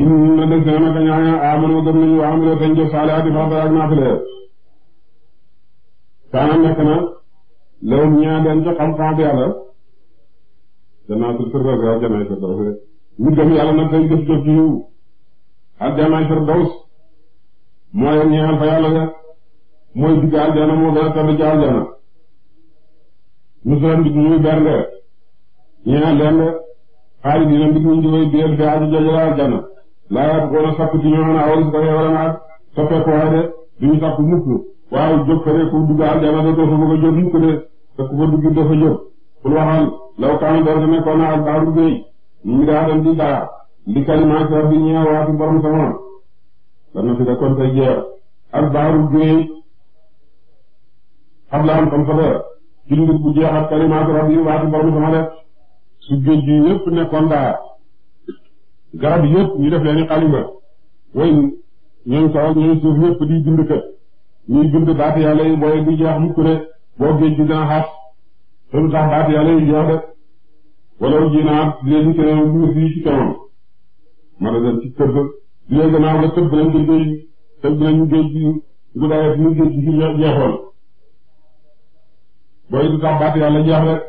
in na des na naka ñaaña aamanu gëm nañu waa amiloo tañ jëf saale ati farata ak naafile kaana nekk na lawum ñaa den ci xam-xam bi yàlla janaatul firdaws ak janaay firdaws ñu gëm yàlla nag tay jëf jëf ci yiw ak janaay firdaws mooy ñeexal fa yàlla de mooy digg aljana moo gën a tedd ci aljana musulam bi ñuy bernde ñeexal leen de xaari dina mbit di koy biir fi aji jajala aljana laa yaatu koona sakku ci ñoom na awal si dafay wala naat ko waaye de duñu sakku mukk waaw jóg fa de ku dugg aljana da doo fa bëgg a jóg mukk de te ku fa dugg dafa jóg pour waxal law kaanu doon nekkoon na ak baaru géej ñu daa dem di daa li kalimaat rabbi ñeewaatu borom sama dana fi nekkoon tey jeer ak baaru géej xam laa am tam fa dara ci mbir bu jeexat kalimaatu rabbi waati borom sama def su géej gi yëpp nekkoon daa garab yëpp ñu def leen xalima way ñooñ kaw ñooñ suuf yëpp di bind kër ñuy bind baati yàlla yi booy du jeex mukk de boo géej gi dana xaat te du tax baati yàlla jeex de wala wu ji naa léegi keneen lu ci kanam ma ne ci kër léegi gannaaw nga tëbb nañ géej tëbb nañ géej gi lu daye fi ñu géej gi fi jeexoon booy du tax baat yàlla jeex rek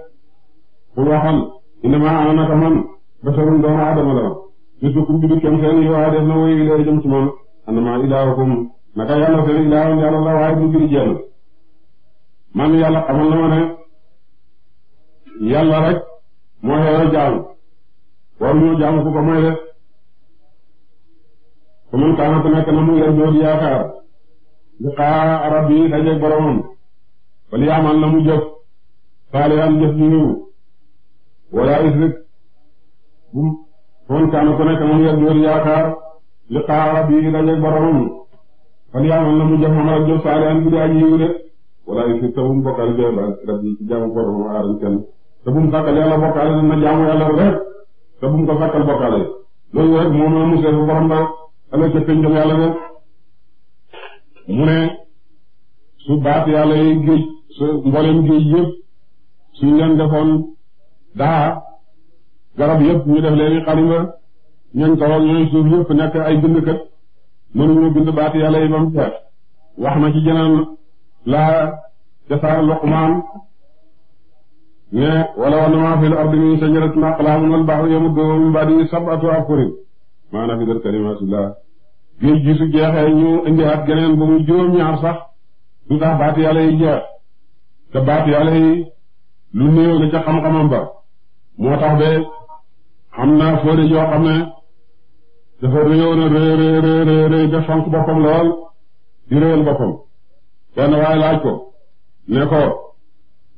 pour waxoon inama ana naka man basarun doomu aadama la misukum bi du kem seen yi waaye def na woy ilay jëm ci man anama ilaahukum naka yàlla seen ilaahum yàlla la waaye du giri jenn man yàlla xamal na ma ne yàlla rek moo xeeroo jaamu waruñoo jaamu ku ko mooy de fa man kaana ku nekk na mu yarjoo di yaakaar liqaa rabbi dajeeg boromam fal yaamal na mu jëf saalihan jëf ju yiw wala isrik bu fa man kaana ku nekk na mu yarjoo di yaakaar liqaa rabbi dajeeg boromam fal yaamal na mu jëf moom rek jëf saalihan bu di aji yiw de wala isrik te bu mu bee ba rabbi ci jaamu boromam aaran kenn te bu mu sàkkal na jaamu yàlla rek te bu mu ko sàkkal bokkaale loolu rek moo fa borom ba ëllëg ca peñjam yàlla ba mu ne su baat yàlla yi géej su mboolem géej yëpp suñ leen defoon daa garab yëpp ñu def leen i xalimba ñooñ kawoog ñooy suuf yëpp nekk ay bindkat mënuñu bind baat yàlla yi ba mu jeex wax na ci jeneen laa ca saa Luqmaan ne wala wa na maa fil ardi min sajaratin aqlaamun wal bahru yamudduhu min ba'dihi sab'atu abhurin maanaam fi kalimatullah géej gi su a ñu indiwaat geneen ba muy juróom-ñaar sax du tax baatu yàlla yi jeex te baatu yàlla yi lu néew la ca xam-xamam ba moo tax be xam naa fóode yoo xam ne dafa réyoon a réy boppam lool di réyal boppam benn waaye laaj ko ne ko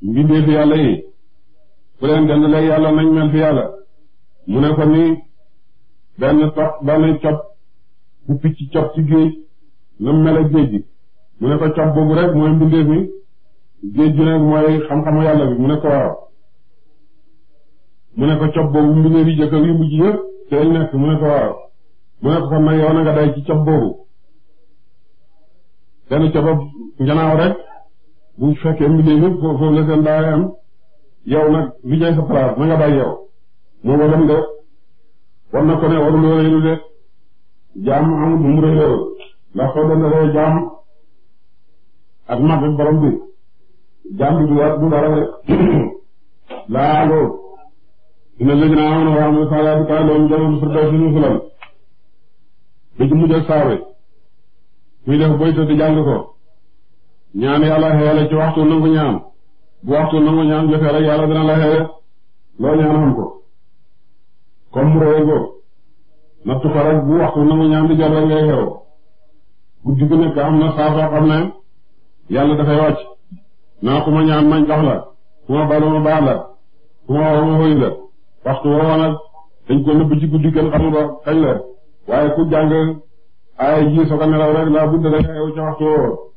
mbindee fi yàlla yi bu leen gën lay yàlla nañ mel fi yàlla mu ne ko nii benn topp benn cop bu picc cop ci géej na mel ak géej gi mu ko cop boobu rek mooy mbindeef mi géej gi nag mooy xam-xamu yàlla bi mu ne ko waaw mu ne ko cop boobu mbindeef yi jëkk yu mujj yëpp te nekk mu ko waaw mu ko na nga day ci cop boobu benn copab njanaaw rek bu fekkee mbindeef yëpp foofu la seen daay am yow nag li jëy na nga yow moo ko gëm war na ko ne waruloo réeru de jaam mu réeroo ndax soo doon réeroo jaam ak mag ak borom bi jaam bi du dara du dara de laaloo dina léegi naa amoon waa amul saa laatu kaay loolu jamono pour daw suñu fulam dëgg mu jël saawe kuy def boy tëdd jàng ko ñaan yàlla xeele ci waxtu nangu ñaan bu waxtu nangu ñaan jotee rek yàlla dina la xeele loo ñaan xam ko comme rogo nattu ko rek waxtu nangu ñaan di jot rek ngay xew guddi gu nekk am na saa soo xam ne yàlla naa ku ma ñaan mañ jox la ku ma ma baal la ku ma woo ma waxtu woo nag dañ ko nëbb ci guddi kenn xamul ba kañ la waaye ku jàng ay ji soo ko nelaw rek laa budd rek xew ca